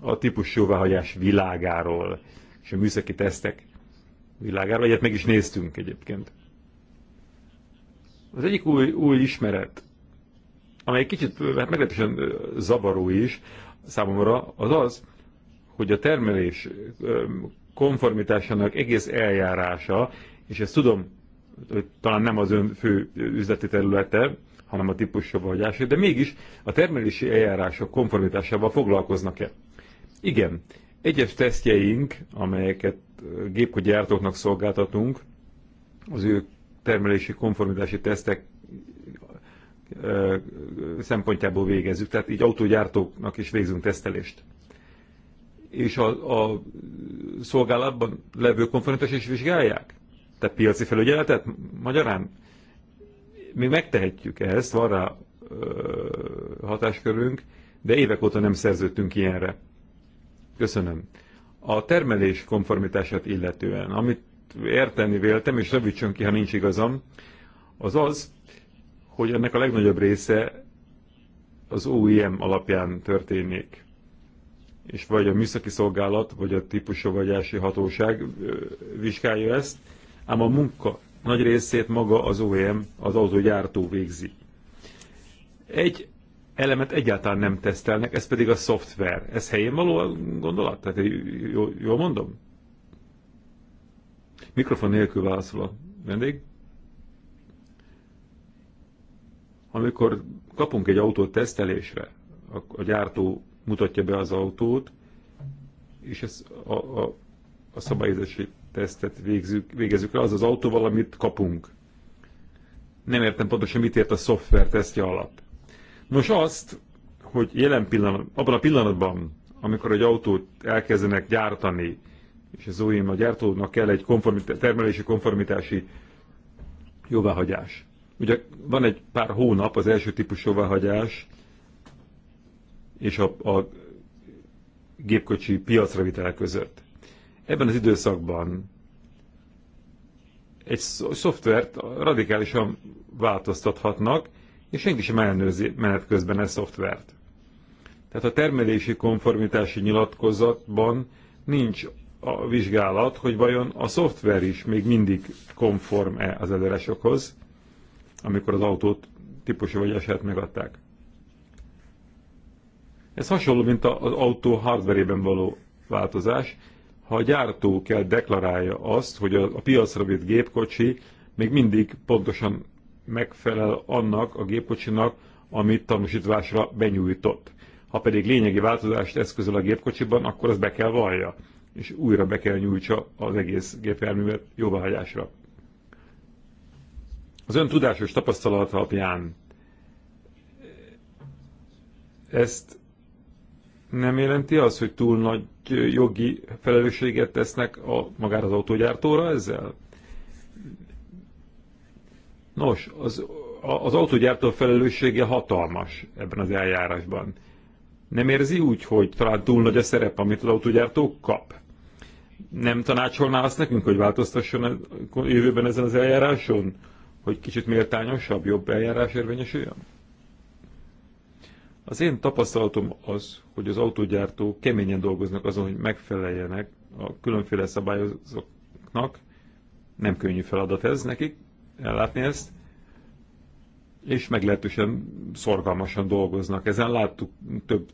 a típus jóváhagyás világáról, és a műszaki tesztek világáról. Egyet meg is néztünk egyébként. Az egyik új, új ismeret, amely kicsit hát meglehetősen zavaró is, számomra az az, hogy a termelés konformitásának egész eljárása, és ezt tudom, hogy talán nem az ön fő üzleti területe, hanem a típusra vagy de mégis a termelési eljárások konformitásával foglalkoznak-e? Igen, egyes tesztjeink, amelyeket gépkogyártóknak szolgáltatunk, az ő termelési konformitási tesztek szempontjából végezzük, tehát így autógyártóknak is végzünk tesztelést. És a, a szolgálatban levő komponentes is vizsgálják? Tehát piaci felügyeletet? Magyarán mi megtehetjük ezt, van rá ö, hatáskörünk, de évek óta nem szerződtünk ilyenre. Köszönöm. A termelés konformitását illetően, amit érteni véltem, és rövidtsön ki, ha nincs igazam, az az, hogy ennek a legnagyobb része az OEM alapján történik. És vagy a műszaki szolgálat, vagy a típusovagyási hatóság vizsgálja ezt, ám a munka nagy részét maga az OEM, az autógyártó végzi. Egy elemet egyáltalán nem tesztelnek, ez pedig a szoftver. Ez helyén való a gondolat? Tehát jól, jól mondom? Mikrofon nélkül válaszol a vendég. Amikor kapunk egy autót tesztelésre, a, a gyártó mutatja be az autót, és ez a, a, a szabályozási tesztet végzük, végezzük le, az az autó valamit kapunk. Nem értem pontosan, mit ért a szoftver tesztje alatt. Nos azt, hogy jelen pillanat, abban a pillanatban, amikor egy autót elkezdenek gyártani, és az OEM a gyártónak kell egy konformit termelési konformitási jóváhagyás. Ugye van egy pár hónap az első típusú hagyás, és a, a gépkocsi piacra vitel között. Ebben az időszakban egy szoftvert radikálisan változtathatnak, és senki sem ellenőrzi menet közben ezt szoftvert. Tehát a termelési konformitási nyilatkozatban nincs a vizsgálat, hogy vajon a szoftver is még mindig konform-e az előrásokhoz, amikor az autót típusú vagy eset megadták. Ez hasonló, mint az autó hardverében való változás. Ha a gyártó kell deklarálja azt, hogy a piacra vitt gépkocsi még mindig pontosan megfelel annak a gépkocsinak, amit tanúsításra benyújtott. Ha pedig lényegi változást eszközöl a gépkocsiban, akkor az be kell vallja, és újra be kell nyújtsa az egész gépjárművet jóváhagyásra. Az ön tudásos tapasztalat alapján eh, ezt nem jelenti az, hogy túl nagy eh, jogi felelősséget tesznek a, magára az autógyártóra ezzel? Nos, az, az autógyártó felelőssége hatalmas ebben az eljárásban. Nem érzi úgy, hogy talán túl nagy a szerep, amit az autógyártó kap? Nem tanácsolná azt nekünk, hogy változtasson a e- jövőben ezen az eljáráson? hogy kicsit méltányosabb, jobb eljárás érvényesüljön? Az én tapasztalatom az, hogy az autógyártók keményen dolgoznak azon, hogy megfeleljenek a különféle szabályozóknak. Nem könnyű feladat ez nekik, ellátni ezt, és meglehetősen szorgalmasan dolgoznak. Ezen láttuk több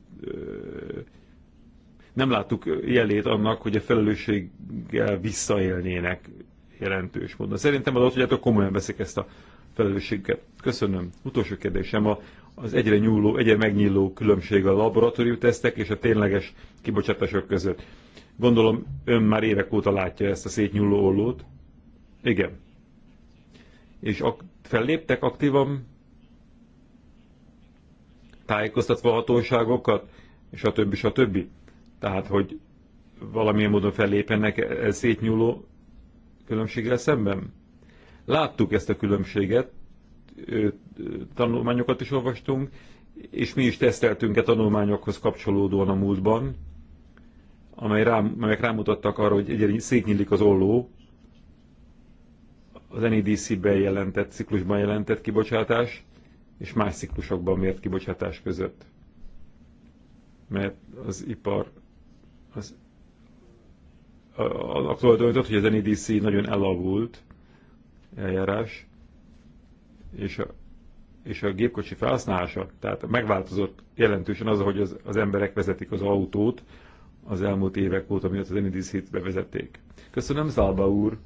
nem láttuk jelét annak, hogy a felelősséggel visszaélnének jelentős módon. Szerintem az tudjátok komolyan veszik ezt a felelősséget. Köszönöm. Utolsó kérdésem a, az egyre nyúló, egyre megnyíló különbség a laboratóriumi tesztek és a tényleges kibocsátások között. Gondolom ön már évek óta látja ezt a szétnyúló ollót. Igen. És ak- felléptek aktívan tájékoztatva hatóságokat, és a többi, és a többi. Tehát, hogy valamilyen módon ez e- e- szétnyúló különbséggel szemben. Láttuk ezt a különbséget, tanulmányokat is olvastunk, és mi is teszteltünk a e tanulmányokhoz kapcsolódóan a múltban, amely rám, amelyek rámutattak arra, hogy egyre szétnyílik az olló, az NEDC-ben jelentett, ciklusban jelentett kibocsátás, és más ciklusokban mért kibocsátás között. Mert az ipar az aktuális döntött, hogy az NEDC nagyon elavult eljárás, és a, és a gépkocsi felhasználása, tehát megváltozott jelentősen az, hogy az, az emberek vezetik az autót az elmúlt évek óta, miatt az NEDC-t bevezették. Köszönöm, szalba úr!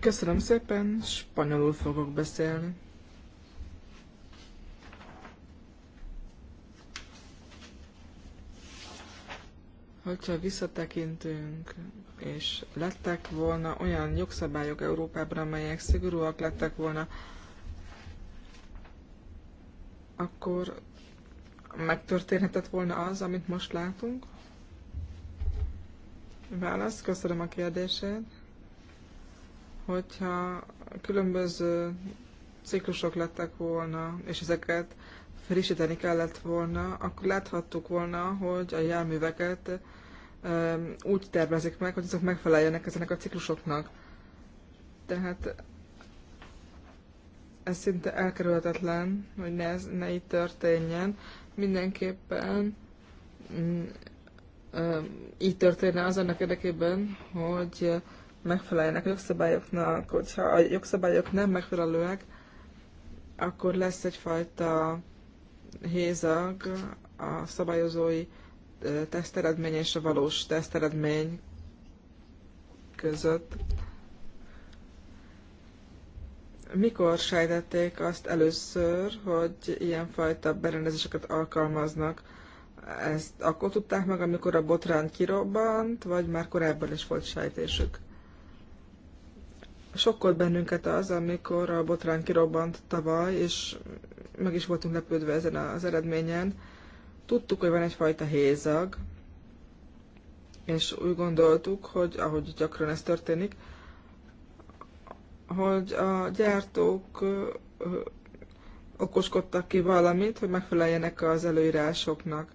Köszönöm szépen, spanyolul fogok beszélni. hogyha visszatekintünk, és lettek volna olyan jogszabályok Európában, amelyek szigorúak lettek volna, akkor megtörténhetett volna az, amit most látunk? Válasz, köszönöm a kérdését. Hogyha különböző ciklusok lettek volna, és ezeket frissíteni kellett volna, akkor láthattuk volna, hogy a járműveket úgy tervezik meg, hogy azok megfeleljenek ezenek a ciklusoknak. Tehát ez szinte elkerülhetetlen, hogy ne, ez, ne így történjen. Mindenképpen mm, így történne az annak érdekében, hogy megfeleljenek a jogszabályoknak, hogyha a jogszabályok nem megfelelőek, akkor lesz egyfajta hézag a szabályozói teszteredmény és a valós teszteredmény között. Mikor sejtették azt először, hogy ilyenfajta berendezéseket alkalmaznak? Ezt akkor tudták meg, amikor a botrán kirobbant, vagy már korábban is volt sejtésük? sokkolt bennünket az, amikor a botrán kirobbant tavaly, és meg is voltunk lepődve ezen az eredményen. Tudtuk, hogy van egyfajta hézag, és úgy gondoltuk, hogy ahogy gyakran ez történik, hogy a gyártók okoskodtak ki valamit, hogy megfeleljenek az előírásoknak.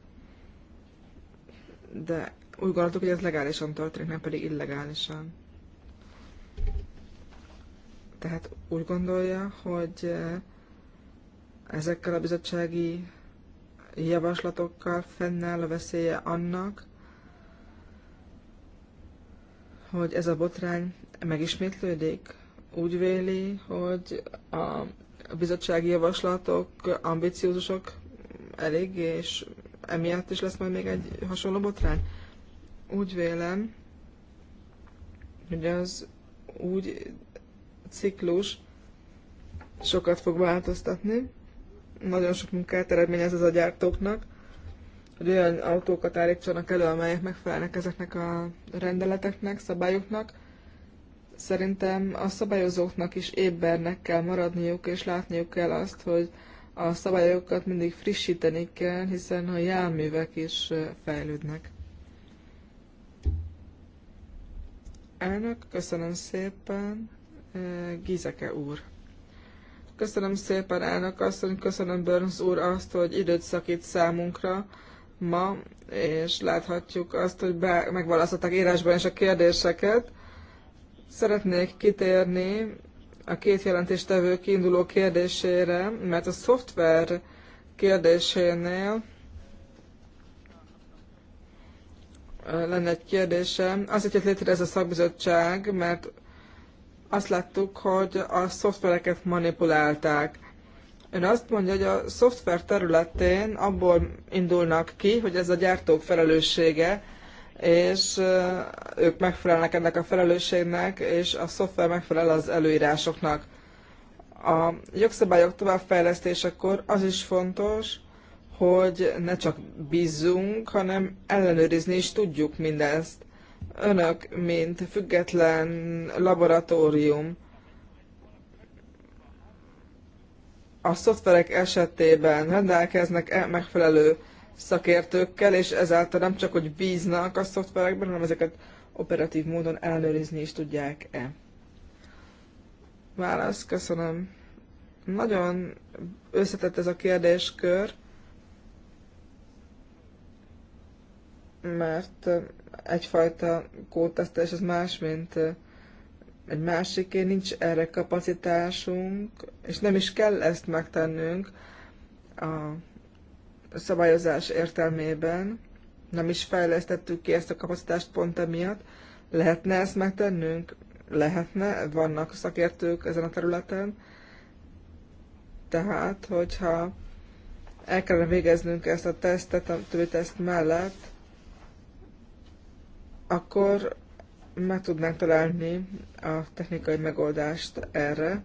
De úgy gondoltuk, hogy ez legálisan történik, nem pedig illegálisan tehát úgy gondolja, hogy eh, ezekkel a bizottsági javaslatokkal fennáll a veszélye annak, hogy ez a botrány megismétlődik. Úgy véli, hogy a bizottsági javaslatok ambiciózusok elég, és emiatt is lesz majd még egy hasonló botrány. Úgy vélem, hogy az úgy ciklus sokat fog változtatni. Nagyon sok munkát eredményez ez a gyártóknak, hogy olyan autókat állítsanak elő, amelyek megfelelnek ezeknek a rendeleteknek, szabályoknak. Szerintem a szabályozóknak is ébernek kell maradniuk, és látniuk kell azt, hogy a szabályokat mindig frissíteni kell, hiszen a járművek is fejlődnek. Elnök, köszönöm szépen. Gizeke úr. Köszönöm szépen, elnök asszony, köszönöm Burns úr azt, hogy időt szakít számunkra ma, és láthatjuk azt, hogy be, megválasztották írásban is a kérdéseket. Szeretnék kitérni a két jelentéstevő kiinduló kérdésére, mert a szoftver kérdésénél lenne egy kérdésem. Azért jött létre ez a szakbizottság, mert azt láttuk, hogy a szoftvereket manipulálták. Ön azt mondja, hogy a szoftver területén abból indulnak ki, hogy ez a gyártók felelőssége, és ők megfelelnek ennek a felelősségnek, és a szoftver megfelel az előírásoknak. A jogszabályok továbbfejlesztésekor az is fontos, hogy ne csak bízzunk, hanem ellenőrizni is tudjuk mindezt önök, mint független laboratórium, a szoftverek esetében rendelkeznek-e megfelelő szakértőkkel, és ezáltal nem csak, hogy bíznak a szoftverekben, hanem ezeket operatív módon ellenőrizni is tudják-e. Válasz, köszönöm. Nagyon összetett ez a kérdéskör, mert egyfajta kódtesztelés az más, mint egy másiké, nincs erre kapacitásunk, és nem is kell ezt megtennünk a szabályozás értelmében. Nem is fejlesztettük ki ezt a kapacitást pont emiatt. Lehetne ezt megtennünk? Lehetne, vannak szakértők ezen a területen. Tehát, hogyha el kellene végeznünk ezt a tesztet a többi teszt mellett, akkor meg tudnánk találni a technikai megoldást erre,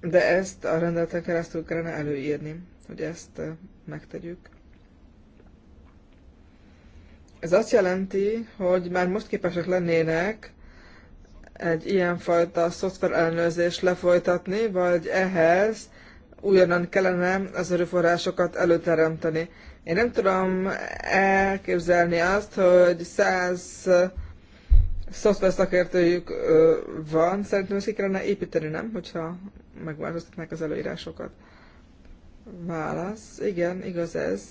de ezt a rendeleten keresztül kellene előírni, hogy ezt eh, megtegyük. Ez azt jelenti, hogy már most képesek lennének egy ilyenfajta szoftver ellenőrzést lefolytatni, vagy ehhez újonnan kellene az erőforrásokat előteremteni. Én nem tudom elképzelni azt, hogy száz szoftver szakértőjük van, szerintem ezt ki kellene építeni, nem? Hogyha megváltoztatnák az előírásokat. Válasz. Igen, igaz ez.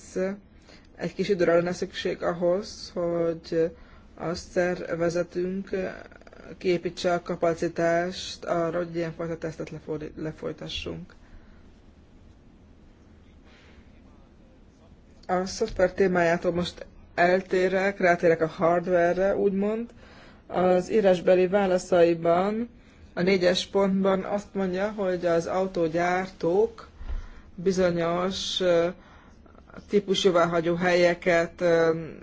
Egy kis időre lenne szükség ahhoz, hogy a szervezetünk kiépítse a kapacitást arra, hogy ilyenfajta tesztet lefolytassunk. A szoftver témájától most eltérek, rátérek a hardware-re, úgymond. Az írásbeli válaszaiban a négyes pontban azt mondja, hogy az autógyártók bizonyos típus jóváhagyó helyeket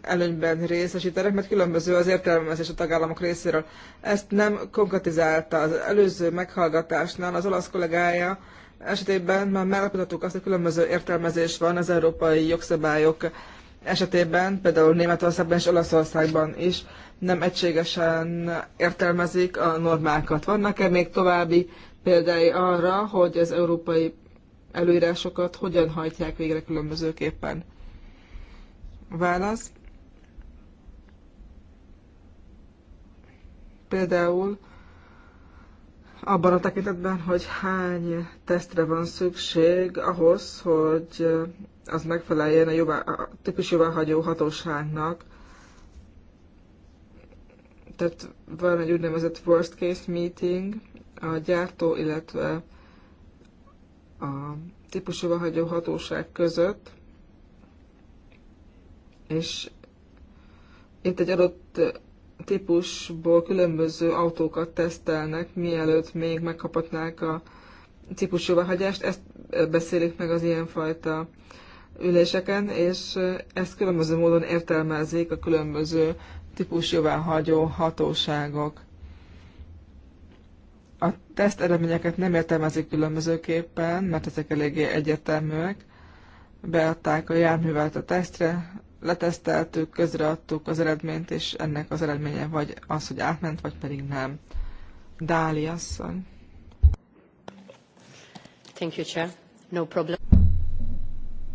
előnyben részesítenek, mert különböző az értelmezés a tagállamok részéről. Ezt nem konkretizálta az előző meghallgatásnál az olasz kollégája, esetében már megállapítottuk azt, hogy különböző értelmezés van az európai jogszabályok esetében, például Németországban és Olaszországban is nem egységesen értelmezik a normákat. Vannak-e még további példái arra, hogy az európai előírásokat hogyan hajtják végre különbözőképpen? Válasz. Például abban a tekintetben, hogy hány tesztre van szükség ahhoz, hogy az megfeleljen a, jóvá, a típus jóváhagyó hatóságnak. Tehát van egy úgynevezett worst case meeting, a gyártó, illetve a típus hagyó hatóság között, és itt egy adott típusból különböző autókat tesztelnek, mielőtt még megkaphatnák a típus jóváhagyást. Ezt beszélik meg az ilyenfajta üléseken, és ezt különböző módon értelmezik a különböző típus jóváhagyó hatóságok. A teszt eredményeket nem értelmezik különbözőképpen, mert ezek eléggé egyeteműek. Beadták a járművet a tesztre, leteszteltük, közreadtuk az eredményt, és ennek az eredménye vagy az, hogy átment, vagy pedig nem. Dáli asszony. Thank you, Chair. No problem.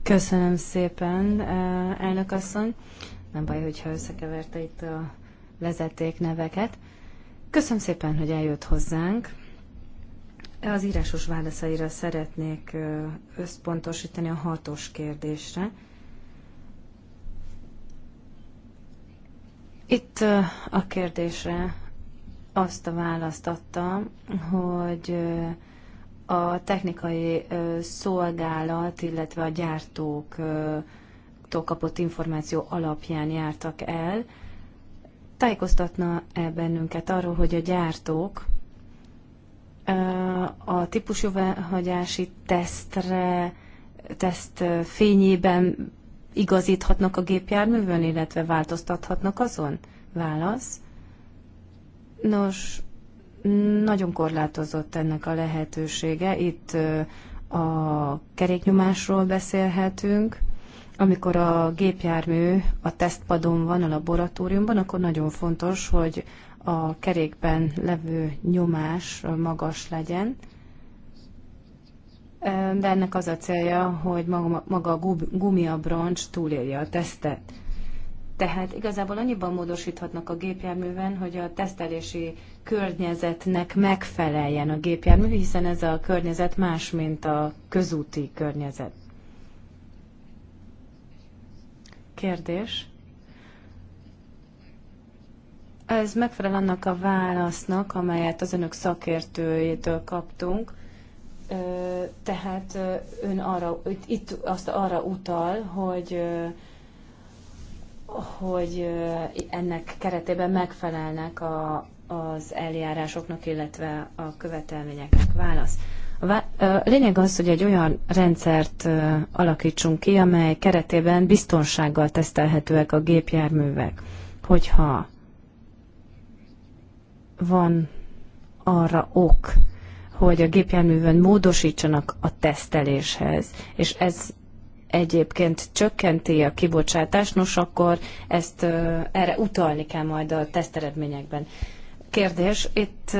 Köszönöm szépen, eh, elnök asszony. Nem baj, hogyha összekeverte itt a neveket. Köszönöm szépen, hogy eljött hozzánk. Az írásos válaszaira szeretnék eh, összpontosítani a hatos kérdésre. Itt a kérdésre azt a választ adtam, hogy a technikai szolgálat, illetve a gyártóktól kapott információ alapján jártak el. Tájékoztatna-e bennünket arról, hogy a gyártók a hagyási tesztre, teszt fényében igazíthatnak a gépjárművön, illetve változtathatnak azon? Válasz. Nos, nagyon korlátozott ennek a lehetősége. Itt a keréknyomásról beszélhetünk. Amikor a gépjármű a tesztpadon van, a laboratóriumban, akkor nagyon fontos, hogy a kerékben levő nyomás magas legyen de ennek az a célja, hogy maga, a gumiabroncs túlélje a tesztet. Tehát igazából annyiban módosíthatnak a gépjárműven, hogy a tesztelési környezetnek megfeleljen a gépjármű, hiszen ez a környezet más, mint a közúti környezet. Kérdés. Ez megfelel annak a válasznak, amelyet az önök szakértőjétől kaptunk tehát ön arra, itt azt arra utal, hogy hogy ennek keretében megfelelnek a, az eljárásoknak, illetve a követelményeknek válasz. A lényeg az, hogy egy olyan rendszert alakítsunk ki, amely keretében biztonsággal tesztelhetőek a gépjárművek. Hogyha van arra ok, hogy a gépjárművön módosítsanak a teszteléshez, és ez egyébként csökkenti a kibocsátást, nos akkor ezt erre utalni kell majd a teszteredményekben. Kérdés, itt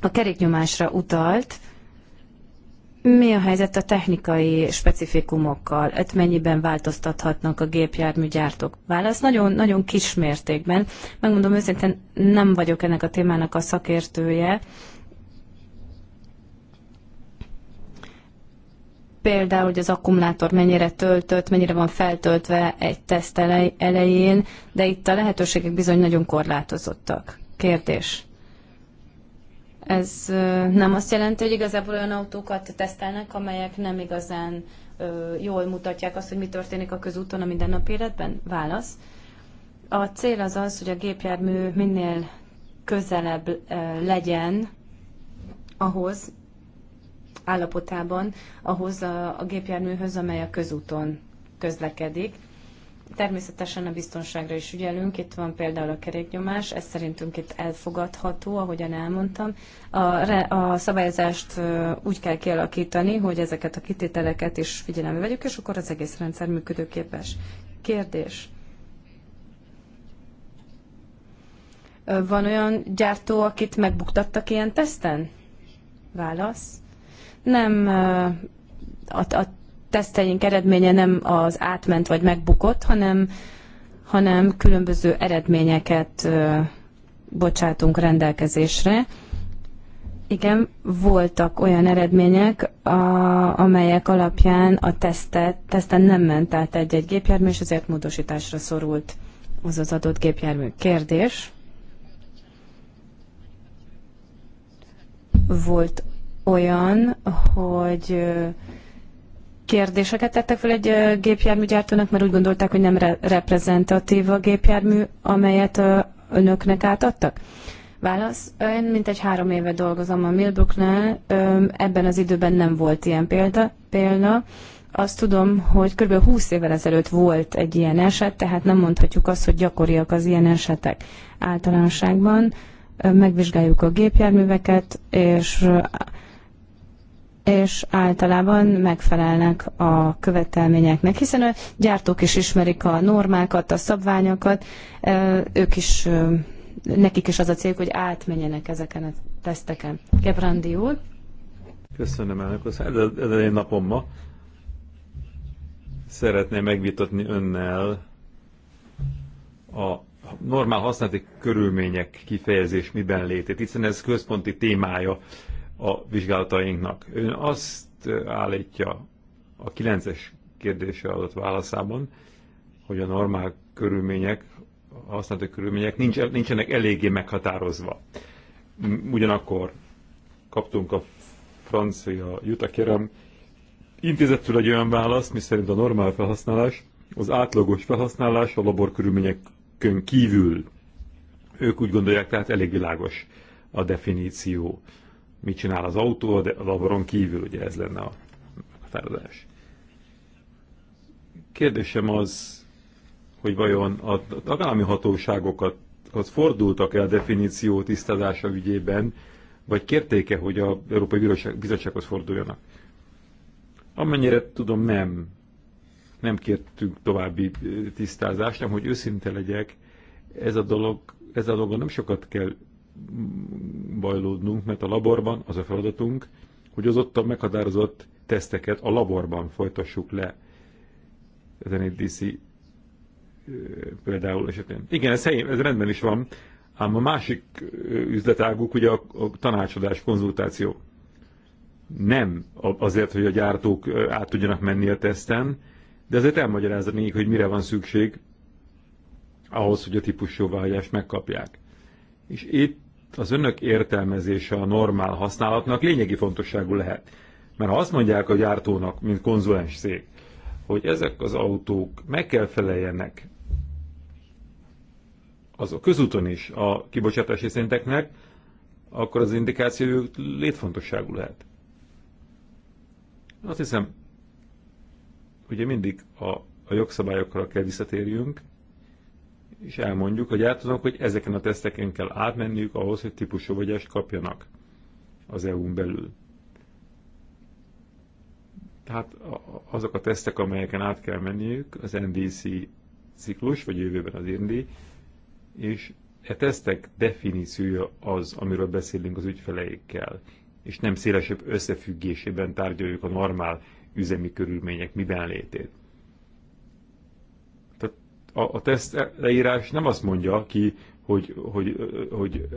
a keréknyomásra utalt, mi a helyzet a technikai specifikumokkal? Öt mennyiben változtathatnak a gépjárműgyártók? Válasz nagyon, nagyon kis mértékben. Megmondom őszintén, nem vagyok ennek a témának a szakértője, Például, hogy az akkumulátor mennyire töltött, mennyire van feltöltve egy teszt elején, de itt a lehetőségek bizony nagyon korlátozottak. Kérdés. Ez nem azt jelenti, hogy igazából olyan autókat tesztelnek, amelyek nem igazán jól mutatják azt, hogy mi történik a közúton a mindennapi életben? Válasz. A cél az az, hogy a gépjármű minél közelebb legyen ahhoz, állapotában ahhoz a, a gépjárműhöz, amely a közúton közlekedik. Természetesen a biztonságra is ügyelünk, itt van például a keréknyomás, ez szerintünk itt elfogadható, ahogyan elmondtam. A, a szabályozást úgy kell kialakítani, hogy ezeket a kitételeket is figyelembe vegyük, és akkor az egész rendszer működőképes. Kérdés. Van olyan gyártó, akit megbuktattak ilyen teszten? Válasz nem a, a teszteink eredménye nem az átment vagy megbukott, hanem, hanem különböző eredményeket bocsátunk rendelkezésre. Igen, voltak olyan eredmények, a, amelyek alapján a tesztet, teszten nem ment át egy-egy gépjármű, és ezért módosításra szorult az az adott gépjármű. Kérdés. Volt olyan, hogy kérdéseket tettek fel egy gépjárműgyártónak, mert úgy gondolták, hogy nem re- reprezentatív a gépjármű, amelyet önöknek átadtak? Válasz, én mintegy három éve dolgozom a Millbrooknál, ebben az időben nem volt ilyen példa, példa. Azt tudom, hogy kb. 20 évvel ezelőtt volt egy ilyen eset, tehát nem mondhatjuk azt, hogy gyakoriak az ilyen esetek általánosságban. Megvizsgáljuk a gépjárműveket, és és általában megfelelnek a követelményeknek, hiszen a gyártók is ismerik a normákat, a szabványokat, ők is, nekik is az a cél, hogy átmenjenek ezeken a teszteken. Gebrandi úr. Köszönöm elnök, ez, egy napom ma. Szeretném megvitatni önnel a normál használati körülmények kifejezés miben létét, hiszen ez központi témája a vizsgálatainknak. Ő azt állítja a kilences kérdése adott válaszában, hogy a normál körülmények, a használati körülmények nincsenek eléggé meghatározva. Ugyanakkor kaptunk a francia jutakérem intézettől egy olyan választ, miszerint a normál felhasználás, az átlagos felhasználás a laborkörülményekön kívül. Ők úgy gondolják, tehát elég világos a definíció mit csinál az autó, de a laboron kívül ugye ez lenne a feladás? Kérdésem az, hogy vajon a tagállami hatóságokat az fordultak el a definíció tisztázása ügyében, vagy kértéke, hogy a Európai Bíróság, Bizottsághoz forduljanak? Amennyire tudom, nem. Nem kértünk további tisztázást, nem, hogy őszinte legyek, ez a dolog, ez a dolog nem sokat kell bajlódnunk, mert a laborban az a feladatunk, hogy az ott a meghatározott teszteket a laborban folytassuk le. Az DC például esetén. Igen, ez, helyén, ez rendben is van, ám a másik üzletáguk ugye a, a tanácsadás, konzultáció. Nem azért, hogy a gyártók át tudjanak menni a teszten, de azért elmagyarázni hogy mire van szükség ahhoz, hogy a típus megkapják. És itt az önök értelmezése a normál használatnak lényegi fontosságú lehet. Mert ha azt mondják a gyártónak, mint konzulens szék, hogy ezek az autók meg kell feleljenek az a közúton is a kibocsátási szinteknek, akkor az indikáció létfontosságú lehet. Azt hiszem, ugye mindig a, a jogszabályokra kell visszatérjünk, és elmondjuk, hogy átadnak, hogy ezeken a teszteken kell átmenniük ahhoz, hogy típusú vagyást kapjanak az EU-n belül. Tehát azok a tesztek, amelyeken át kell menniük, az NDC ciklus, vagy jövőben az INDI, és e tesztek definíciója az, amiről beszélünk az ügyfeleikkel, és nem szélesebb összefüggésében tárgyaljuk a normál üzemi körülmények miben létét a, a teszt leírás nem azt mondja ki, hogy, hogy, hogy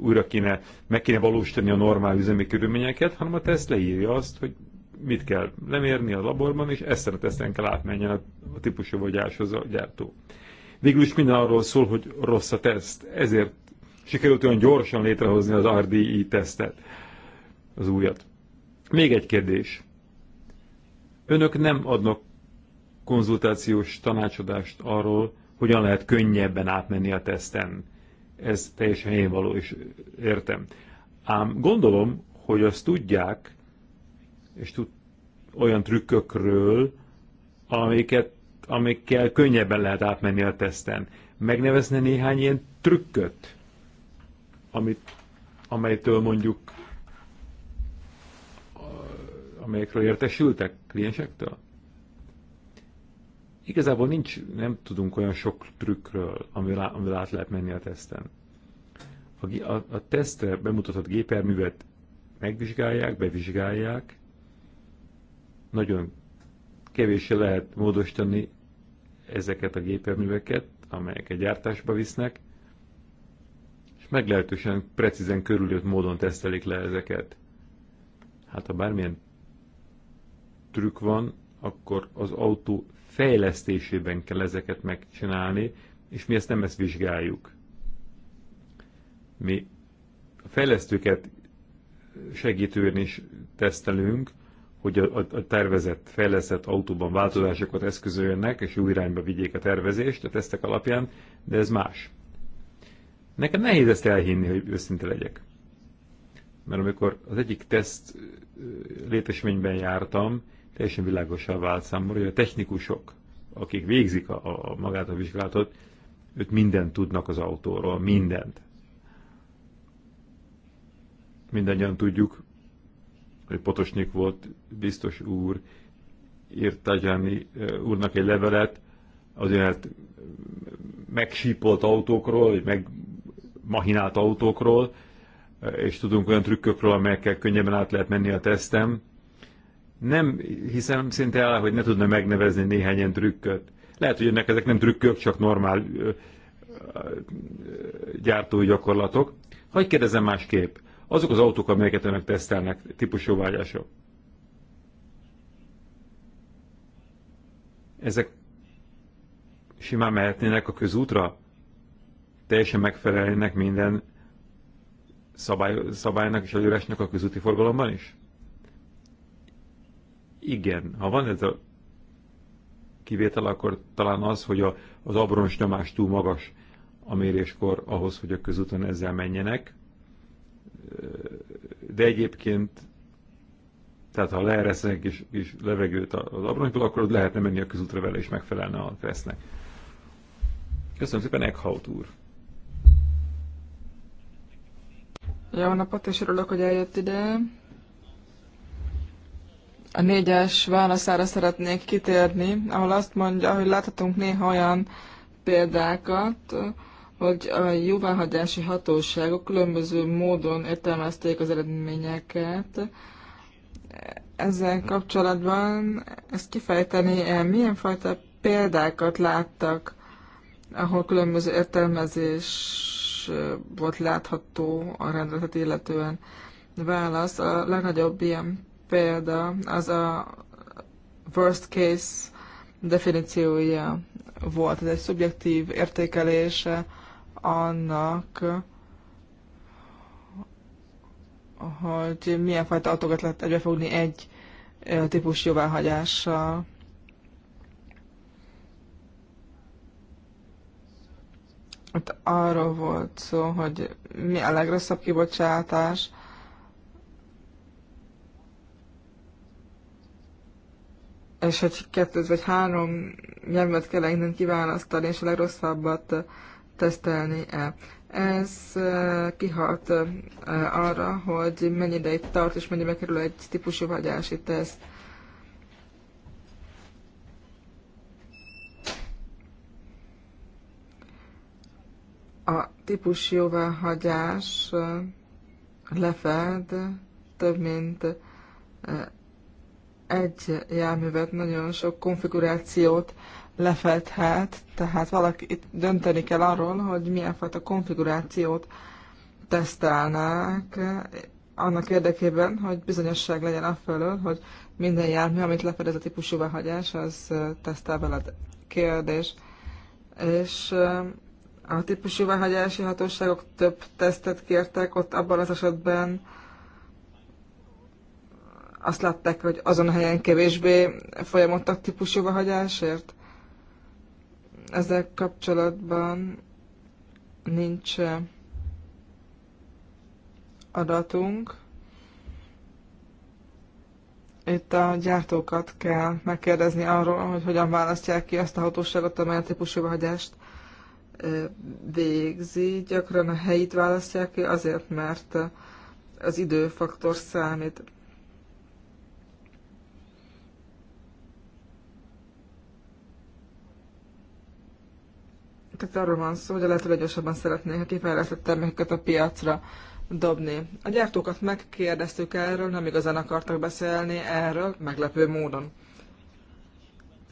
újra kéne, meg kéne valósítani a normál üzemi körülményeket, hanem a teszt leírja azt, hogy mit kell lemérni a laborban, és ezt a teszten kell átmenjen a, a típusú vagyáshoz a gyártó. Végül is minden arról szól, hogy rossz a teszt, ezért sikerült olyan gyorsan létrehozni az RDI tesztet, az újat. Még egy kérdés. Önök nem adnak konzultációs tanácsadást arról, hogyan lehet könnyebben átmenni a teszten. Ez teljesen én való, és értem. Ám gondolom, hogy azt tudják, és tud olyan trükkökről, amiket, amikkel könnyebben lehet átmenni a teszten. Megnevezne néhány ilyen trükköt, amit, amelytől mondjuk amelyekről értesültek kliensektől? Igazából nincs, nem tudunk olyan sok trükkről, amivel, amivel át lehet menni a teszten. A, a, a tesztre bemutatott gépjárművet megvizsgálják, bevizsgálják, nagyon kevéssé lehet módosítani ezeket a gépjárműveket, amelyek egy gyártásba visznek, és meglehetősen precízen körülött módon tesztelik le ezeket. Hát ha bármilyen trükk van, akkor az autó fejlesztésében kell ezeket megcsinálni, és mi ezt nem ezt vizsgáljuk. Mi a fejlesztőket segítően is tesztelünk, hogy a, a, a tervezett, fejlesztett autóban változásokat eszközöljenek, és új irányba vigyék a tervezést a tesztek alapján, de ez más. Nekem nehéz ezt elhinni, hogy őszinte legyek. Mert amikor az egyik teszt létesményben jártam, teljesen világosabb vált számomra, hogy a technikusok, akik végzik a, a magát a vizsgálatot, őt mindent tudnak az autóról, mindent. Mindennyian tudjuk, hogy Potosnyik volt biztos úr, írt Tajani úrnak egy levelet, az azért megsípolt autókról, vagy meg mahinált autókról, és tudunk olyan trükkökről, amelyekkel könnyebben át lehet menni a tesztem, nem hiszem szinte el, hogy ne tudna megnevezni néhány ilyen trükköt. Lehet, hogy ennek ezek nem trükkök, csak normál ö, ö, gyártói gyakorlatok. Hogy kérdezem másképp, azok az autók, amelyeket önök tesztelnek, típusú vágyások, ezek simán mehetnének a közútra? Teljesen megfelelnének minden szabály, szabálynak és előresnek a közúti forgalomban is? Igen, ha van ez a kivétel, akkor talán az, hogy a, az abroncs nyomás túl magas a méréskor ahhoz, hogy a közúton ezzel menjenek. De egyébként, tehát ha leeresznek és, és levegőt az abroncsból, akkor lehetne menni a közútra vele, és megfelelne a tesznek. Köszönöm szépen, Eckhout úr! Jó napot, és örülök, hogy eljött ide a négyes válaszára szeretnék kitérni, ahol azt mondja, hogy láthatunk néha olyan példákat, hogy a jóváhagyási hatóságok különböző módon értelmezték az eredményeket. Ezzel kapcsolatban ezt kifejteni -e, milyen fajta példákat láttak, ahol különböző értelmezés eh, volt látható a rendeletet illetően? Válasz, a legnagyobb ilyen példa az a worst case definíciója volt. Ez egy szubjektív értékelése annak, hogy milyen fajta autókat lehet egybefogni egy típus jóváhagyással. Itt arról volt szó, hogy mi a legrosszabb kibocsátás, és hogy kettőt vagy három nyelvet kell innen kiválasztani, és a legrosszabbat tesztelni el. Ez e, kihat e, arra, hogy mennyi ideig tart, és mennyibe kerül egy típusú vágyási teszt. a típus jóváhagyás e, lefed több mint egy járművet nagyon sok konfigurációt lefedhet, tehát valaki itt dönteni kell arról, hogy milyen fajta konfigurációt tesztelnek annak érdekében, hogy bizonyosság legyen afölől, hogy minden jármű, amit lefed ez a típusú behagyás, az tesztel veled kérdés. És a típusú behagyási hatóságok több tesztet kértek, ott abban az esetben azt látták, hogy azon a helyen kevésbé folyamodtak típusú jóváhagyásért? Ezzel kapcsolatban nincs eh, adatunk. Itt a gyártókat kell megkérdezni arról, hogy hogyan választják ki azt a hatóságot, amely a típusú hagyást eh, végzi. Gyakran a helyit választják ki azért, mert eh, az időfaktor számít. tehát arról van szó, hogy a lehető leggyorsabban szeretnék a kifejlesztett termékeket a piacra dobni. A gyártókat megkérdeztük erről, nem igazán akartak beszélni erről, meglepő módon.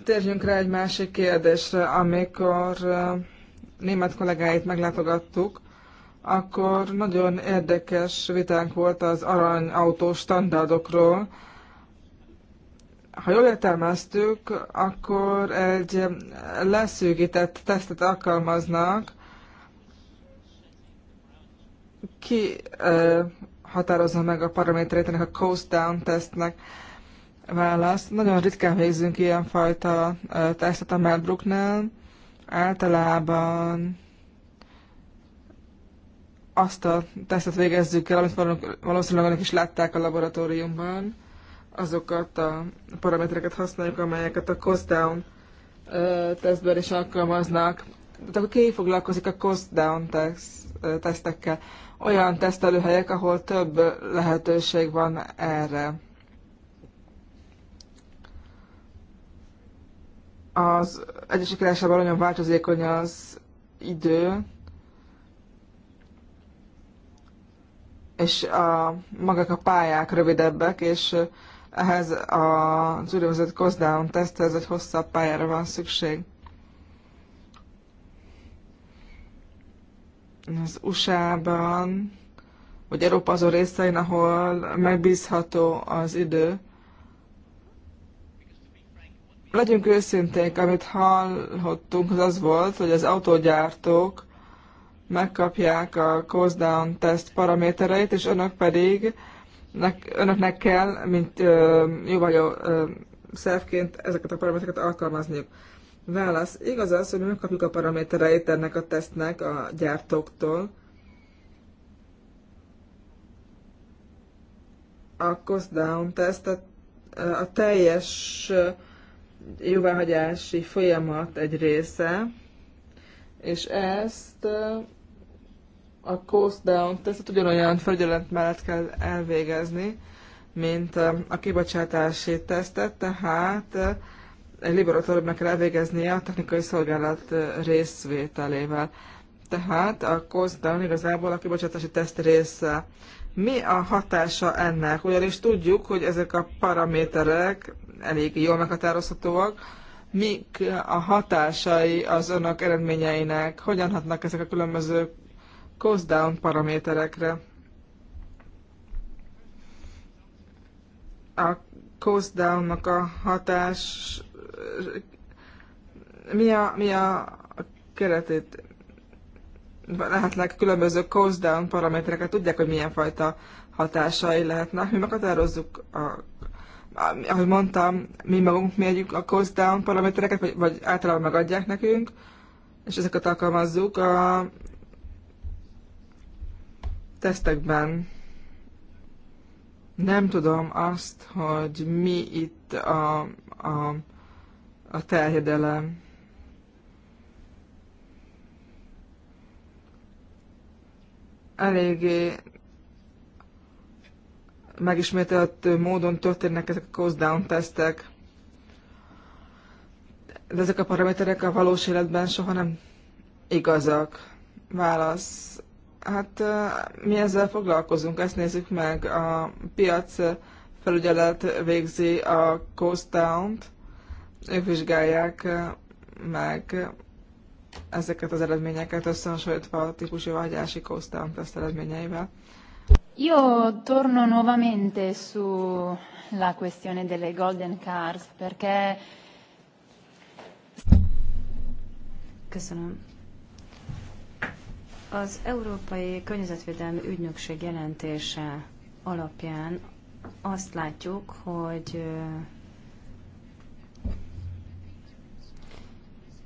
Térjünk rá egy másik kérdésre. Amikor német kollégáit meglátogattuk, akkor nagyon érdekes vitánk volt az aranyautó standardokról, ha jól értelmeztük, akkor egy leszűkített tesztet alkalmaznak, ki eh, határozza meg a paraméterét ennek a coast down tesztnek választ. Nagyon ritkán végzünk ilyenfajta eh, tesztet a Melbrooknál. Általában azt a tesztet végezzük el, amit valószínűleg önök is látták a laboratóriumban azokat a paramétereket használjuk, amelyeket a cost down tesztből is alkalmaznak. Tehát akkor ki foglalkozik a cost down tesztekkel? Olyan tesztelőhelyek, ahol több lehetőség van erre. Az egyesek irányában nagyon változékony az idő, és a, magak a pályák rövidebbek, és ehhez az úgynevezett cost down teszthez egy hosszabb pályára van szükség. Az USA-ban, vagy Európa azon részein, ahol megbízható az idő. Legyünk őszinték, amit hallhattunk, az az volt, hogy az autógyártók megkapják a cost down test paramétereit, és önök pedig nek, önöknek kell, mint ö, jó vagy ö, szervként ezeket a paramétereket alkalmazniuk. Válasz. Igaz az, hogy mi megkapjuk a paramétereit ennek a tesztnek a gyártóktól. A cost down tesztet, a teljes jóváhagyási folyamat egy része, és ezt a cost down tesztet ugyanolyan felügyelet mellett kell elvégezni, mint um, a kibocsátási tesztet, tehát uh, egy laboratóriumnak kell elvégeznie a technikai szolgálat uh, részvételével. Tehát a cost down igazából a kibocsátási teszt része. Mi a hatása ennek? Ugyanis tudjuk, hogy ezek a paraméterek elég jól meghatározhatóak, mik a hatásai az önök eredményeinek, hogyan hatnak ezek a különböző cost down paraméterekre. A cost down-nak a hatás mi a, mi a keretét lehetnek különböző cost down paramétereket, tudják, hogy milyen fajta hatásai lehetnek. Mi meghatározzuk, a, ahogy mondtam, mi magunk mérjük a cost down paramétereket, vagy, vagy általában megadják nekünk, és ezeket alkalmazzuk a tesztekben. Nem tudom azt, hogy mi itt a, a, a terjedelem. Eléggé megismételt módon történnek ezek a cost-down tesztek, de ezek a paraméterek a valós életben soha nem igazak. Válasz. Hát mi ezzel foglalkozunk, ezt nézzük meg. A piac felügyelet végzi a Coast Town-t, ők vizsgálják meg ezeket az eredményeket összehasonlítva a típusú vágyási Coast Town teszt eredményeivel. Io torno nuovamente sulla questione delle golden cars, perché... Köszönöm. Az Európai Környezetvédelmi Ügynökség jelentése alapján azt látjuk, hogy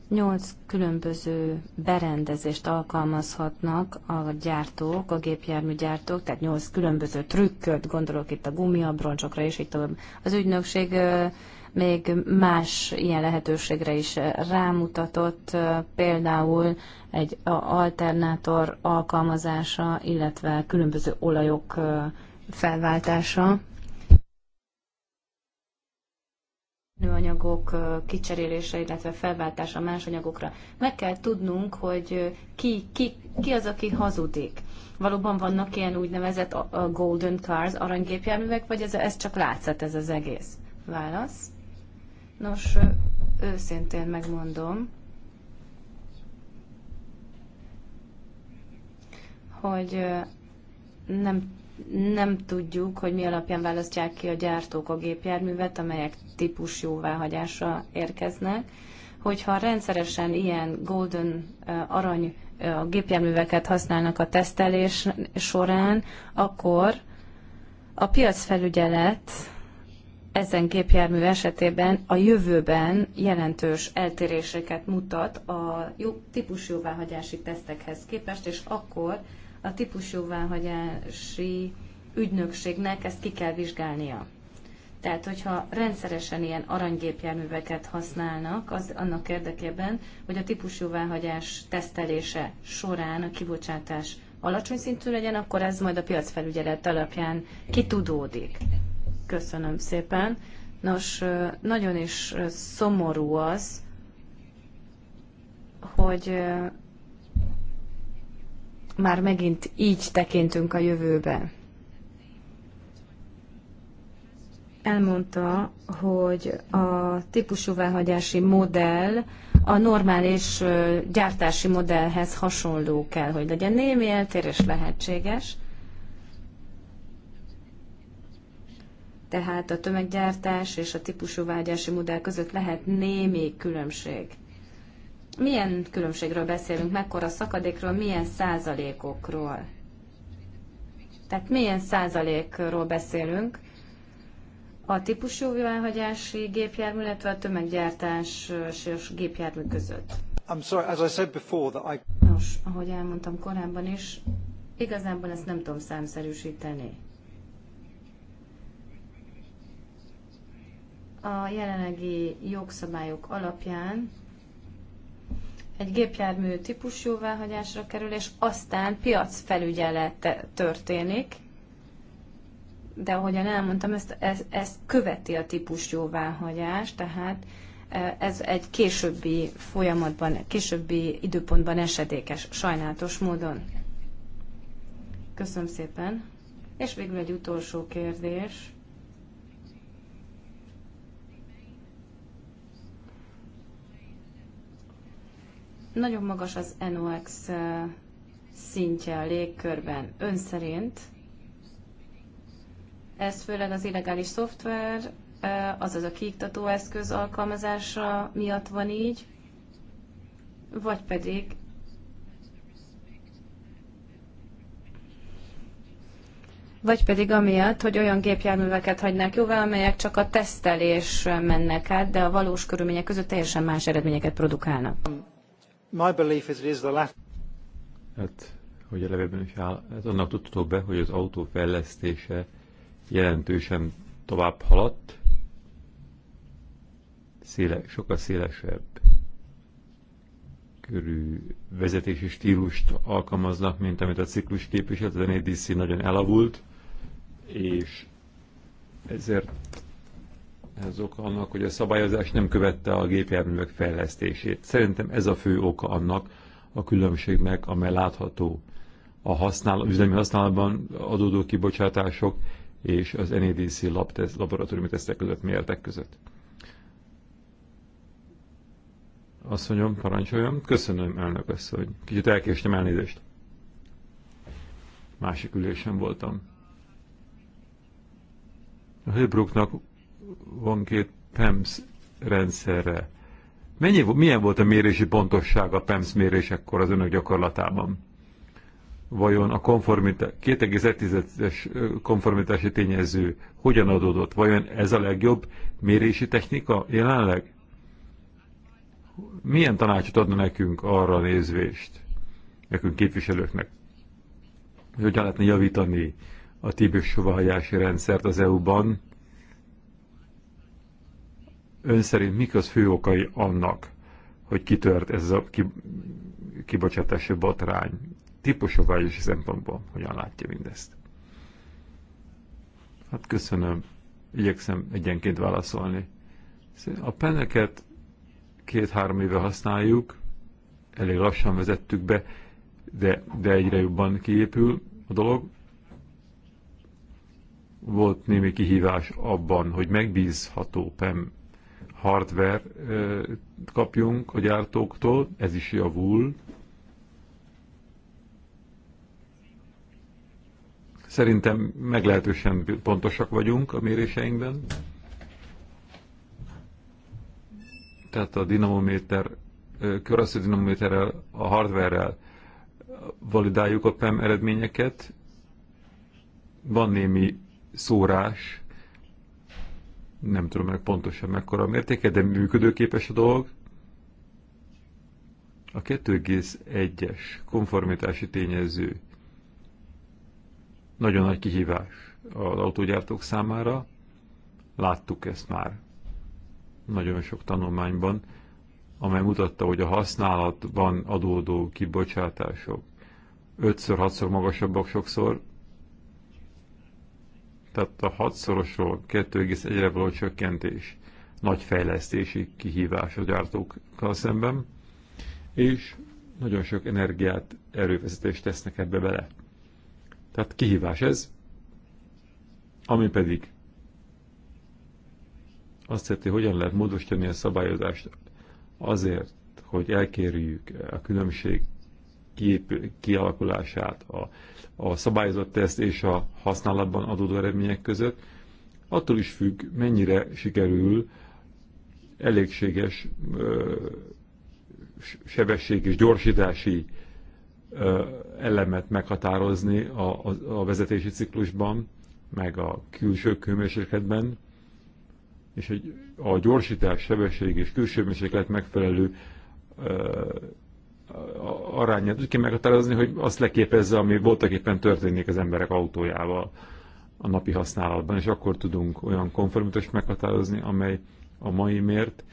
8 különböző berendezést alkalmazhatnak a gyártók, a gépjárműgyártók, tehát 8 különböző trükköt, gondolok itt a gumiabroncsokra és itt tovább. Az ügynökség még más ilyen lehetőségre is rámutatott, például egy alternátor alkalmazása, illetve különböző olajok felváltása, műanyagok kicserélése, illetve felváltása más anyagokra. Meg kell tudnunk, hogy ki, ki, ki az, aki hazudik. Valóban vannak ilyen úgynevezett golden cars, aranygépjárművek, vagy ez, ez csak látszat ez az egész? Válasz. Nos, őszintén megmondom, hogy nem, nem tudjuk, hogy mi alapján választják ki a gyártók a gépjárművet, amelyek típus jóváhagyásra érkeznek. Hogyha rendszeresen ilyen golden arany a gépjárműveket használnak a tesztelés során, akkor a piacfelügyelet ezen képjármű esetében a jövőben jelentős eltéréseket mutat a típusjóváhagyási tesztekhez képest, és akkor a típusjóváhagyási ügynökségnek ezt ki kell vizsgálnia. Tehát, hogyha rendszeresen ilyen aranygépjárműveket használnak, az annak érdekében, hogy a típusjóváhagyás tesztelése során a kibocsátás alacsony szintű legyen, akkor ez majd a piacfelügyelet alapján kitudódik. Köszönöm szépen. Nos, nagyon is szomorú az, hogy már megint így tekintünk a jövőbe. Elmondta, hogy a típusúváhagyási modell a normális gyártási modellhez hasonló kell, hogy legyen némi eltérés lehetséges, tehát a tömeggyártás és a típusú vágyási modell között lehet némi különbség. Milyen különbségről beszélünk, mekkora szakadékról, milyen százalékokról? Tehát milyen százalékról beszélünk a típusú vágyási gépjármű, illetve a tömeggyártásos gépjármű között? I'm sorry, as I said before, that I... Nos, ahogy elmondtam korábban is, igazából ezt nem tudom számszerűsíteni a jelenlegi jogszabályok alapján egy gépjármű típus jóváhagyásra kerül, és aztán piacfelügyelet történik. De ahogyan elmondtam, ezt, ez, ez követi a típus jóváhagyás, tehát e, ez egy későbbi folyamatban, későbbi időpontban esedékes, sajnálatos módon. Köszönöm szépen. És végül egy utolsó kérdés. Nagyon magas az NOx szintje a légkörben. Ön szerint ez főleg az illegális szoftver, azaz a kiiktató eszköz alkalmazása miatt van így, vagy pedig vagy pedig amiatt, hogy olyan gépjárműveket hagynák jóvá, amelyek csak a tesztelés mennek át, de a valós körülmények között teljesen más eredményeket produkálnak. My belief is it is the latter. Hát, hogy a levélben is áll, hát annak tudtok be, hogy az autó fejlesztése jelentősen tovább haladt, széle, sokkal szélesebb körű vezetési stílust alkalmaznak, mint amit a ciklus képviselt, az NADC nagyon elavult, és ezért ez oka annak, hogy a szabályozás nem követte a gépjárművek fejlesztését. Szerintem ez a fő oka annak a különbségnek, amely látható a használ, üzemi használatban adódó kibocsátások és az NEDC labtesz, laboratóriumi tesztek között, mértek között. Asszonyom, parancsoljon. Köszönöm, elnök asszony. Kicsit elkéstem elnézést. Másik ülésen voltam. A Hőbruknak van két PEMS rendszerre. Mennyi, milyen volt a mérési pontosság a PEMS mérésekkor az önök gyakorlatában? Vajon a konformitás, 2,1-es konformitási tényező hogyan adódott? Vajon ez a legjobb mérési technika jelenleg? Milyen tanácsot adna nekünk arra nézvést, nekünk képviselőknek, hogy hogyan lehetne javítani a tibis rendszert az EU-ban, Ön szerint mik az fő okai annak, hogy kitört ez a kibocsátási botrány? Típusú vágyási szempontból hogyan látja mindezt? Hát köszönöm. Igyekszem egyenként válaszolni. A peneket két-három éve használjuk, elég lassan vezettük be, de, de egyre jobban kiépül a dolog. Volt némi kihívás abban, hogy megbízható PEM hardware kapjunk a gyártóktól, ez is javul. Szerintem meglehetősen pontosak vagyunk a méréseinkben. Tehát a dinamométer, körassző dinamométerrel, a hardware-rel validáljuk a PEM eredményeket. Van némi szórás, nem tudom meg pontosan mekkora a mértéke, de működőképes a dolog. A 2,1-es konformitási tényező nagyon nagy kihívás az autógyártók számára. Láttuk ezt már nagyon sok tanulmányban, amely mutatta, hogy a használatban adódó kibocsátások 5-6-szor magasabbak sokszor, tehát a hatszorosról 2,1-re való csökkentés nagy fejlesztési kihívás a gyártókkal szemben, és nagyon sok energiát, erőfeszítést tesznek ebbe bele. Tehát kihívás ez, ami pedig azt szereti, hogyan lehet módosítani a szabályozást azért, hogy elkérjük a különbség kialakulását, a, a szabályozott teszt és a használatban adódó eredmények között, attól is függ, mennyire sikerül elégséges ö, sebesség és gyorsítási ö, elemet meghatározni a, a, a vezetési ciklusban, meg a külső hőmérsékletben, és egy, a gyorsítás, sebesség és külső hőmérséklet megfelelő ö, arányát úgy kell meghatározni, hogy azt leképezze, ami voltak éppen történik az emberek autójával a napi használatban, és akkor tudunk olyan konformitást meghatározni, amely a mai mért,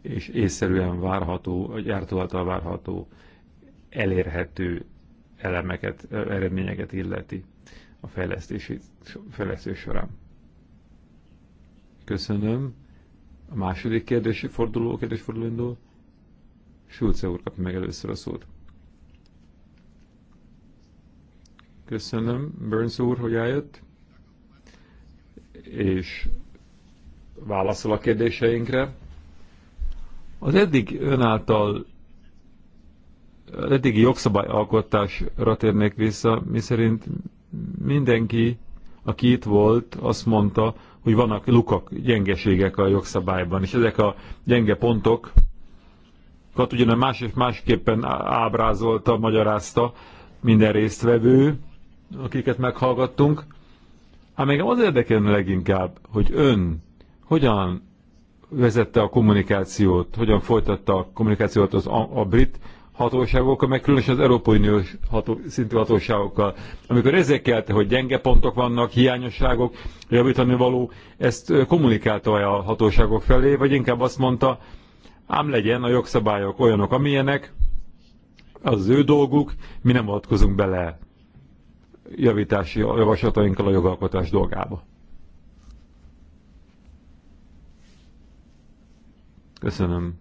és észszerűen várható, gyártó által várható, elérhető elemeket, eredményeket illeti a fejlesztési, fejlesztés során. Köszönöm. A második kérdési forduló, kérdésforduló indul. Schulze úr kap meg először a szót. Köszönöm, Burns úr, hogy eljött, és válaszol a kérdéseinkre. Az eddig ön által az eddigi jogszabályalkotásra térnék vissza, miszerint mindenki, aki itt volt, azt mondta, hogy vannak lukak, gyengeségek a jogszabályban, és ezek a gyenge pontok ugyan más és másképpen ábrázolta, magyarázta minden résztvevő, akiket meghallgattunk. Hát még az érdekelne leginkább, hogy ön hogyan vezette a kommunikációt, hogyan folytatta a kommunikációt az, a, a brit hatóságokkal, meg különösen az Európai Uniós ható, szintű hatóságokkal. Amikor ezékelte, hogy gyenge pontok vannak, hiányosságok, javítani való, ezt kommunikálta -e a hatóságok felé, vagy inkább azt mondta, ám legyen a jogszabályok olyanok, amilyenek, az, az ő dolguk, mi nem adkozunk bele javítási javaslatainkkal a jogalkotás dolgába. Köszönöm.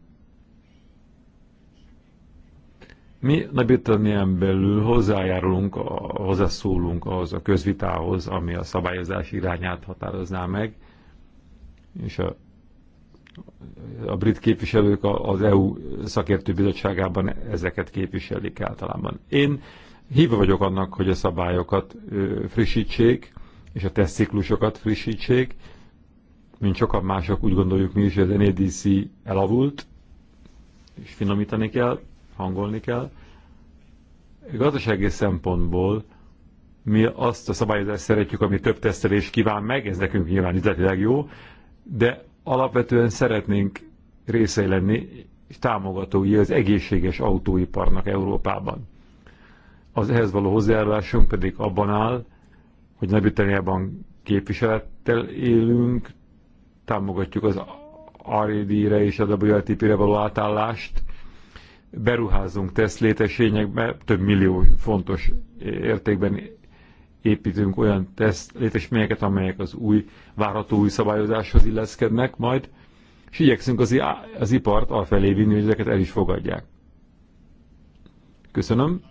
Mi Nagy-Britannián belül hozzájárulunk, a, hozzászólunk ahhoz a közvitához, ami a szabályozás irányát határozná meg, és a a brit képviselők az EU szakértőbizottságában ezeket képviselik általában. Én híve vagyok annak, hogy a szabályokat frissítsék, és a tesztciklusokat frissítsék, mint sokan mások úgy gondoljuk mi is, hogy az NADC elavult, és finomítani kell, hangolni kell. Gazdasági szempontból mi azt a szabályozást szeretjük, ami több tesztelés kíván meg, ez nekünk nyilván üzletileg jó, de alapvetően szeretnénk részei lenni és támogatói az egészséges autóiparnak Európában. Az ehhez való hozzájárulásunk pedig abban áll, hogy Nagy-Britanniában képviselettel élünk, támogatjuk az rd re és a WLTP-re való átállást, beruházunk tesz több millió fontos értékben építünk olyan teszt létesményeket, amelyek az új, várható új szabályozáshoz illeszkednek majd, és igyekszünk az, az ipart alfelé vinni, hogy ezeket el is fogadják. Köszönöm.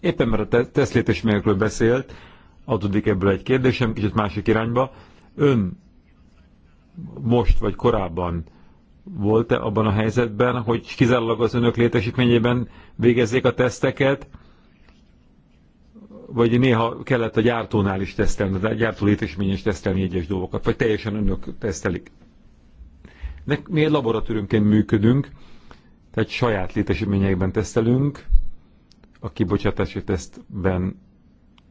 Éppen mert a teszt létesményekről beszélt, adódik ebből egy kérdésem, kicsit másik irányba. Ön most vagy korábban volt-e abban a helyzetben, hogy kizárólag az önök létesítményében végezzék a teszteket, vagy néha kellett a gyártónál is tesztelni, a gyártó létesményen is tesztelni egyes dolgokat, vagy teljesen önök tesztelik. Mi egy laboratóriumként működünk, tehát saját létesítményekben tesztelünk, a kibocsátási tesztben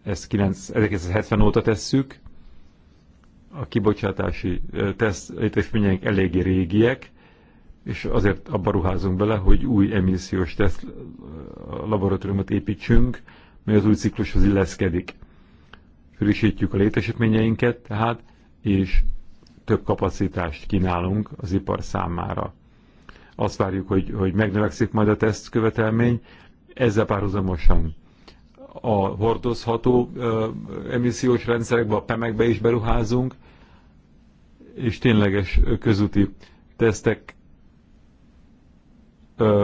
ezt 9, 1970 óta tesszük, a kibocsátási teszt létesítmények eléggé régiek, és azért abba ruházunk bele, hogy új emissziós teszt laboratóriumot építsünk, mely az új ciklushoz illeszkedik. Frissítjük a létesítményeinket tehát, és több kapacitást kínálunk az ipar számára. Azt várjuk, hogy, hogy megnövekszik majd a teszt követelmény, ezzel párhuzamosan a hordozható ö, emissziós rendszerekbe, a PEMekbe is beruházunk, és tényleges közúti tesztek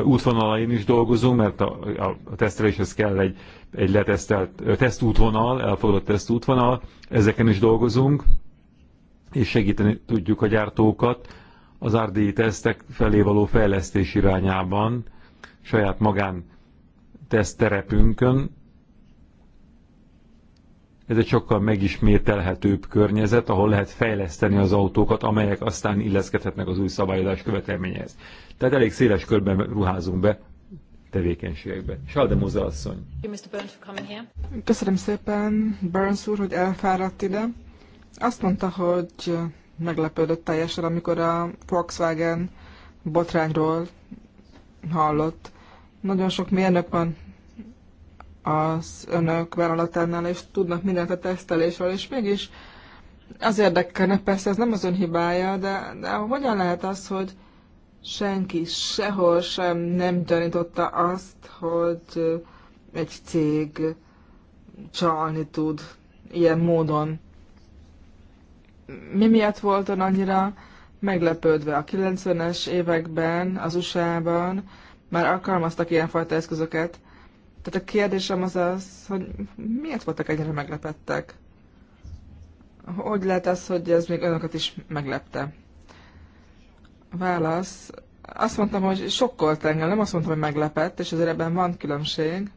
útvonalain is dolgozunk, mert a, a teszteléshez kell egy, egy letesztelt tesztútvonal, elfogadott tesztútvonal, ezeken is dolgozunk, és segíteni tudjuk a gyártókat az RDI tesztek felé való fejlesztés irányában, saját magán teszterepünkön, ez egy sokkal megismételhetőbb környezet, ahol lehet fejleszteni az autókat, amelyek aztán illeszkedhetnek az új szabályozás követelményehez. Tehát elég széles körben ruházunk be tevékenységekbe. Moza asszony. Köszönöm szépen, Burns úr, hogy elfáradt ide. Azt mondta, hogy meglepődött teljesen, amikor a Volkswagen botrányról hallott. Nagyon sok mérnök van az önök vállalatánál, és tudnak mindent a tesztelésről, és mégis az érdekelne, persze ez nem az ön hibája, de, de hogyan lehet az, hogy senki sehol sem nem gyanította azt, hogy egy cég csalni tud ilyen módon. Mi miatt volt ön annyira meglepődve a 90-es években, az USA-ban már alkalmaztak ilyenfajta eszközöket, tehát a kérdésem az az, hogy miért voltak ennyire meglepettek? Hogy lehet az, hogy ez még önöket is meglepte? Válasz. Azt mondtam, hogy sokkolt engem, nem azt mondtam, hogy meglepett, és azért ebben van különbség.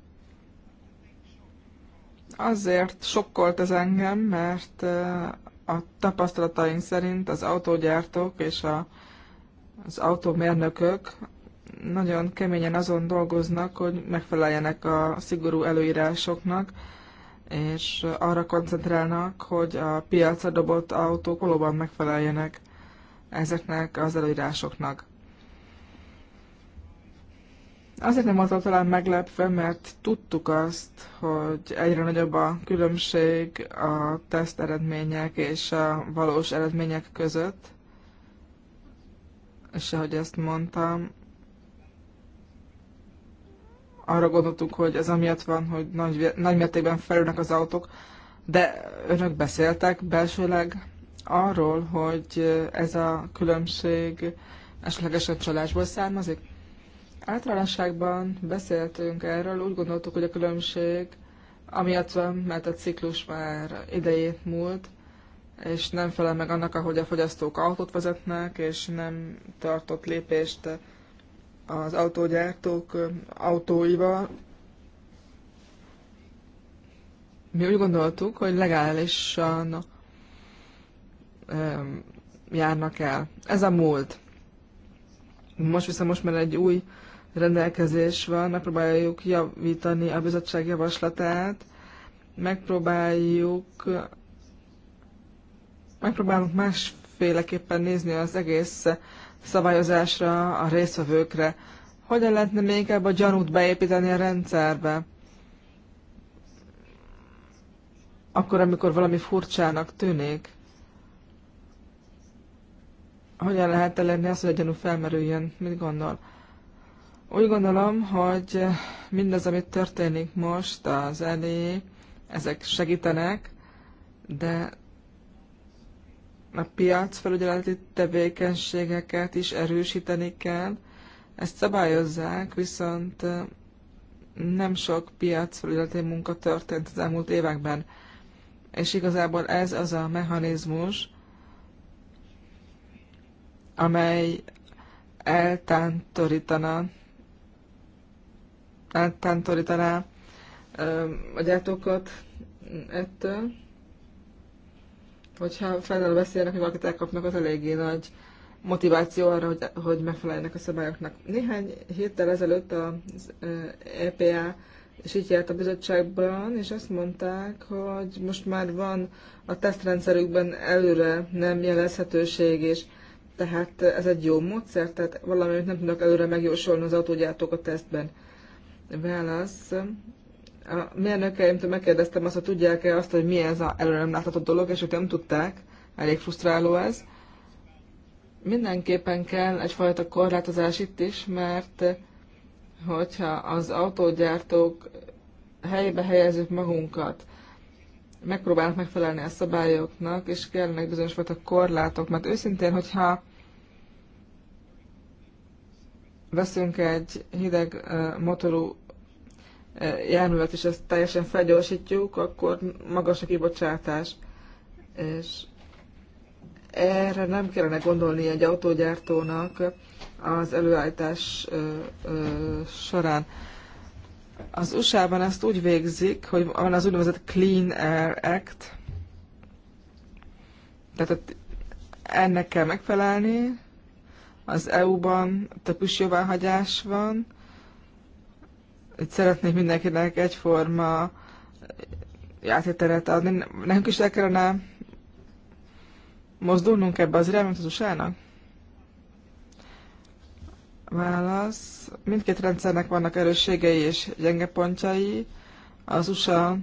Azért sokkolt ez engem, mert eh, a tapasztalataink szerint az autógyártók és a, az autómérnökök nagyon keményen azon dolgoznak, hogy megfeleljenek a szigorú előírásoknak, és arra koncentrálnak, hogy a piacra dobott autók valóban megfeleljenek ezeknek az előírásoknak. Azért nem voltam talán meglepve, mert tudtuk azt, hogy egyre nagyobb a különbség a teszt eredmények és a valós eredmények között. És ahogy ezt mondtam, arra gondoltunk, hogy ez amiatt van, hogy nagy, nagy mértékben felülnek az autók, de önök beszéltek belsőleg arról, hogy ez a különbség esetlegesen csalásból származik? Általánosságban beszéltünk erről, úgy gondoltuk, hogy a különbség amiatt van, mert a ciklus már idejét múlt, és nem felel meg annak, ahogy a fogyasztók autót vezetnek, és nem tartott lépést az autógyártók autóival. Mi úgy gondoltuk, hogy legálisan járnak el. Ez a múlt. Most viszont most már egy új rendelkezés van, megpróbáljuk javítani a bizottság javaslatát, megpróbáljuk megpróbálunk másféleképpen nézni az egész szabályozásra, a részvevőkre. Hogyan lehetne még ebbe a gyanút beépíteni a rendszerbe? Akkor, amikor valami furcsának tűnik. Hogyan lehet elérni azt, hogy a gyanú felmerüljön? Mit gondol? Úgy gondolom, hogy mindez, amit történik most az elé, ezek segítenek, de a piacfelügyeleti tevékenységeket is erősíteni kell. Ezt szabályozzák, viszont nem sok piacfelügyeleti munka történt az elmúlt években. És igazából ez az a mechanizmus, amely eltántorítana, eltántorítaná a gyártókat ettől hogyha felnál beszélnek, hogy valakit elkapnak, az eléggé nagy motiváció arra, hogy, hogy megfeleljenek a szabályoknak. Néhány héttel ezelőtt az EPA és így járt a bizottságban, és azt mondták, hogy most már van a tesztrendszerükben előre nem jelezhetőség, és tehát ez egy jó módszer, tehát valamit nem tudnak előre megjósolni az autógyártók a tesztben. Válasz, a mérnökeimtől megkérdeztem azt, hogy tudják-e azt, hogy mi ez a előre nem látható dolog, és ők nem tudták, elég frusztráló ez. Mindenképpen kell egyfajta korlátozás itt is, mert hogyha az autógyártók helybe helyezzük magunkat, megpróbálnak megfelelni a szabályoknak, és kellnek bizonyos fajta korlátok, mert őszintén, hogyha veszünk egy hideg motorú járművet is ezt teljesen felgyorsítjuk, akkor magas a kibocsátás. És erre nem kellene gondolni egy autógyártónak az előállítás során. Az USA-ban ezt úgy végzik, hogy van az úgynevezett Clean Air Act, tehát ennek kell megfelelni, az EU-ban is jóváhagyás van, itt szeretnék mindenkinek egyforma játéteret adni. Nekünk is el kellene mozdulnunk ebbe az irányba, mint az USA-nak? Válasz. Mindkét rendszernek vannak erősségei és gyenge pontjai. Az USA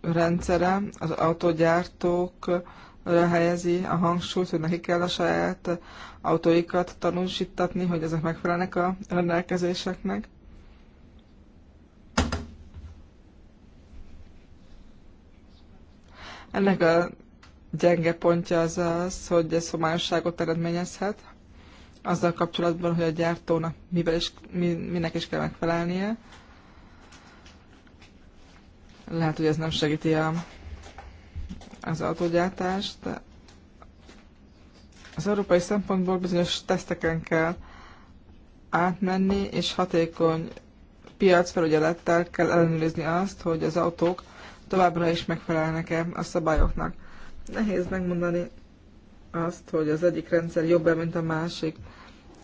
rendszere az autógyártók helyezi a hangsúlyt, hogy neki kell a saját autóikat tanúsítatni, hogy ezek megfelelnek a rendelkezéseknek. Ennek a gyenge pontja az az, hogy ez homályosságot eredményezhet, azzal kapcsolatban, hogy a gyártónak mivel is, mi, minek is kell megfelelnie. Lehet, hogy ez nem segíti a, az autógyártást. Az európai szempontból bizonyos teszteken kell átmenni, és hatékony piacfelügyelettel kell ellenőrizni azt, hogy az autók továbbra is megfelelnek-e a szabályoknak. Nehéz megmondani azt, hogy az egyik rendszer jobb-e, mint a másik.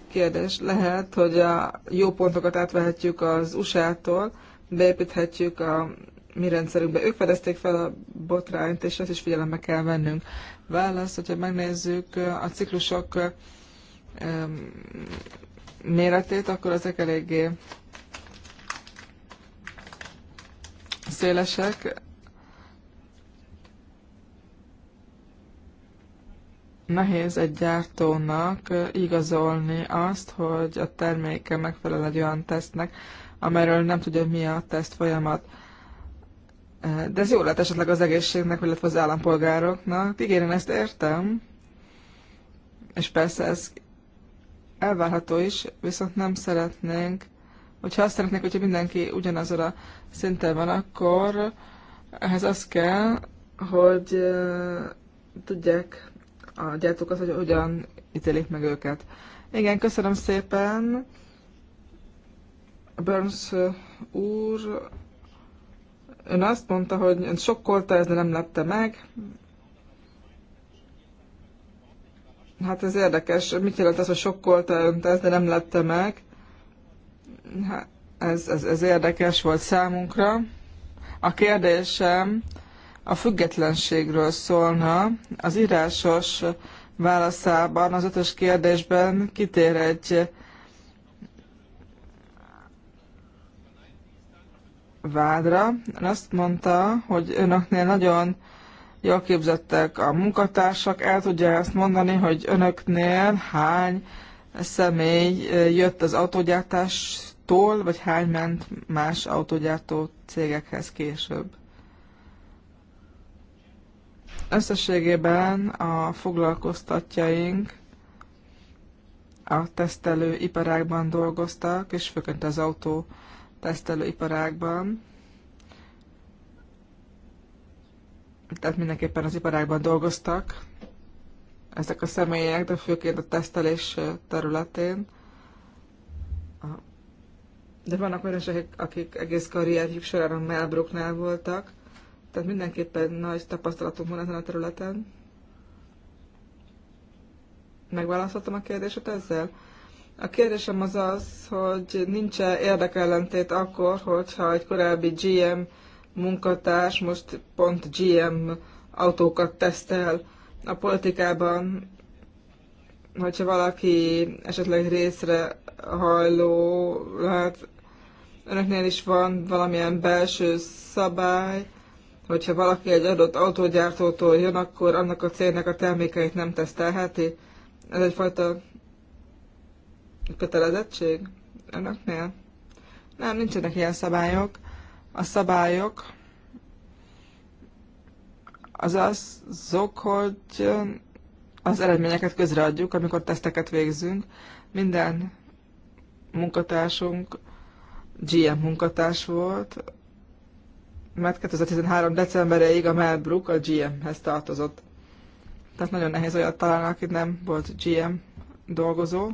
Kérdés lehet, hogy a jó pontokat átvehetjük az USA-tól, beépíthetjük a mi rendszerünkbe. Ők fedezték fel a botrányt, és ezt is figyelembe kell vennünk. Válasz, hogyha megnézzük a ciklusok méretét, akkor ezek eléggé szélesek. nehéz egy gyártónak igazolni azt, hogy a terméke megfelel egy olyan tesztnek, amelyről nem tudja, hogy mi a teszt folyamat. De ez jó lehet esetleg az egészségnek, illetve az állampolgároknak. Igen, én ezt értem, és persze ez elvárható is, viszont nem szeretnénk, hogyha azt szeretnénk, hogyha mindenki ugyanazon a szinten van, akkor ehhez az kell, hogy tudják a gyártókat, hogy hogyan ítélik meg őket. Igen, köszönöm szépen. Burns úr, ön azt mondta, hogy ön sokkolta, ez de nem lepte meg. Hát ez érdekes. Mit jelent az, hogy sokkolta önt ez, de nem lepte meg? Hát ez, ez, ez érdekes volt számunkra. A kérdésem a függetlenségről szólna. Az írásos válaszában az ötös kérdésben kitér egy vádra. Azt mondta, hogy önöknél nagyon jól képzettek a munkatársak. El tudja ezt mondani, hogy önöknél hány személy jött az autogyártástól, vagy hány ment más autogyártó cégekhez később? Összességében a foglalkoztatjaink a tesztelő iparágban dolgoztak, és főként az autó tesztelő iparágban. Tehát mindenképpen az iparágban dolgoztak ezek a személyek, de főként a tesztelés területén. De vannak olyanok, akik, akik egész karrierjük során a Melbrooknál voltak, tehát mindenképpen nagy tapasztalatunk van ezen a területen. Megválaszoltam a kérdéset ezzel? A kérdésem az az, hogy nincs-e érdekellentét akkor, hogyha egy korábbi GM munkatárs most pont GM autókat tesztel a politikában, hogyha valaki esetleg részre hajló, lehet önöknél is van valamilyen belső szabály, hogyha valaki egy adott autógyártótól jön, akkor annak a cégnek a termékeit nem tesztelheti. Ez egyfajta kötelezettség önöknél? Nem, nincsenek ilyen szabályok. A szabályok az azok, hogy az eredményeket közreadjuk, amikor teszteket végzünk. Minden munkatársunk GM munkatárs volt, mert 2013. decemberéig a Mel Brook a GM-hez tartozott. Tehát nagyon nehéz olyat találni, aki nem volt GM dolgozó,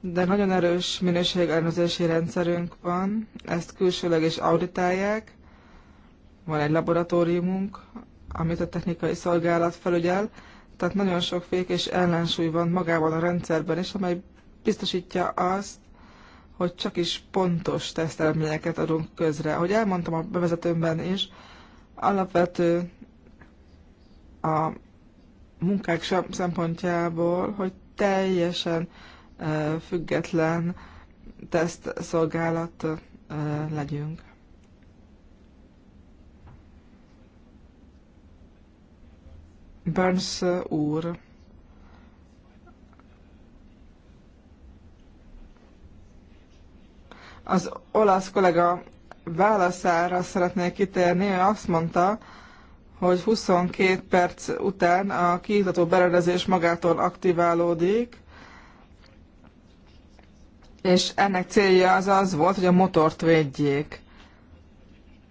de nagyon erős minőségellenőrzési rendszerünk van, ezt külsőleg is auditálják, van egy laboratóriumunk, amit a technikai szolgálat felügyel, tehát nagyon sok fék és ellensúly van magában a rendszerben és amely biztosítja azt, hogy csak is pontos teszteleményeket adunk közre. Ahogy elmondtam a bevezetőmben is, alapvető a munkák szempontjából, hogy teljesen független tesztszolgálat legyünk. Burns úr Az olasz kollega válaszára szeretnék kitérni, ő azt mondta, hogy 22 perc után a kiiktató berendezés magától aktiválódik, és ennek célja az az volt, hogy a motort védjék.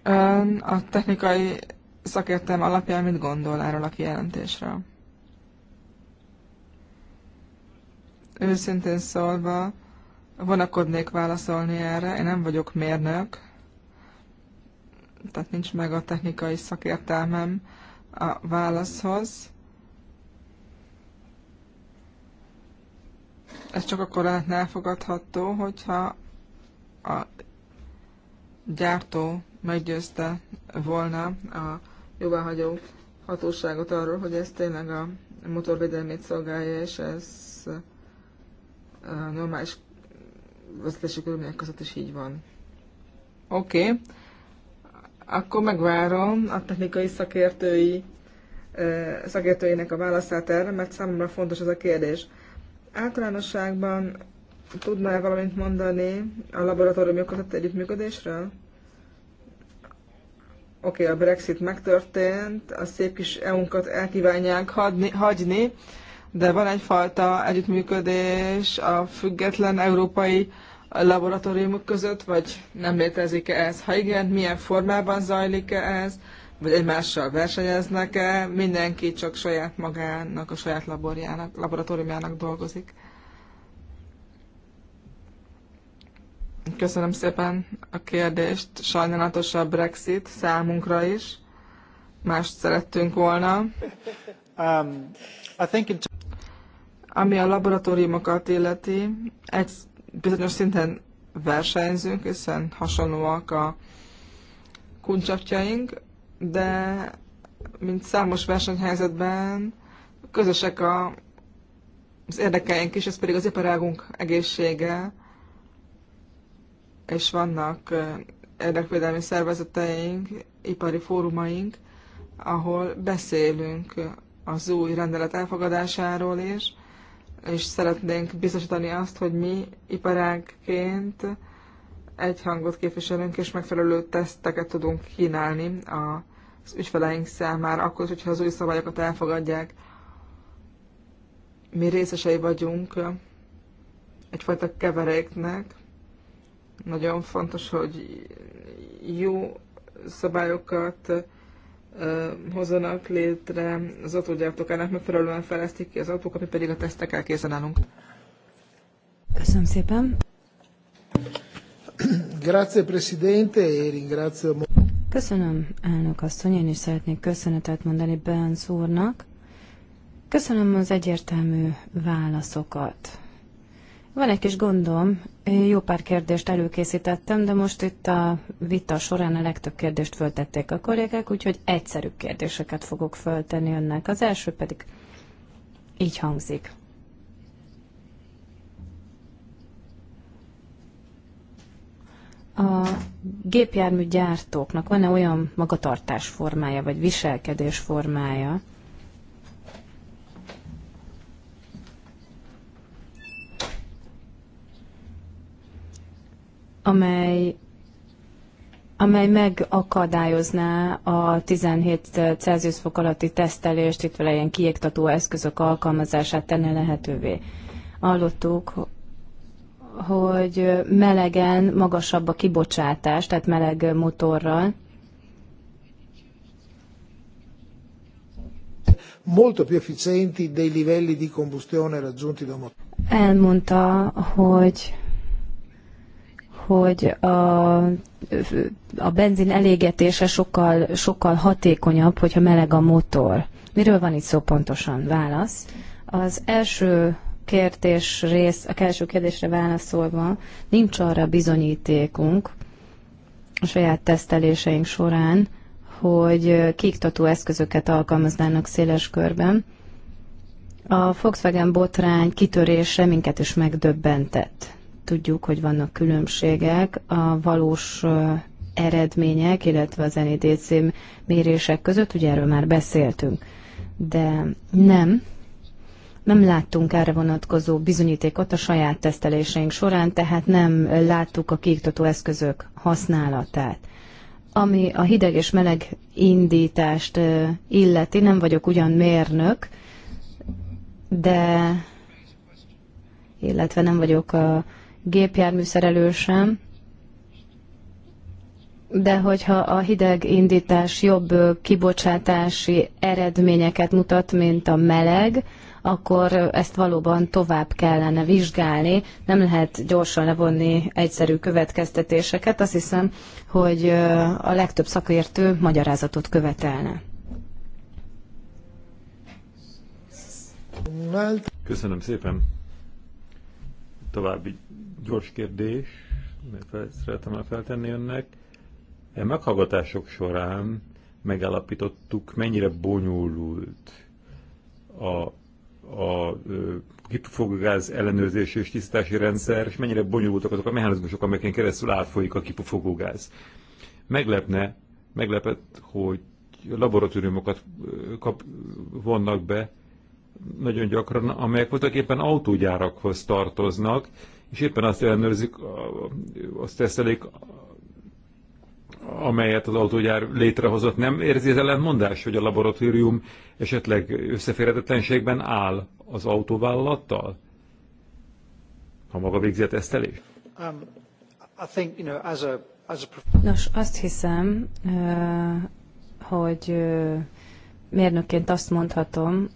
Ön a technikai szakértelm alapján mit gondol erről a kijelentésről? Őszintén szólva, vonakodnék válaszolni erre, én nem vagyok mérnök, tehát nincs meg a technikai szakértelmem a válaszhoz. Ez csak akkor lehetne elfogadható, hogyha a gyártó meggyőzte volna a jóváhagyó hatóságot arról, hogy ez tényleg a motorvédelmét szolgálja, és ez normális összes körülmények között is így van. Oké. Okay. Akkor megvárom a technikai szakértői szakértőinek a válaszát erre, mert számomra fontos ez a kérdés. Általánosságban tudná valamit mondani a laboratóriumi között együttműködésről? Oké, okay, a Brexit megtörtént, a szép kis EU-nkat elkívánják hagyni, hagyni de van egyfajta együttműködés a független európai laboratóriumok között, vagy nem létezik-e ez? Ha igen, milyen formában zajlik-e ez? Vagy egymással versenyeznek-e? Mindenki csak saját magának, a saját laborjának, laboratóriumjának dolgozik. Köszönöm szépen a kérdést. Sajnálatos a Brexit számunkra is. Mást szerettünk volna. Um, I think in ami a laboratóriumokat illeti, egy bizonyos szinten versenyzünk, hiszen hasonlóak a kuncsapjaink, de mint számos versenyhelyzetben közösek a, az érdekeink is, ez pedig az iparágunk egészsége, és vannak érdekvédelmi szervezeteink, ipari fórumaink, ahol beszélünk az új rendelet elfogadásáról is, és szeretnénk biztosítani azt, hogy mi iparágként egy hangot képviselünk, és megfelelő teszteket tudunk kínálni az ügyfeleink számára, akkor, hogyha az új szabályokat elfogadják. Mi részesei vagyunk egyfajta keveréknek. Nagyon fontos, hogy jó szabályokat hozzanak létre az autógyártók ennek megfelelően fejlesztik ki az autók, ami pedig a tesztekkel készen állunk. Köszönöm szépen. Grazie Presidente, e ringrazio... Köszönöm, elnök asszony, én is szeretnék köszönetet mondani Benz úrnak. Köszönöm az egyértelmű válaszokat. Van egy kis gondom, jó pár kérdést előkészítettem, de most itt a vita során a legtöbb kérdést föltették a kollégák, úgyhogy egyszerű kérdéseket fogok föltenni önnek. Az első pedig így hangzik. A gépjármű gyártóknak van-e olyan magatartásformája, vagy viselkedésformája, amely amely megakadályozná a 17 Celsius fok alatti tesztelést, itt vele ilyen kiégtató eszközök alkalmazását tenne lehetővé. Hallottuk, hogy melegen magasabb a kibocsátás, tehát meleg motorral. Molto più efficienti dei livelli di combustione raggiunti da motore. Elmondta, hogy hogy a, a benzin elégetése sokkal, sokkal hatékonyabb, hogyha meleg a motor. Miről van itt szó pontosan? Válasz. Az első kérdés rész, a első kérdésre válaszolva, nincs arra bizonyítékunk a saját teszteléseink során, hogy kiiktató eszközöket alkalmaznának széles körben. A Volkswagen botrány kitörése minket is megdöbbentett tudjuk, hogy vannak különbségek a valós eredmények, illetve az NEDC mérések között, ugye erről már beszéltünk. De nem, nem láttunk erre vonatkozó bizonyítékot a saját teszteléseink során, tehát nem láttuk a kiiktató eszközök használatát. Ami a hideg és meleg indítást illeti, nem vagyok ugyan mérnök, de illetve nem vagyok a gépjárműszerelő sem, de hogyha a hideg indítás jobb kibocsátási eredményeket mutat, mint a meleg, akkor ezt valóban tovább kellene vizsgálni. Nem lehet gyorsan levonni egyszerű következtetéseket. Azt hiszem, hogy a legtöbb szakértő magyarázatot követelne. Köszönöm szépen további gyors kérdés, mert szeretem el feltenni önnek. E meghallgatások során megállapítottuk, mennyire bonyolult a a kipufogógáz ellenőrzés és tisztítási rendszer, és mennyire bonyolultak azok a mechanizmusok, amelyeken keresztül átfolyik a kipufogógáz. Meglepne, meglepett, hogy laboratóriumokat kap, vonnak be, nagyon gyakran, amelyek voltak éppen autógyárakhoz tartoznak, és éppen azt ellenőrzik, azt teszelik, amelyet az autógyár létrehozott. Nem érzi az ellentmondás, hogy a laboratórium esetleg összeférhetetlenségben áll az autóvállalattal? Ha maga végzi a tesztelést? Um, I think, you know, as a, as a... Nos, azt hiszem, hogy mérnökként azt mondhatom,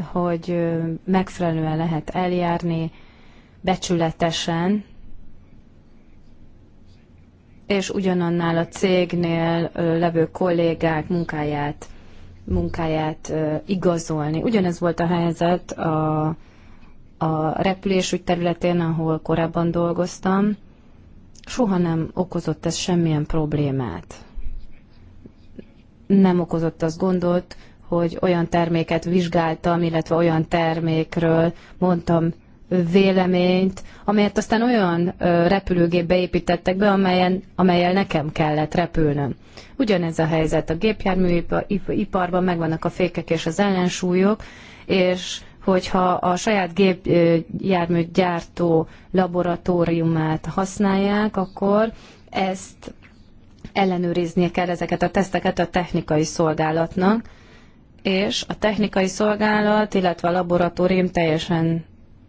hogy megfelelően lehet eljárni, becsületesen, és ugyanannál a cégnél levő kollégák munkáját, munkáját igazolni. Ugyanez volt a helyzet a, a repülésügy területén, ahol korábban dolgoztam. Soha nem okozott ez semmilyen problémát. Nem okozott az gondot, hogy olyan terméket vizsgáltam, illetve olyan termékről mondtam véleményt, amelyet aztán olyan repülőgépbe építettek be, amelyen, amelyel nekem kellett repülnöm. Ugyanez a helyzet a gépjárműiparban, megvannak a fékek és az ellensúlyok, és hogyha a saját gépjárműgyártó laboratóriumát használják, akkor ezt ellenőriznie kell ezeket a teszteket a technikai szolgálatnak, és a technikai szolgálat, illetve a laboratórium teljesen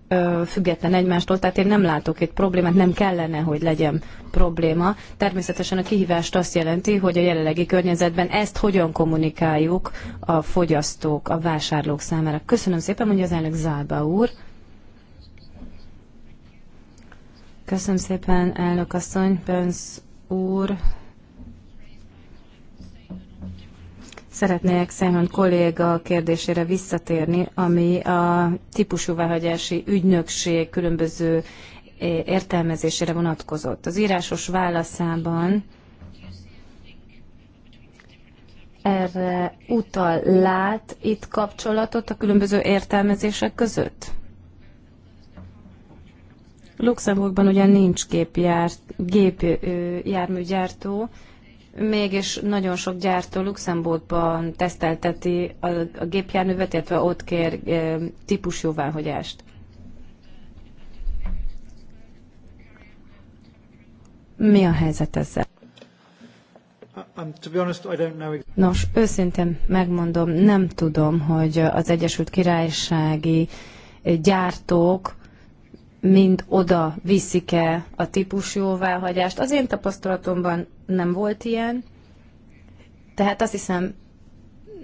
ö, független egymástól, tehát én nem látok itt problémát, nem kellene, hogy legyen probléma. Természetesen a kihívást azt jelenti, hogy a jelenlegi környezetben ezt hogyan kommunikáljuk a fogyasztók, a vásárlók számára. Köszönöm szépen, mondja az elnök Zálba úr. Köszönöm szépen, elnök asszony, Pönsz úr, Szeretnék Simon kolléga kérdésére visszatérni, ami a típusú típusúváhagyási ügynökség különböző értelmezésére vonatkozott. Az írásos válaszában erre utal lát itt kapcsolatot a különböző értelmezések között? Luxemburgban ugyan nincs gépjár, gépjárműgyártó, mégis nagyon sok gyártó Luxemburgban tesztelteti a, a gépjárművet, illetve ott kér e, típus jóváhagyást. Mi a helyzet ezzel? Um, Nos, őszintén megmondom, nem tudom, hogy az Egyesült Királysági gyártók mind oda viszik-e a típus jóváhagyást. Az én tapasztalatomban nem volt ilyen, tehát azt hiszem,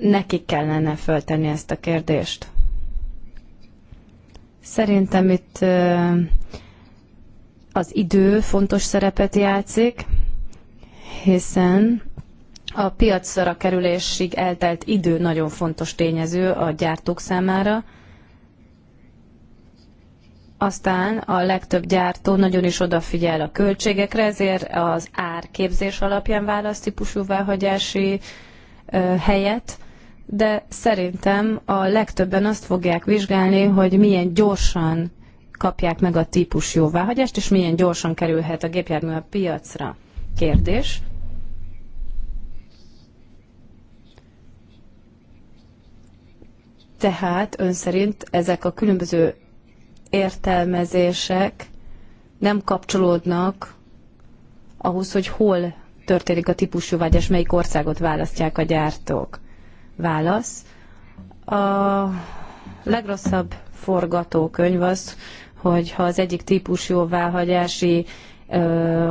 nekik kellene föltenni ezt a kérdést. Szerintem itt az idő fontos szerepet játszik, hiszen a piacra kerülésig eltelt idő nagyon fontos tényező a gyártók számára, aztán a legtöbb gyártó nagyon is odafigyel a költségekre, ezért az árképzés alapján választ típusú váhagyási helyet, de szerintem a legtöbben azt fogják vizsgálni, hogy milyen gyorsan kapják meg a típus jóváhagyást, és milyen gyorsan kerülhet a gépjármű a piacra. Kérdés. Tehát ön szerint ezek a különböző értelmezések nem kapcsolódnak ahhoz, hogy hol történik a típusú vágyás, melyik országot választják a gyártók. Válasz. A legrosszabb forgatókönyv az, hogy ha az egyik típus jóváhagyási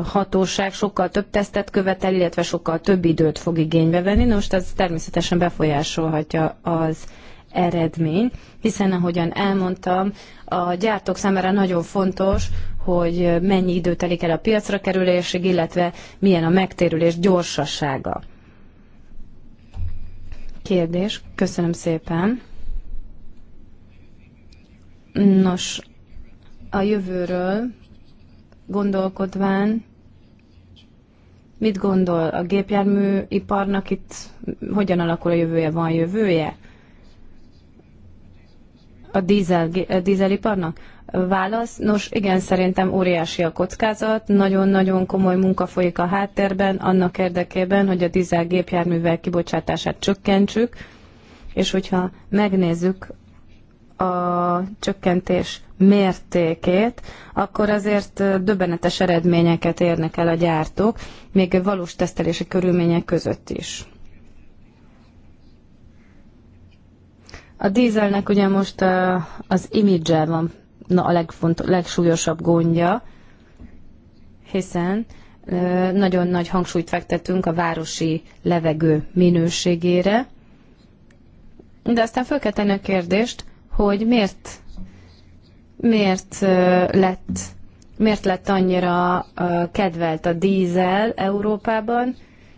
hatóság sokkal több tesztet követel, illetve sokkal több időt fog igénybe venni. most ez természetesen befolyásolhatja az eredmény, hiszen ahogyan elmondtam, a gyártók számára nagyon fontos, hogy mennyi idő telik el a piacra kerülésig, illetve milyen a megtérülés gyorsasága. Kérdés, köszönöm szépen. Nos, a jövőről gondolkodván, mit gondol a gépjárműiparnak itt, hogyan alakul a jövője, van jövője? a, dízel, a dízeliparnak? Válasz, nos igen, szerintem óriási a kockázat, nagyon-nagyon komoly munka folyik a háttérben, annak érdekében, hogy a dízel kibocsátását csökkentsük, és hogyha megnézzük a csökkentés mértékét, akkor azért döbbenetes eredményeket érnek el a gyártók, még valós tesztelési körülmények között is. A dízelnek ugye most az image van na, a legfont, legsúlyosabb gondja, hiszen nagyon nagy hangsúlyt fektetünk a városi levegő minőségére, de aztán föl kell tenni a kérdést, hogy miért, miért lett miért lett annyira kedvelt a dízel Európában,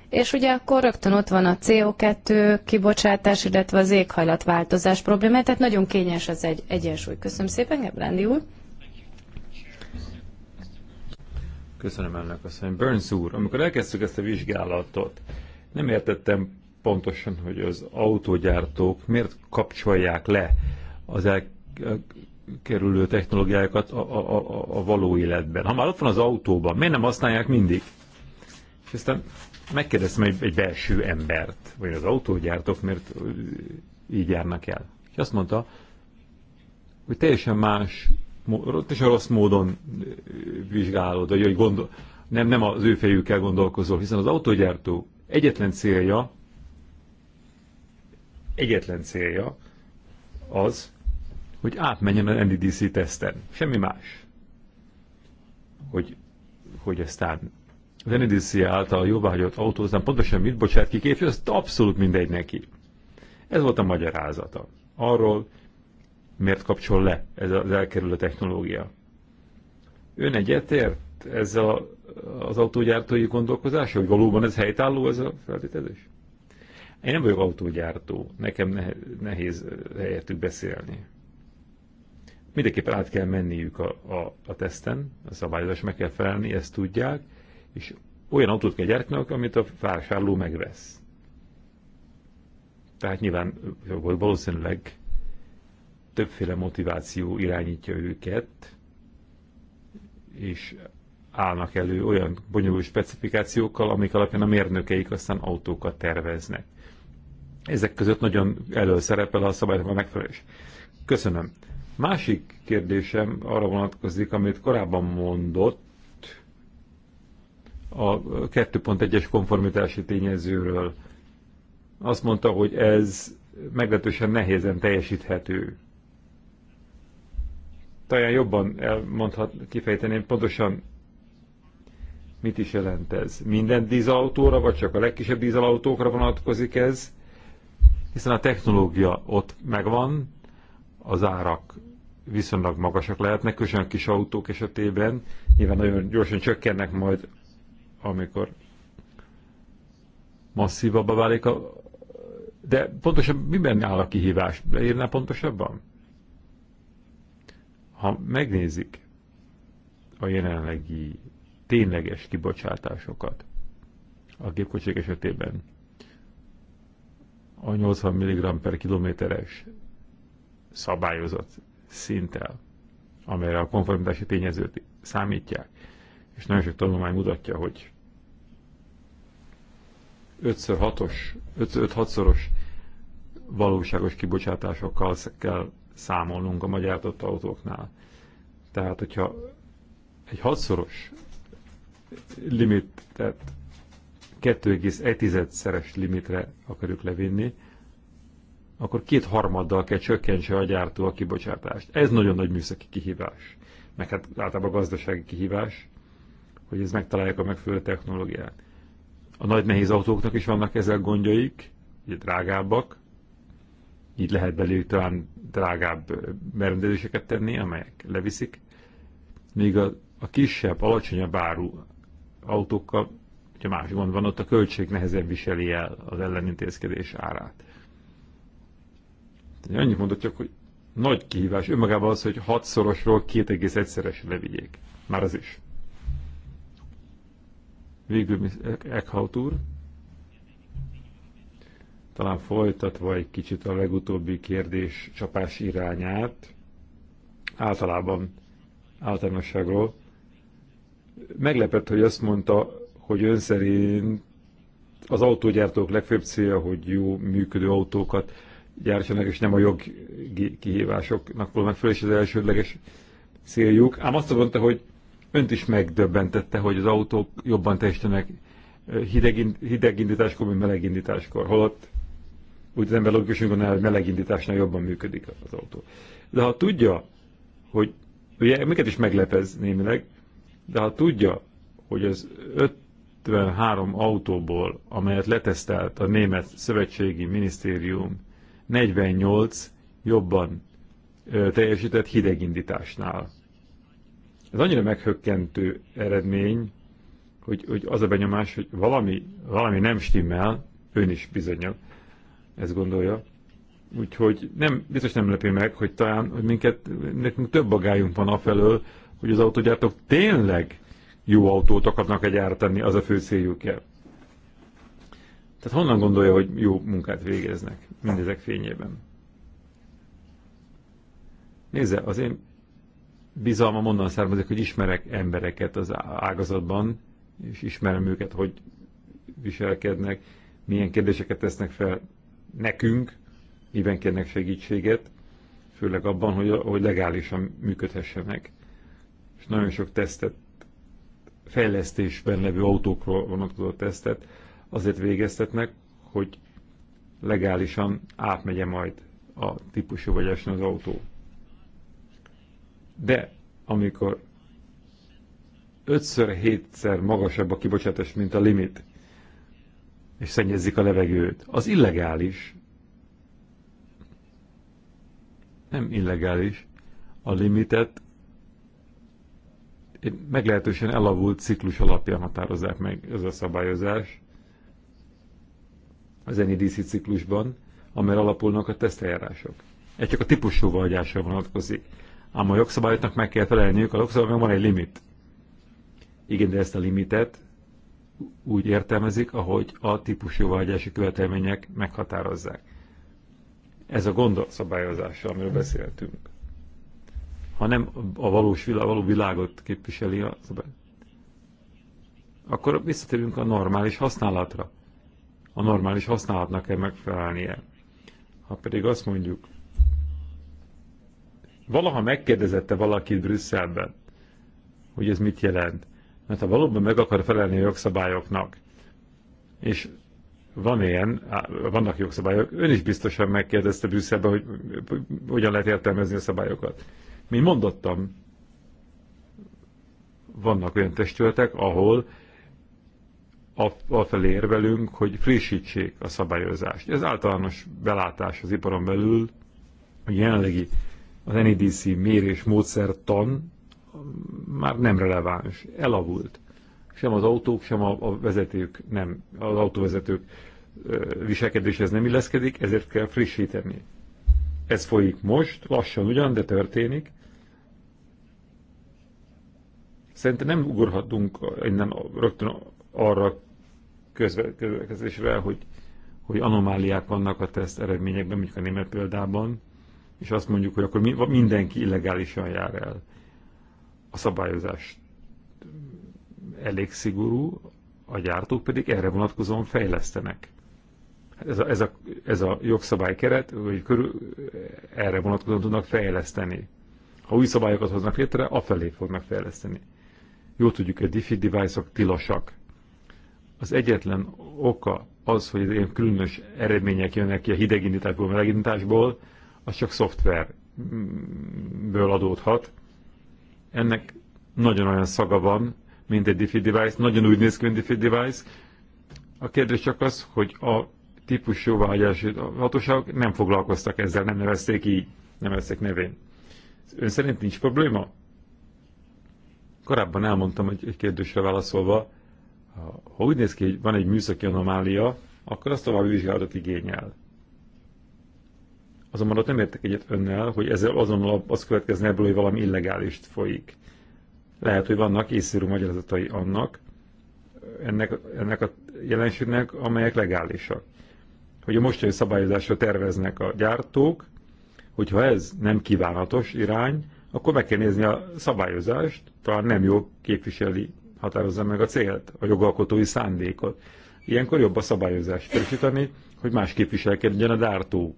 és ugye akkor rögtön ott van a CO2 kibocsátás, illetve az éghajlatváltozás problémája, tehát nagyon kényes az egy egyensúly. Köszönöm szépen, Gebrándi úr. Köszönöm ennek a szemben. Burns úr, amikor elkezdtük ezt a vizsgálatot, nem értettem pontosan, hogy az autógyártók miért kapcsolják le az elkerülő technológiákat a, a, a, a való életben. Ha már ott van az autóban, miért nem használják mindig? És aztán megkérdeztem egy, egy belső embert, vagy az autógyártók, mert így járnak el. És azt mondta, hogy teljesen más, teljesen rossz módon vizsgálod, vagy hogy gondol, nem, nem az ő fejükkel gondolkozol, hiszen az autógyártó egyetlen célja, egyetlen célja az, hogy átmenjen az NDDC teszten. Semmi más. Hogy, hogy aztán Venedici által jóváhagyott autó, aztán pontosan mit bocsát ki képviselő, az abszolút mindegy neki. Ez volt a magyarázata. Arról, miért kapcsol le ez az elkerülő technológia. Ön egyetért ezzel a, az autógyártói gondolkozása, hogy valóban ez helytálló ez a feltételezés? Én nem vagyok autógyártó, nekem nehéz eh, helyettük beszélni. Mindenképpen át kell menniük a, a, a teszten, a szabályozás meg kell felelni, ezt tudják, és olyan autót kell gyártnak, amit a vásárló megvesz. Tehát nyilván valószínűleg többféle motiváció irányítja őket, és állnak elő olyan bonyolult specifikációkkal, amik alapján a mérnökeik aztán autókat terveznek. Ezek között nagyon elő szerepel a szabályokban megfelelés. Köszönöm. Másik kérdésem arra vonatkozik, amit korábban mondott, a 2.1-es konformitási tényezőről. Azt mondta, hogy ez meglehetősen nehézen teljesíthető. Talán jobban elmondhat, kifejteném pontosan, mit is jelent ez. Minden dízelautóra, vagy csak a legkisebb dízelautókra vonatkozik ez, hiszen a technológia ott megvan, az árak viszonylag magasak lehetnek, különösen a kis autók esetében. Nyilván nagyon gyorsan csökkennek majd amikor masszívabbá válik a... De pontosan miben áll a kihívás? Leírná pontosabban? Ha megnézik a jelenlegi tényleges kibocsátásokat a gépkocsik esetében, a 80 mg per kilométeres szabályozott szinttel, amelyre a konformitási tényezőt számítják. És nagyon sok tanulmány mutatja, hogy 5 6 szoros valóságos kibocsátásokkal kell számolnunk a magyar autóknál. Tehát, hogyha egy 6-szoros limitet 2,1-szeres limitre akarjuk levinni, akkor két harmaddal kell csökkentse a gyártó a kibocsátást. Ez nagyon nagy műszaki kihívás, meg hát általában gazdasági kihívás, hogy ez megtalálják a megfelelő technológiát. A nagy nehéz autóknak is vannak ezzel gondjaik, ugye drágábbak, így lehet belőlük talán drágább berendezéseket tenni, amelyek leviszik, míg a, a kisebb, alacsonyabb áru autókkal, hogyha más gond van, ott a költség nehezen viseli el az ellenintézkedés árát. Annyit mondott csak, hogy nagy kihívás önmagában az, hogy 6-szorosról 21 szeres levigyék. Már az is. Végül e- Eckhout úr, talán folytatva egy kicsit a legutóbbi kérdés csapás irányát, általában általánosságról, meglepett, hogy azt mondta, hogy ön szerint az autógyártók legfőbb célja, hogy jó működő autókat gyártsanak, és nem a jog kihívásoknak volna föl, és az elsődleges céljuk. Ám azt mondta, hogy Önt is megdöbbentette, hogy az autók jobban teljesítenek hideg, hidegindításkor, mint melegindításkor. Holott úgy az ember logikusan gondolja, hogy melegindításnál jobban működik az autó. De ha tudja, hogy ugye minket is meglepez némileg, de ha tudja, hogy az 53 autóból, amelyet letesztelt a német szövetségi minisztérium, 48 jobban teljesített hidegindításnál. Ez annyira meghökkentő eredmény, hogy, hogy az a benyomás, hogy valami, valami nem stimmel, ön is bizonyal ezt gondolja. Úgyhogy nem, biztos nem lepi meg, hogy talán hogy minket, nekünk több agályunk van afelől, hogy az autógyártók tényleg jó autót akarnak egy tenni, az a fő céljuk el. Tehát honnan gondolja, hogy jó munkát végeznek mindezek fényében? Nézze, az én bizalmam onnan származik, hogy ismerek embereket az ágazatban, és ismerem őket, hogy viselkednek, milyen kérdéseket tesznek fel nekünk, miben kérnek segítséget, főleg abban, hogy, hogy legálisan működhessenek. És nagyon sok tesztet, fejlesztésben levő autókról vonatkozó tesztet azért végeztetnek, hogy legálisan átmegye majd a típusú vagy az autó. De amikor 5-7-szer magasabb a kibocsátás, mint a limit, és szennyezik a levegőt, az illegális. Nem illegális. A limitet egy meglehetősen elavult ciklus alapján határozzák meg ez a szabályozás az NEDC ciklusban, amely alapulnak a teszteljárások. Ez csak a típusú vagyásra vonatkozik ám a jogszabályoknak meg kell felelniük, a jogszabályoknak van egy limit. Igen, de ezt a limitet úgy értelmezik, ahogy a típus jóvágyási követelmények meghatározzák. Ez a gond a szabályozása, amiről beszéltünk. Ha nem a valós világ, való világot képviseli a szabály, akkor visszatérünk a normális használatra. A normális használatnak kell megfelelnie. Ha pedig azt mondjuk, Valaha megkérdezette valakit Brüsszelben, hogy ez mit jelent. Mert ha valóban meg akar felelni a jogszabályoknak, és van ilyen, vannak jogszabályok, ön is biztosan megkérdezte Brüsszelben, hogy hogyan lehet értelmezni a szabályokat. Mint mondottam, vannak olyan testületek, ahol afelé érvelünk, hogy frissítsék a szabályozást. Ez általános belátás az iparon belül, a jelenlegi az NEDC mérés módszertan már nem releváns, elavult. Sem az autók, sem a, a vezetők nem, az autóvezetők viselkedéshez nem illeszkedik, ezért kell frissíteni. Ez folyik most, lassan ugyan, de történik. Szerintem nem ugorhatunk innen rögtön arra közvetkezésre, hogy, hogy anomáliák vannak a teszt eredményekben, mondjuk a német példában és azt mondjuk, hogy akkor mindenki illegálisan jár el. A szabályozás elég szigorú, a gyártók pedig erre vonatkozóan fejlesztenek. Ez a, ez a, ez a jogszabálykeret, hogy körül, erre vonatkozóan tudnak fejleszteni. Ha új szabályokat hoznak létre, afelé fognak fejleszteni. Jó tudjuk, hogy a DeFi device-ok -ok tilosak. Az egyetlen oka az, hogy ilyen különös eredmények jönnek ki a hidegindításból, melegindításból, az csak szoftverből adódhat. Ennek nagyon olyan szaga van, mint egy Diffie device, nagyon úgy néz ki, mint diffi device. A kérdés csak az, hogy a típus jóváhagyási hatóságok nem foglalkoztak ezzel, nem nevezték így, nem nevezték nevén. Ön szerint nincs probléma? Korábban elmondtam egy, egy kérdésre válaszolva, ha úgy néz ki, hogy van egy műszaki anomália, akkor azt további vizsgálatot igényel. Azonban ott nem értek egyet önnel, hogy ezzel azonnal az következne ebből, hogy valami illegális folyik. Lehet, hogy vannak észszerű magyarázatai annak, ennek, ennek a jelenségnek, amelyek legálisak. Hogy a mostani szabályozásra terveznek a gyártók, hogyha ez nem kívánatos irány, akkor meg kell nézni a szabályozást, talán nem jó képviseli, határozza meg a célt, a jogalkotói szándékot. Ilyenkor jobb a szabályozást felsítani, hogy más képviselkedjen a gyártó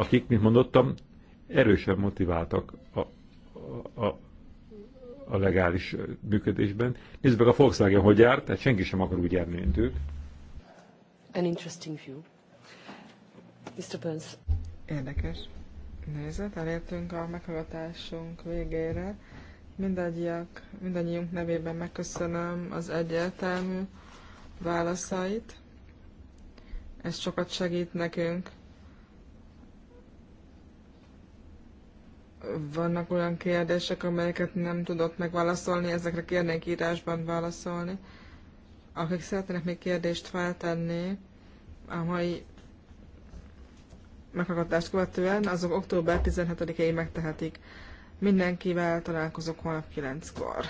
akik, mint mondottam, erősen motiváltak a, a, a legális működésben. Nézd meg a Volkswagen, hogy járt. tehát senki sem akar úgy járni, mint ők. An interesting view. Mr. Burns. Érdekes. Nézzet, elértünk a meghallgatásunk végére. Mindegyiak, mindannyiunk nevében megköszönöm az egyértelmű válaszait. Ez sokat segít nekünk vannak olyan kérdések, amelyeket nem tudok megválaszolni, ezekre kérnék írásban válaszolni. Akik szeretnének még kérdést feltenni a mai meghallgatást követően, azok október 17-én megtehetik. Mindenkivel találkozok holnap 9-kor.